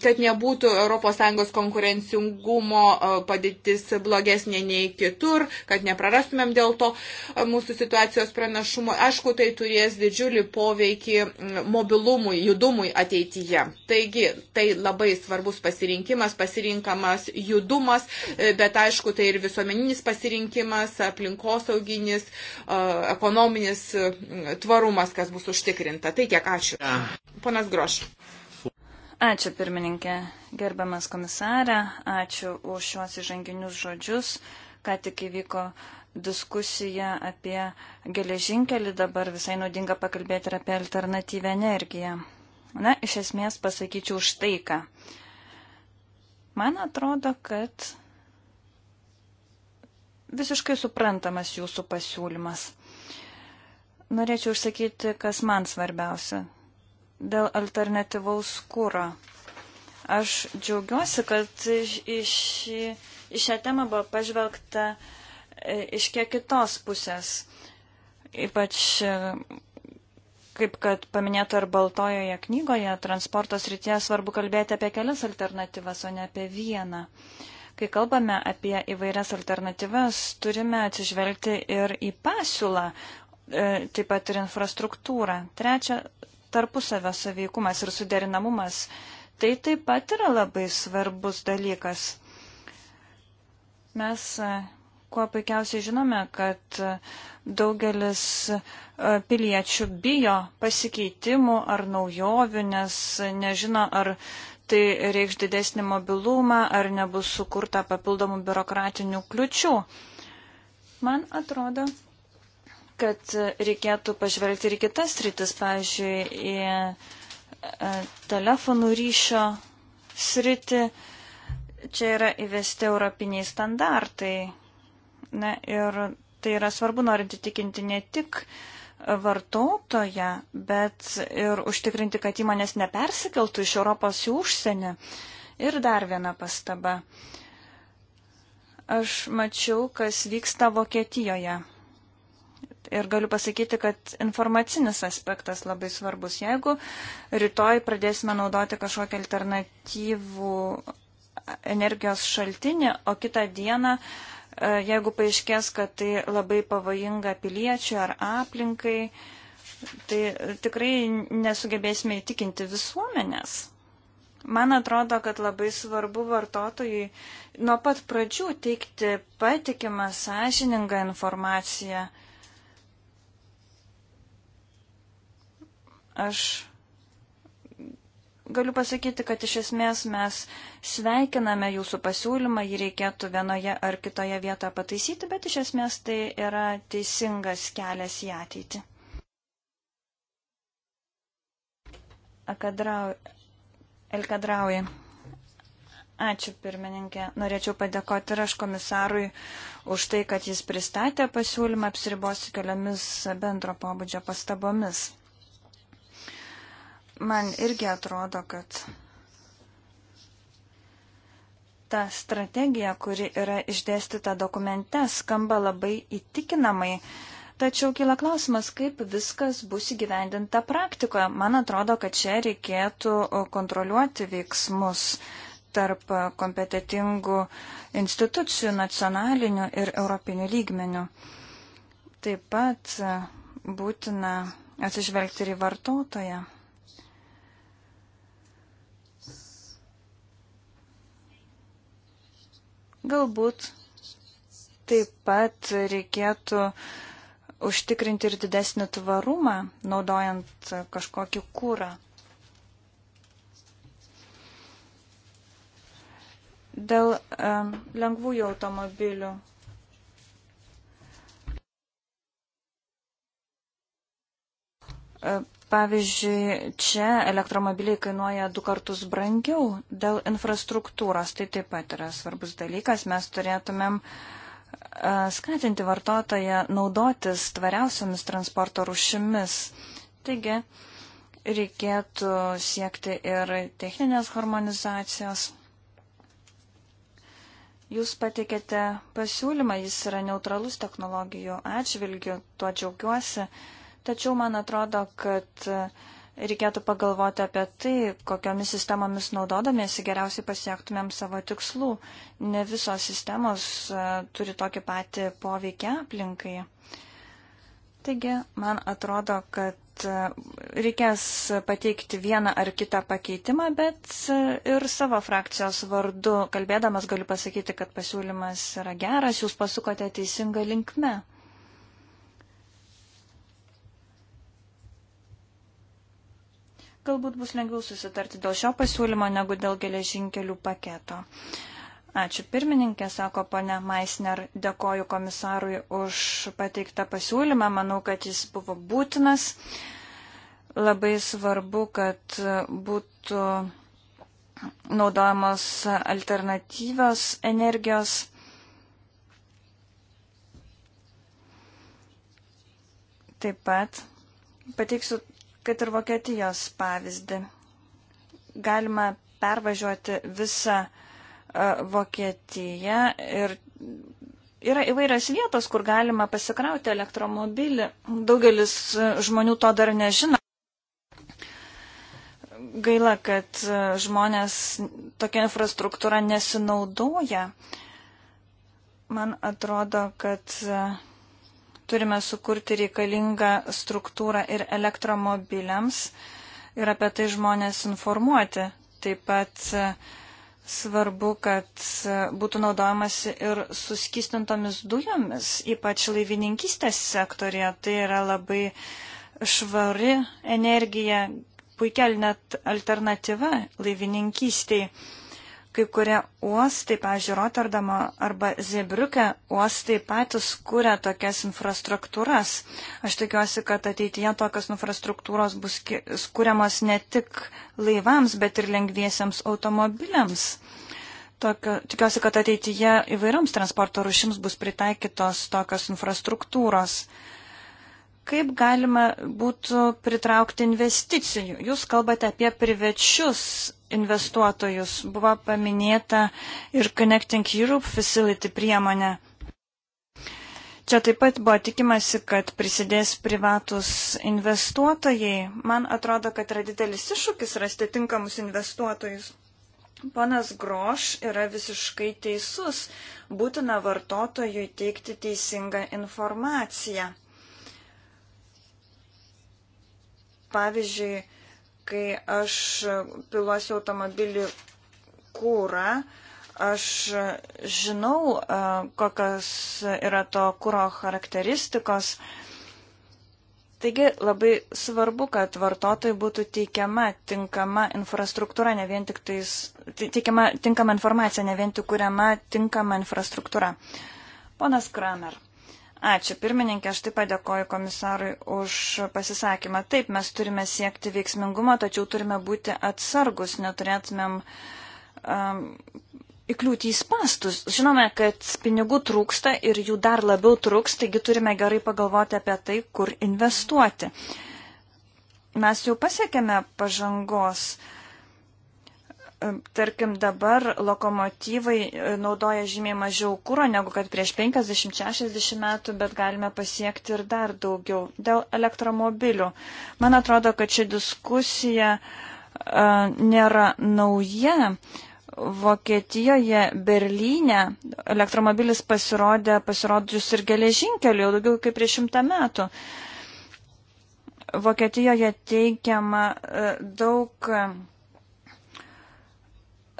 kad nebūtų ES konkurencingumo saugumo e, padėtis blogesnė nei kitur, kad neprarastumėm dėl to e, mūsų situacijos pranašumo. Aišku, tai turės didžiulį poveikį mobilumui, judumui ateityje. Taigi, tai labai svarbus pasirinkimas, pasirinkamas judumas, e, bet aišku, tai ir visuomeninis pasirinkimas, aplinkosauginis, ekonominis tvarumas, kas bus užtikrinta. Tai tiek ačiū. Ponas Groš. Ačiū pirmininkė, gerbiamas komisarė, ačiū už šios įžanginius žodžius. Ką tik įvyko diskusija apie geležinkelį, dabar visai naudinga pakalbėti ir apie alternatyvę energiją. Na, iš esmės pasakyčiau už tai, ką. Man atrodo, kad visiškai suprantamas jūsų pasiūlymas. Norėčiau užsakyti, kas man svarbiausia dėl alternatyvaus kūro. Aš džiaugiuosi, kad iš, iš šią temą buvo pažvelgta e, iš kiek kitos pusės. Ypač, e, kaip kad paminėta ir baltojoje knygoje, transportos rytyje svarbu kalbėti apie kelias alternatyvas, o ne apie vieną. Kai kalbame apie įvairias alternatyvas, turime atsižvelgti ir į pasiūlą, e, taip pat ir infrastruktūrą. Trečia, tarpusavio saveikumas ir suderinamumas, tai taip pat yra labai svarbus dalykas. Mes e, kuo puikiausiai žinome, kad e, daugelis e, piliečių bijo pasikeitimų ar naujovių, nes nežino, ar tai reikš didesnį mobilumą, ar nebus sukurta papildomų biurokratinių kliučių. Man atrodo, kad reikėtų pažvelgti ir kitas rytis, pavyzdžiui, į e, telefonų ryšio sritį. Čia yra įvesti europiniai standartai. Na ir tai yra svarbu norint įtikinti ne tik vartotoją, bet ir užtikrinti, kad įmonės nepersikeltų iš Europos į užsienį. Ir dar viena pastaba. Aš mačiau, kas vyksta Vokietijoje. Ir galiu pasakyti, kad informacinis aspektas labai svarbus. Jeigu rytoj pradėsime naudoti kažkokią alternatyvų energijos šaltinį, o kitą dieną, e, jeigu paaiškės, kad tai labai pavojinga piliečiui ar aplinkai, tai tikrai nesugebėsime įtikinti visuomenės. Man atrodo, kad labai svarbu vartotojui nuo pat pradžių teikti patikimą, sąžiningą informaciją. Aš galiu pasakyti, kad iš esmės mes sveikiname jūsų pasiūlymą, jį reikėtų vienoje ar kitoje vietoje pataisyti, bet iš esmės tai yra teisingas kelias į ateitį. Akadrau... Elkadrauji. Ačiū pirmininkė. Norėčiau padėkoti ir aš komisarui už tai, kad jis pristatė pasiūlymą apsiribosiu keliomis bendro pobūdžio pastabomis man irgi atrodo, kad ta strategija, kuri yra išdėstyta dokumente, skamba labai įtikinamai. Tačiau kyla klausimas, kaip viskas bus įgyvendinta praktikoje. Man atrodo, kad čia reikėtų kontroliuoti veiksmus tarp kompetitingų institucijų nacionalinių ir europinių lygmenių. Taip pat būtina atsižvelgti ir į vartotoją. Galbūt taip pat reikėtų užtikrinti ir didesnį tvarumą, naudojant kažkokį kūrą. Dėl um, lengvųjų automobilių pavyzdžiui, čia elektromobiliai kainuoja du kartus brangiau dėl infrastruktūros. Tai taip pat yra svarbus dalykas. Mes turėtumėm e, skatinti vartotoją naudotis tvariausiamis transporto rušimis. Taigi, reikėtų siekti ir techninės harmonizacijos. Jūs patikėte pasiūlymą, jis yra neutralus technologijų atžvilgių, tuo džiaugiuosi. Uh, Tačiau man atrodo, kad reikėtų pagalvoti apie tai, kokiomis sistemomis naudodamiesi geriausiai pasiektumėm savo tikslų. Ne visos sistemos e, turi tokį patį poveikį aplinkai. Taigi, man atrodo, kad e, reikės pateikti vieną ar kitą pakeitimą, bet e, ir savo frakcijos vardu kalbėdamas galiu pasakyti, kad pasiūlymas yra geras, jūs pasukote teisingą linkmę. Galbūt bus lengviau susitarti dėl šio pasiūlymo negu dėl geležinkelių paketo. Ačiū pirmininkė, sako pane Maisner, dėkoju komisarui už pateiktą pasiūlymą, manau, kad jis buvo būtinas. Labai svarbu, kad būtų naudojamos alternatyvios energijos. Taip pat pateiksiu kad ir Vokietijos pavyzdį. Galima pervažiuoti visą e, Vokietiją ir yra įvairios vietos, kur galima pasikrauti elektromobilį. Daugelis e, žmonių to dar nežino. Gaila, kad e, žmonės tokia infrastruktūra nesinaudoja. Man atrodo, kad Turime sukurti reikalingą struktūrą ir elektromobiliams ir apie tai žmonės informuoti. Taip pat e, svarbu, kad e, būtų naudojamasi ir suskistintomis dujomis, ypač laivininkistės sektorija. Tai yra labai švari energija, puikia alternatyva laivininkistiai. Kai kurie uostai, pavyzdžiui, Rotterdamo arba Zebriuke uostai patys kūrė tokias infrastruktūras. Aš tikiuosi, kad ateityje tokios infrastruktūros bus skūriamos ne tik laivams, bet ir lengviesiams automobiliams. Tokio, tikiuosi, kad ateityje įvairioms transporto rušims bus pritaikytos tokios infrastruktūros. Uh, kaip galima būtų pritraukti investicijų? Jūs kalbate apie privačius investuotojus. Buvo paminėta ir Connecting Europe Facility priemonė. Čia taip pat buvo tikimasi, kad prisidės privatus investuotojai. Man atrodo, kad yra didelis iššūkis rasti tinkamus investuotojus. Ponas Groš yra visiškai teisus. Būtina vartotojui teikti teisingą informaciją. Pavyzdžiui, kai aš piluosiu automobilį kūrą, aš žinau, e, kokios yra to kūro charakteristikos. Taigi labai svarbu, kad vartotojai būtų teikiama tinkama infrastruktūra, ne vien tik tais, teikiama tinkama informacija, ne vien tik kuriama tinkama infrastruktūra. Ponas Kramer. Ačiū pirmininkė, aš taip padėkoju komisarui už pasisakymą. Taip, mes turime siekti veiksmingumo, tačiau turime būti atsargus, neturėtumėm um, įkliūti į spastus. Žinome, kad pinigų trūksta ir jų dar labiau trūks, taigi turime gerai pagalvoti apie tai, kur investuoti. Mes jau pasiekėme pažangos. Uh, tarkim, dabar lokomotyvai e, naudoja žymiai mažiau kūro negu kad prieš 50-60 metų, bet galime pasiekti ir dar daugiau dėl elektromobilių. Man atrodo, kad ši diskusija a, e, nėra nauja. Vokietijoje, Berlyne elektromobilis pasirodė, pasirodžius ir geležinkeliu jau daugiau kaip prieš šimtą metų. Vokietijoje teikiama a, e, daug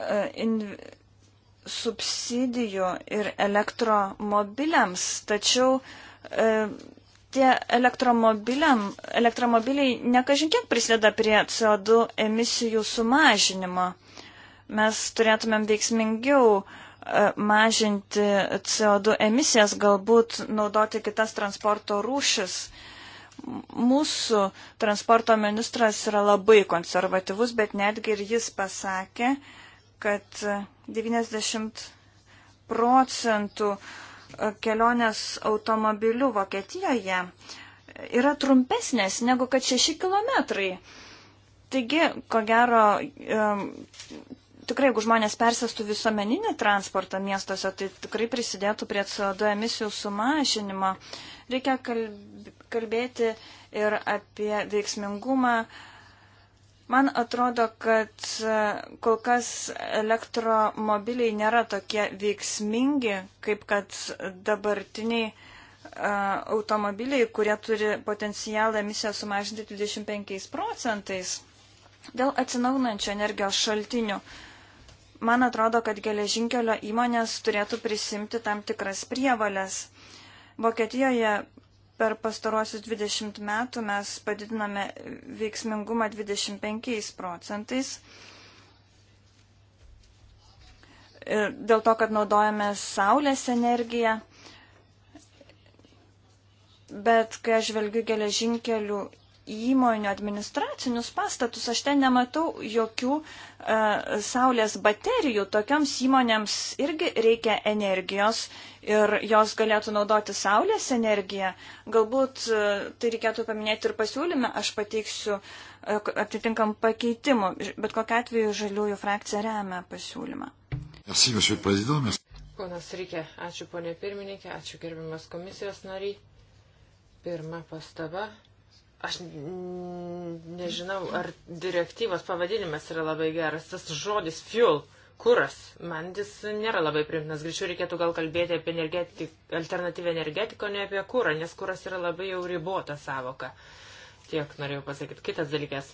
subsidijų ir elektromobiliams, tačiau e, tie elektromobiliai nekažinkiek prisideda prie CO2 emisijų sumažinimo. Mes turėtumėm veiksmingiau e, mažinti CO2 emisijas, galbūt naudoti kitas transporto rūšis. Mūsų transporto ministras yra labai konservatyvus, bet netgi ir jis pasakė, uh, kad 90 procentų kelionės automobiliu Vokietijoje yra trumpesnės negu kad 6 kilometrai. Taigi, ko gero, tikrai, jeigu žmonės persėstų visuomeninį transportą miestuose, tai tikrai prisidėtų prie CO2 emisijų sumažinimo. Reikia kalbėti ir apie veiksmingumą, Man atrodo, kad e, kol kas elektromobiliai nėra tokie veiksmingi, kaip kad dabartiniai e, automobiliai, kurie turi potencialą emisiją sumažinti 25 procentais. Dėl atsinaunančio energijos šaltinių, man atrodo, kad geležinkelio įmonės turėtų prisimti tam tikras prievalės. Vokietijoje Per pastarosius 20 metų mes padidiname veiksmingumą 25 procentais. Ir dėl to, kad naudojame saulės energiją, bet kai aš žvelgiu geležinkelių įmonių administracinius pastatus, aš ten nematau jokių e, saulės baterijų. Tokiams įmonėms irgi reikia energijos ir jos galėtų naudoti saulės energiją. Galbūt e, tai reikėtų paminėti ir pasiūlyme, aš pateiksiu e, atitinkam pakeitimu, bet kokia atveju žaliųjų frakcija remia pasiūlymą. Merci, monsieur le président. Merci. Ponas Rykė, ačiū ponė pirmininkė, ačiū gerbiamas komisijos nariai. Pirma pastaba Aš nežinau, ar direktyvos pavadinimas yra labai geras. Tas žodis fuel, kuras, man jis nėra labai primtinas. Greičiau reikėtų gal kalbėti apie energetik, alternatyvę energetiką, ne apie kurą, nes kuras yra labai jau ribota savoka. Tiek norėjau pasakyti. Kitas dalykas.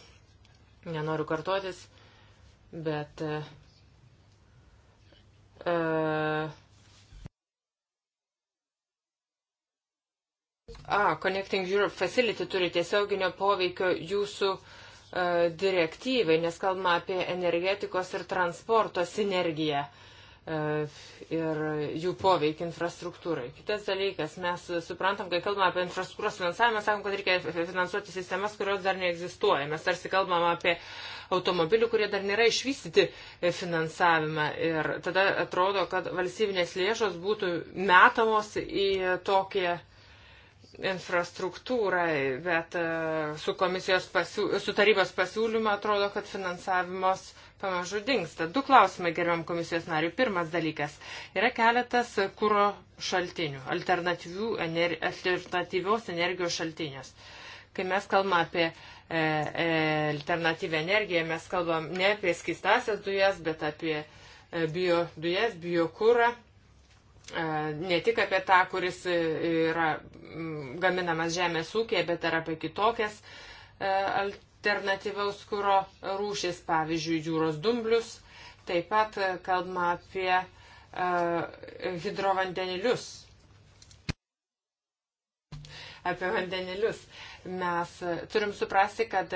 Nenoriu kartuotis, bet. Uh, uh, A, Connecting Europe Facility turi tiesioginio poveikio jūsų e, direktyvai, nes kalbama apie energetikos ir transporto sinergiją e, ir jų poveikį infrastruktūrai. Kitas dalykas, mes suprantam, kai kalbame apie infrastruktūros finansavimą, sakom, kad reikia finansuoti sistemas, kurios dar neegzistuoja. Mes tarsi kalbam apie automobilių, kurie dar nėra išvystyti e, finansavimą. Ir tada atrodo, kad valstybinės lėšos būtų metamos į tokią infrastruktūrai, bet e, su, pasiū, su tarybos pasiūlymu atrodo, kad finansavimas pamažu dinksta. Du klausimai gerbiam komisijos nariui. Pirmas dalykas - yra keletas kūro šaltinių, ener, alternatyvios energijos šaltinius. Kai mes kalbame apie e, e, alternatyvę energiją, mes kalbam ne apie skistasias dujas, bet apie e, bio dujas, biokūrą. Bio E, ne tik apie tą, kuris yra gaminamas žemės ūkėje, bet ir apie kitokias e, alternatyvaus kūro rūšis, pavyzdžiui, jūros dumblius. Taip pat e, kalbama apie hidrovandenilius. Apie vandenilius. Mes turim suprasti, kad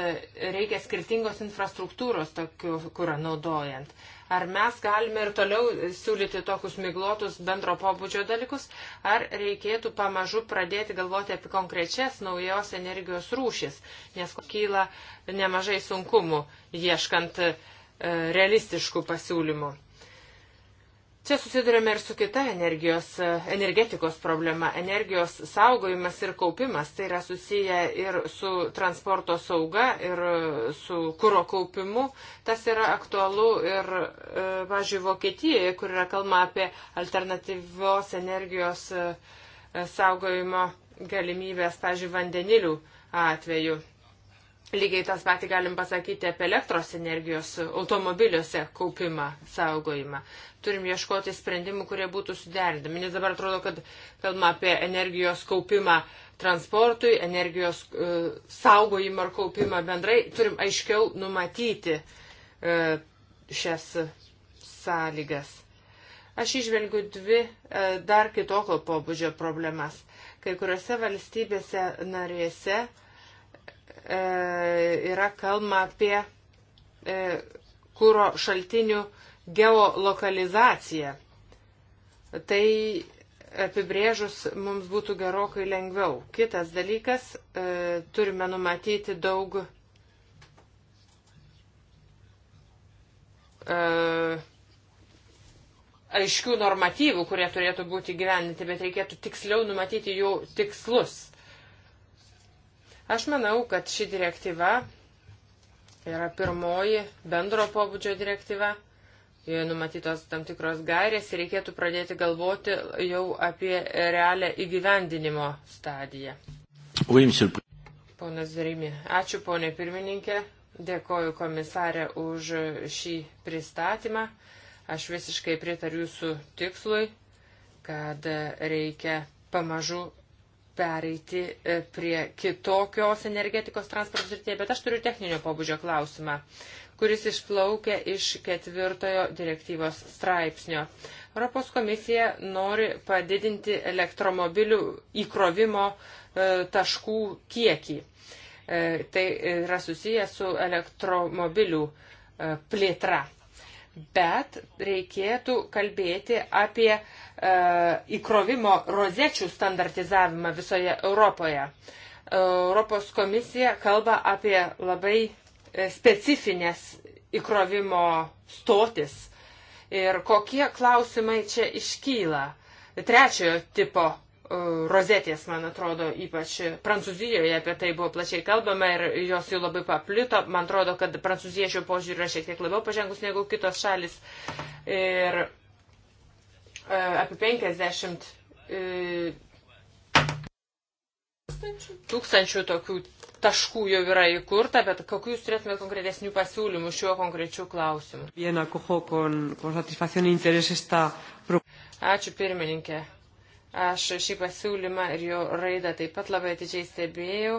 reikia skirtingos infrastruktūros tokiu kurą naudojant. Uh, Ar mes galime ir toliau siūlyti tokius miglotus bendro pobūdžio dalykus, ar reikėtų pamažu pradėti galvoti apie konkrečias naujos energijos rūšis, nes kyla nemažai sunkumų ieškant e, realistiškų pasiūlymų. Čia susidurėme ir su kita energijos, e, energetikos problema. Energijos saugojimas ir kaupimas tai yra susiję ir su transporto sauga, ir e, su kūro kaupimu. Tas yra aktualu ir, e, važiuoju, Vokietijoje, kur yra kalba apie alternatyvios energijos saugojimo galimybės, pažiūrėjau, vandenilių atveju. Lygiai tas patį galim pasakyti apie elektros energijos automobiliuose kaupimą, saugojimą. Turim ieškoti sprendimų, kurie būtų suderinami. Nes dabar atrodo, kad kalbama apie energijos kaupimą transportui, energijos e, saugojimą ar kaupimą bendrai. Turim aiškiau numatyti e, šias sąlygas. Aš išvelgiu dvi e, dar kitokio pobūdžio problemas. Kai kuriuose valstybėse narėse e, E, yra kalba apie e, kūro šaltinių geolokalizaciją. Tai apibrėžus mums būtų gerokai lengviau. Kitas dalykas, e, turime numatyti daug aiškių normatyvų, kurie turėtų būti gyveninti, bet reikėtų tiksliau numatyti jų tikslus. Aš manau, kad ši direktyva yra pirmoji bendro pobūdžio direktyva. Joje numatytos tam tikros gairės ir reikėtų pradėti galvoti jau apie realią įgyvendinimo stadiją. Ponas Rimi, ačiū ponė pirmininkė, dėkoju komisarė už šį pristatymą. Aš visiškai pritariu jūsų tikslui, kad reikia pamažu pereiti e, prie kitokios energetikos transporto srityje, bet aš turiu techninio pobūdžio klausimą, kuris išplaukia iš ketvirtojo direktyvos straipsnio. Europos komisija nori padidinti elektromobilių įkrovimo e, taškų kiekį. E, tai yra susijęs su elektromobilių plėtra. Bet reikėtų kalbėti apie uh, E, įkrovimo rozečių standartizavimą visoje Europoje. Europos komisija kalba apie labai e, specifines įkrovimo stotis ir kokie klausimai čia iškyla. Trečiojo tipo e, rozetės, man atrodo, ypač Prancūzijoje apie tai buvo plačiai kalbama ir jos jau labai paplito. Man atrodo, kad Prancūzija šiuo požiūriu yra šiek tiek labiau pažengus negu kitos šalis. Ir E, apie 50 e, tūkstančių tokių taškų jau yra įkurta, bet kokių jūs turėtumėte konkretesnių pasiūlymų šiuo konkrečiu klausimu? E Ačiū pirmininkė. Aš šį pasiūlymą ir jo raidą taip pat labai atidžiai stebėjau,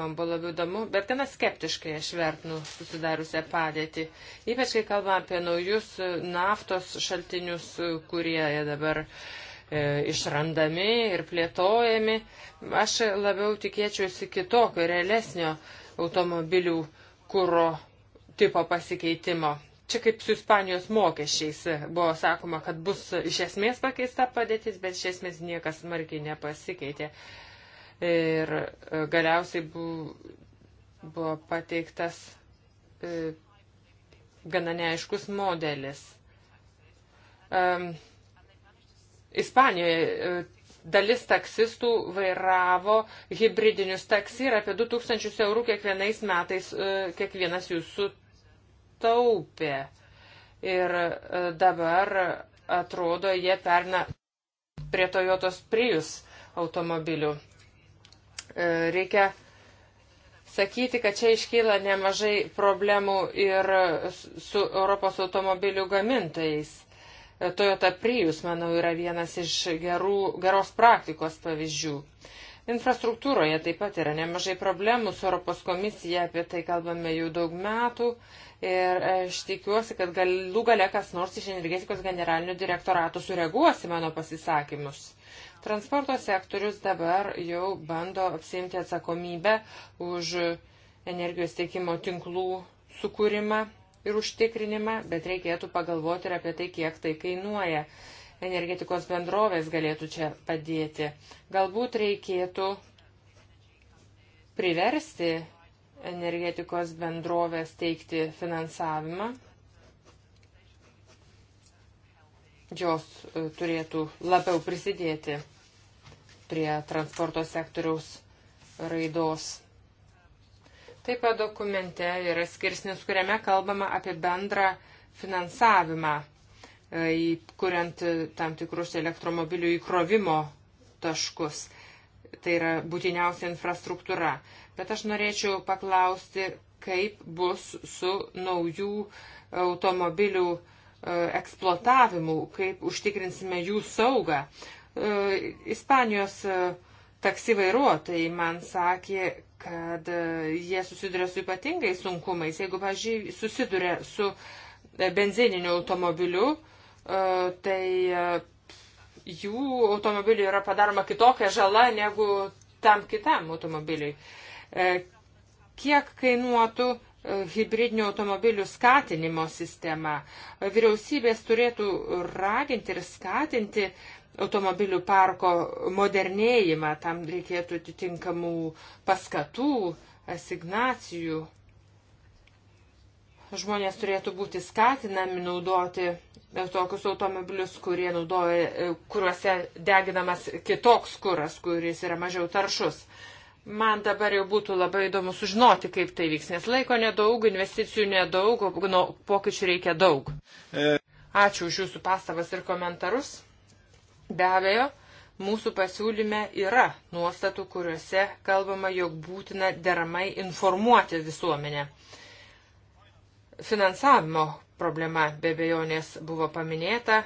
man buvo labai įdomu, bet gana skeptiškai aš vertinu susidariusią padėtį. Ypač kai kalbame apie naujus naftos šaltinius, kurie dabar e, išrandami ir plėtojami, aš labiau tikėčiausi kitokio, realesnio automobilių kūro tipo pasikeitimo. Čia kaip su Ispanijos mokesčiais buvo sakoma, kad bus iš esmės pakeista padėtis, bet iš esmės niekas smarkiai nepasikeitė. Ir e, galiausiai buvo pateiktas e, gana neaiškus modelis. Um, Ispanijoje e, dalis taksistų vairavo hybridinius taksi ir apie 2000 eurų kiekvienais metais kiekvienas jų su taupė. Ir e, dabar atrodo, jie perna prie Toyotos Prius automobilių. E, reikia sakyti, kad čia iškyla nemažai problemų ir su Europos automobilių gamintojais. E, Toyota Prius, manau, yra vienas iš gerų, geros praktikos pavyzdžių. Infrastruktūroje taip pat yra nemažai problemų, su Europos komisija apie tai kalbame jau daug metų ir aš tikiuosi, kad galų gale kas nors iš energetikos generalinio direktorato sureaguosi mano pasisakymus. Transporto sektorius dabar jau bando apsimti atsakomybę už energijos tiekimo tinklų sukūrimą ir užtikrinimą, bet reikėtų pagalvoti ir apie tai, kiek tai kainuoja energetikos bendrovės galėtų čia padėti. Galbūt reikėtų priversti energetikos bendrovės teikti finansavimą. Jos e, turėtų labiau prisidėti prie transporto sektoriaus raidos. Taip pat dokumente yra skirsnis, kuriame kalbama apie bendrą finansavimą E, įkuriant tam tikrus elektromobilių įkrovimo taškus. Tai yra būtiniausia infrastruktūra. Bet aš norėčiau paklausti, kaip bus su naujų automobilių e, eksploatavimu, kaip užtikrinsime jų saugą. E, Ispanijos taksi vairuotojai man sakė, kad jie susiduria su ypatingais sunkumais. Jeigu, pažiūrėjau, susiduria su benzininiu automobiliu, uh, E, tai e, jų automobiliui yra padaroma kitokia žala negu tam kitam automobiliui. E, kiek kainuotų hybridinių automobilių skatinimo sistema? Vyriausybės turėtų raginti ir skatinti automobilių parko modernėjimą, tam reikėtų atitinkamų paskatų, asignacijų. Žmonės turėtų būti skatinami naudoti tokius automobilius, naudoja, e, kuriuose deginamas kitoks kuras, kuris yra mažiau taršus. Man dabar jau būtų labai įdomu sužinoti, kaip tai vyks, nes laiko nedaug, investicijų nedaug, nu, pokyčių reikia daug. E. Ačiū už Jūsų pastabas ir komentarus. Be abejo, mūsų pasiūlyme yra nuostatų, kuriuose kalbama, jog būtina deramai informuoti visuomenę. Finansavimo problema be bejonės buvo paminėta.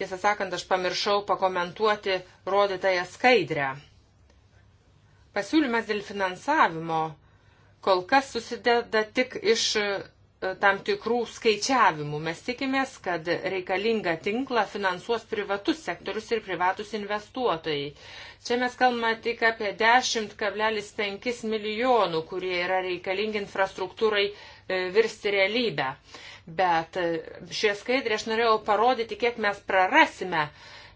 Tiesą sakant, aš pamiršau pakomentuoti rodytąją skaidrę. Pasiūlymas dėl finansavimo kol kas susideda tik iš e, tam tikrų skaičiavimų. Mes tikimės, kad reikalingą tinklą finansuos privatus sektorius ir privatus investuotojai. Čia mes kalbame tik apie 10,5 milijonų, kurie yra reikalingi infrastruktūrai E, virsti realybę. Bet e, šioje skaidrėje aš norėjau parodyti, kiek mes prarasime,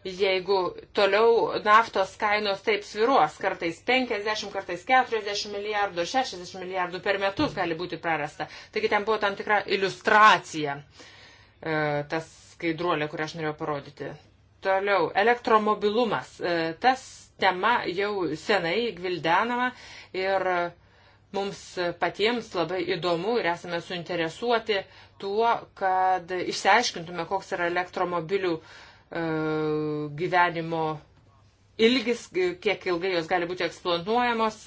jeigu toliau naftos kainos taip sviruos. Kartais 50, kartais 40 milijardų, 60 milijardų per metus gali būti prarasta. Taigi ten buvo tam tikra iliustracija, e, tas skaidruolė, kurią aš norėjau parodyti. Toliau, elektromobilumas. Tas tema jau senai gvildenama ir uh, Mums patiems labai įdomu ir esame suinteresuoti tuo, kad išsiaiškintume, koks yra elektromobilių e, gyvenimo ilgis, kiek ilgai jos gali būti eksploatuojamos,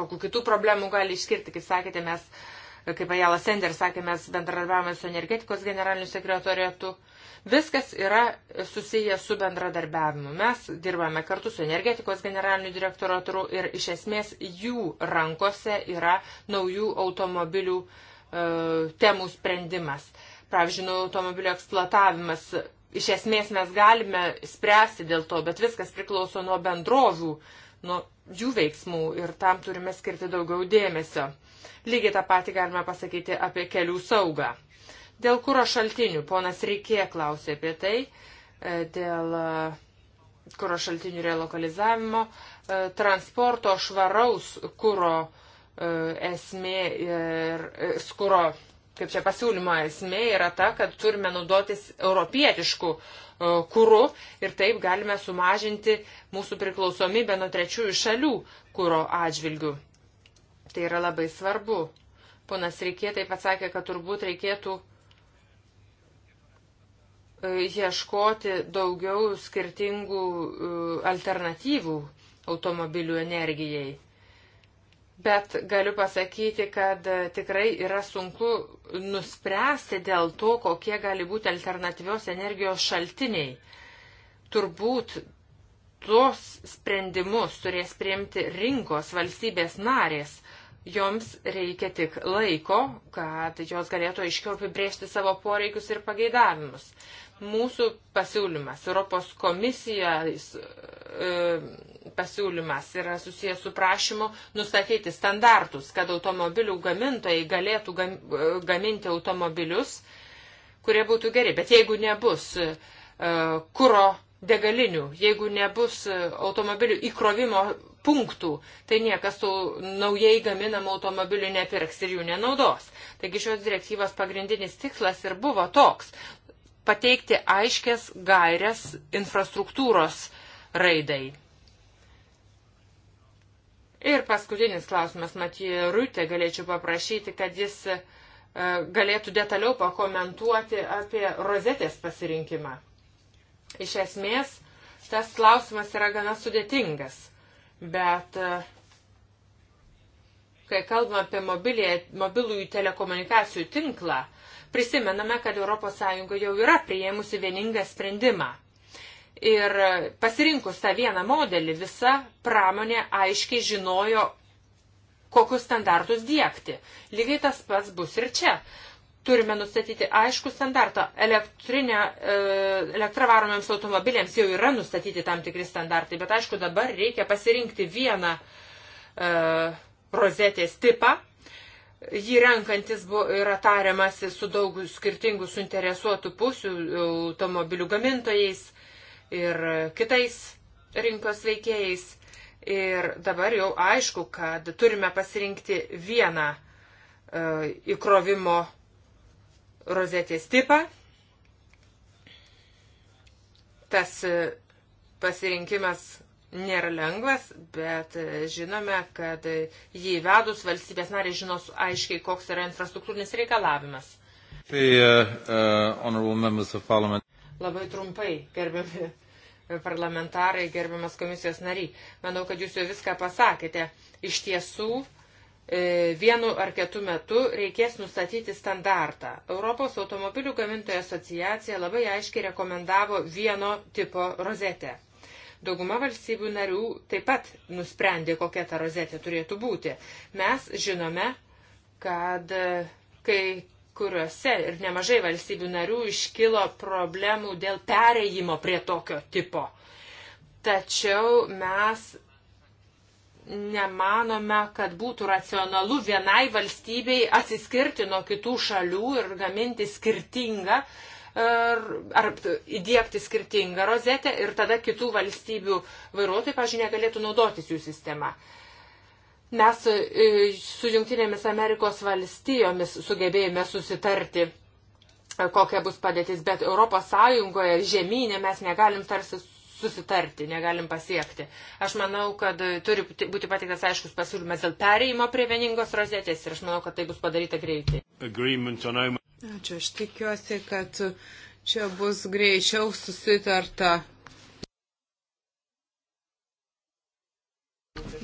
kokiu kitų problemų gali išskirti. Kaip sakėte, mes uh, Kaip Ajala Sender sakė, mes bendradarbiavame su energetikos generaliniu sekretorietu. Viskas yra susiję su bendradarbiavimu. Mes dirbame kartu su energetikos generaliniu direktoratoru ir iš esmės jų rankose yra naujų automobilių e, temų sprendimas. Pavyzdžiui, naujų automobilių eksploatavimas. Iš esmės mes galime spręsti dėl to, bet viskas priklauso nuo bendrovių, nuo jų veiksmų ir tam turime skirti daugiau dėmesio. Lygiai tą patį galime pasakyti apie kelių saugą. Dėl kūro šaltinių, ponas Reikė klausė apie tai, e, dėl e, kūro šaltinių relokalizavimo, e, transporto švaraus kūro esmė ir skuro, kaip čia pasiūlymo esmė yra ta, kad turime naudotis europietiškų kūrų ir taip galime sumažinti mūsų priklausomybę nuo trečiųjų šalių kūro atžvilgių. Tai yra labai svarbu. Ponas Reikė taip atsakė, kad turbūt reikėtų e, ieškoti daugiau skirtingų e, alternatyvų automobilių energijai. Bet galiu pasakyti, kad e, tikrai yra sunku nuspręsti dėl to, kokie gali būti alternatyvios energijos šaltiniai. Turbūt tuos sprendimus turės priimti rinkos valstybės narės, joms reikia tik laiko, kad jos galėtų aiškiau apibrėžti savo poreikius ir pageidavimus. Mūsų pasiūlymas, Europos komisijos e, pasiūlymas yra susijęs su prašymu nustatyti standartus, kad automobilių gamintojai galėtų e, gaminti automobilius, kurie būtų geri. Bet jeigu nebus e, kuro degalinių, jeigu nebus automobilių įkrovimo punktų, tai niekas tų naujai gaminamų automobilių nepirks ir jų nenaudos. Taigi šios direktyvos pagrindinis tikslas ir buvo toks - pateikti aiškės gairias infrastruktūros raidai. Ir paskutinis klausimas, Matija Rūtė, galėčiau paprašyti, kad jis e, galėtų detaliau pakomentuoti apie rozetės pasirinkimą. Iš esmės, tas klausimas yra gana sudėtingas. Bet e, kai kalbame apie mobilį, mobilųjų telekomunikacijų tinklą, prisimename, kad ES jau yra priėmusi vieningą sprendimą. Ir e, pasirinkus tą vieną modelį, visa pramonė aiškiai žinojo, kokius standartus dėkti. Lygiai tas pats bus ir čia turime nustatyti aišku standartą. Elektrinė, e, elektra varomiems automobiliams jau yra nustatyti tam tikri standartai, bet aišku dabar reikia pasirinkti vieną uh, rozetės tipą. Jį renkantis buvo, yra tariamasi su daug skirtingų suinteresuotų pusių, automobilių gamintojais ir kitais rinkos veikėjais. Ir dabar jau aišku, kad turime pasirinkti vieną uh, įkrovimo rozetės tipą. Tas e, pasirinkimas nėra lengvas, bet e, žinome, kad e, jį vedus valstybės nariai žinos aiškiai, koks yra infrastruktūrinis reikalavimas. The, uh, uh, Labai trumpai, gerbiami parlamentarai, gerbiamas komisijos nariai. Manau, kad jūs jau viską pasakėte. Iš tiesų, uh, E, vienu ar kitu metu reikės nustatyti standartą. Europos automobilių gamintojų asociacija labai aiškiai rekomendavo vieno tipo rozetę. Dauguma valstybių narių taip pat nusprendė, kokia ta rozetė turėtų būti. Mes žinome, kad e, kai kuriuose ir nemažai valstybių narių iškilo problemų dėl pereimo prie tokio tipo. Tačiau mes nemanome, kad būtų racionalu vienai valstybei atsiskirti nuo kitų šalių ir gaminti skirtingą er, ar, ar įdėkti skirtingą rozetę ir tada kitų valstybių vairuotojai, pažiūrėjau, negalėtų naudotis jų sistema. Mes e, su Junktinėmis Amerikos valstijomis sugebėjome susitarti e, kokia bus padėtis, bet Europos Sąjungoje žemynė mes negalim tarsi susitarti, negalim pasiekti. Aš manau, kad turi būti patiktas aiškus pasiūlymas dėl pereimo prie vieningos rozetės ir aš manau, kad tai bus padaryta greitai. Ačiū, aš tikiuosi, kad čia bus greičiau susitarta.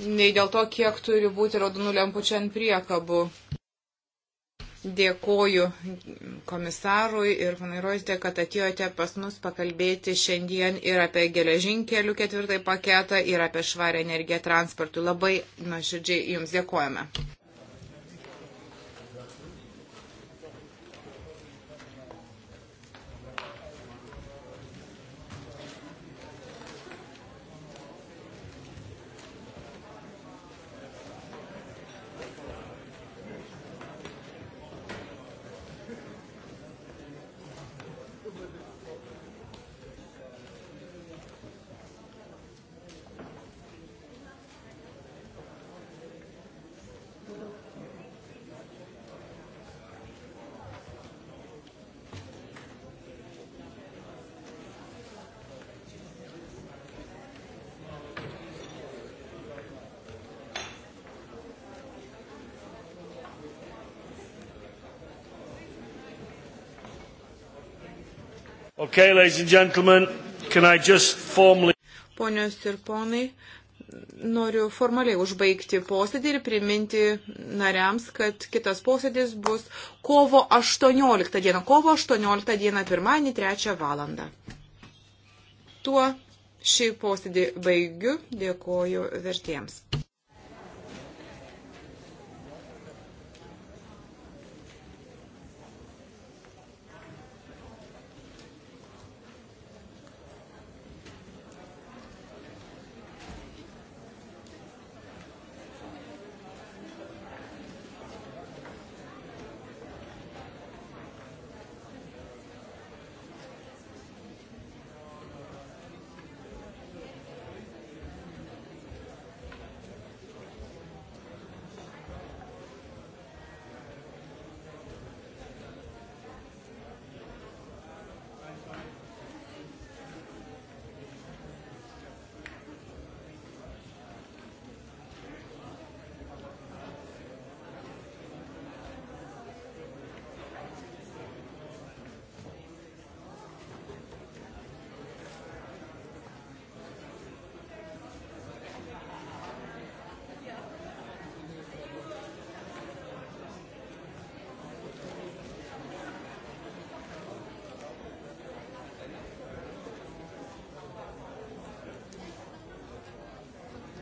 Nei dėl to, kiek turi būti raudonų lempučių ant priekabų. Dėkoju komisarui ir panai Roizde, kad atėjote pas mus pakalbėti šiandien ir apie geležinkelių ketvirtąjį paketą, ir apie švarę energiją transportui. Labai nuoširdžiai Jums dėkojame. Okay, ladies and gentlemen, can I just formally... Ponios ir ponai, noriu formaliai užbaigti posėdį ir priminti nariams, kad kitas posėdis bus kovo 18 dieną. Kovo 18 dieną, pirmąjį, trečią valandą. Tuo šį posėdį baigiu. Dėkoju vertiems.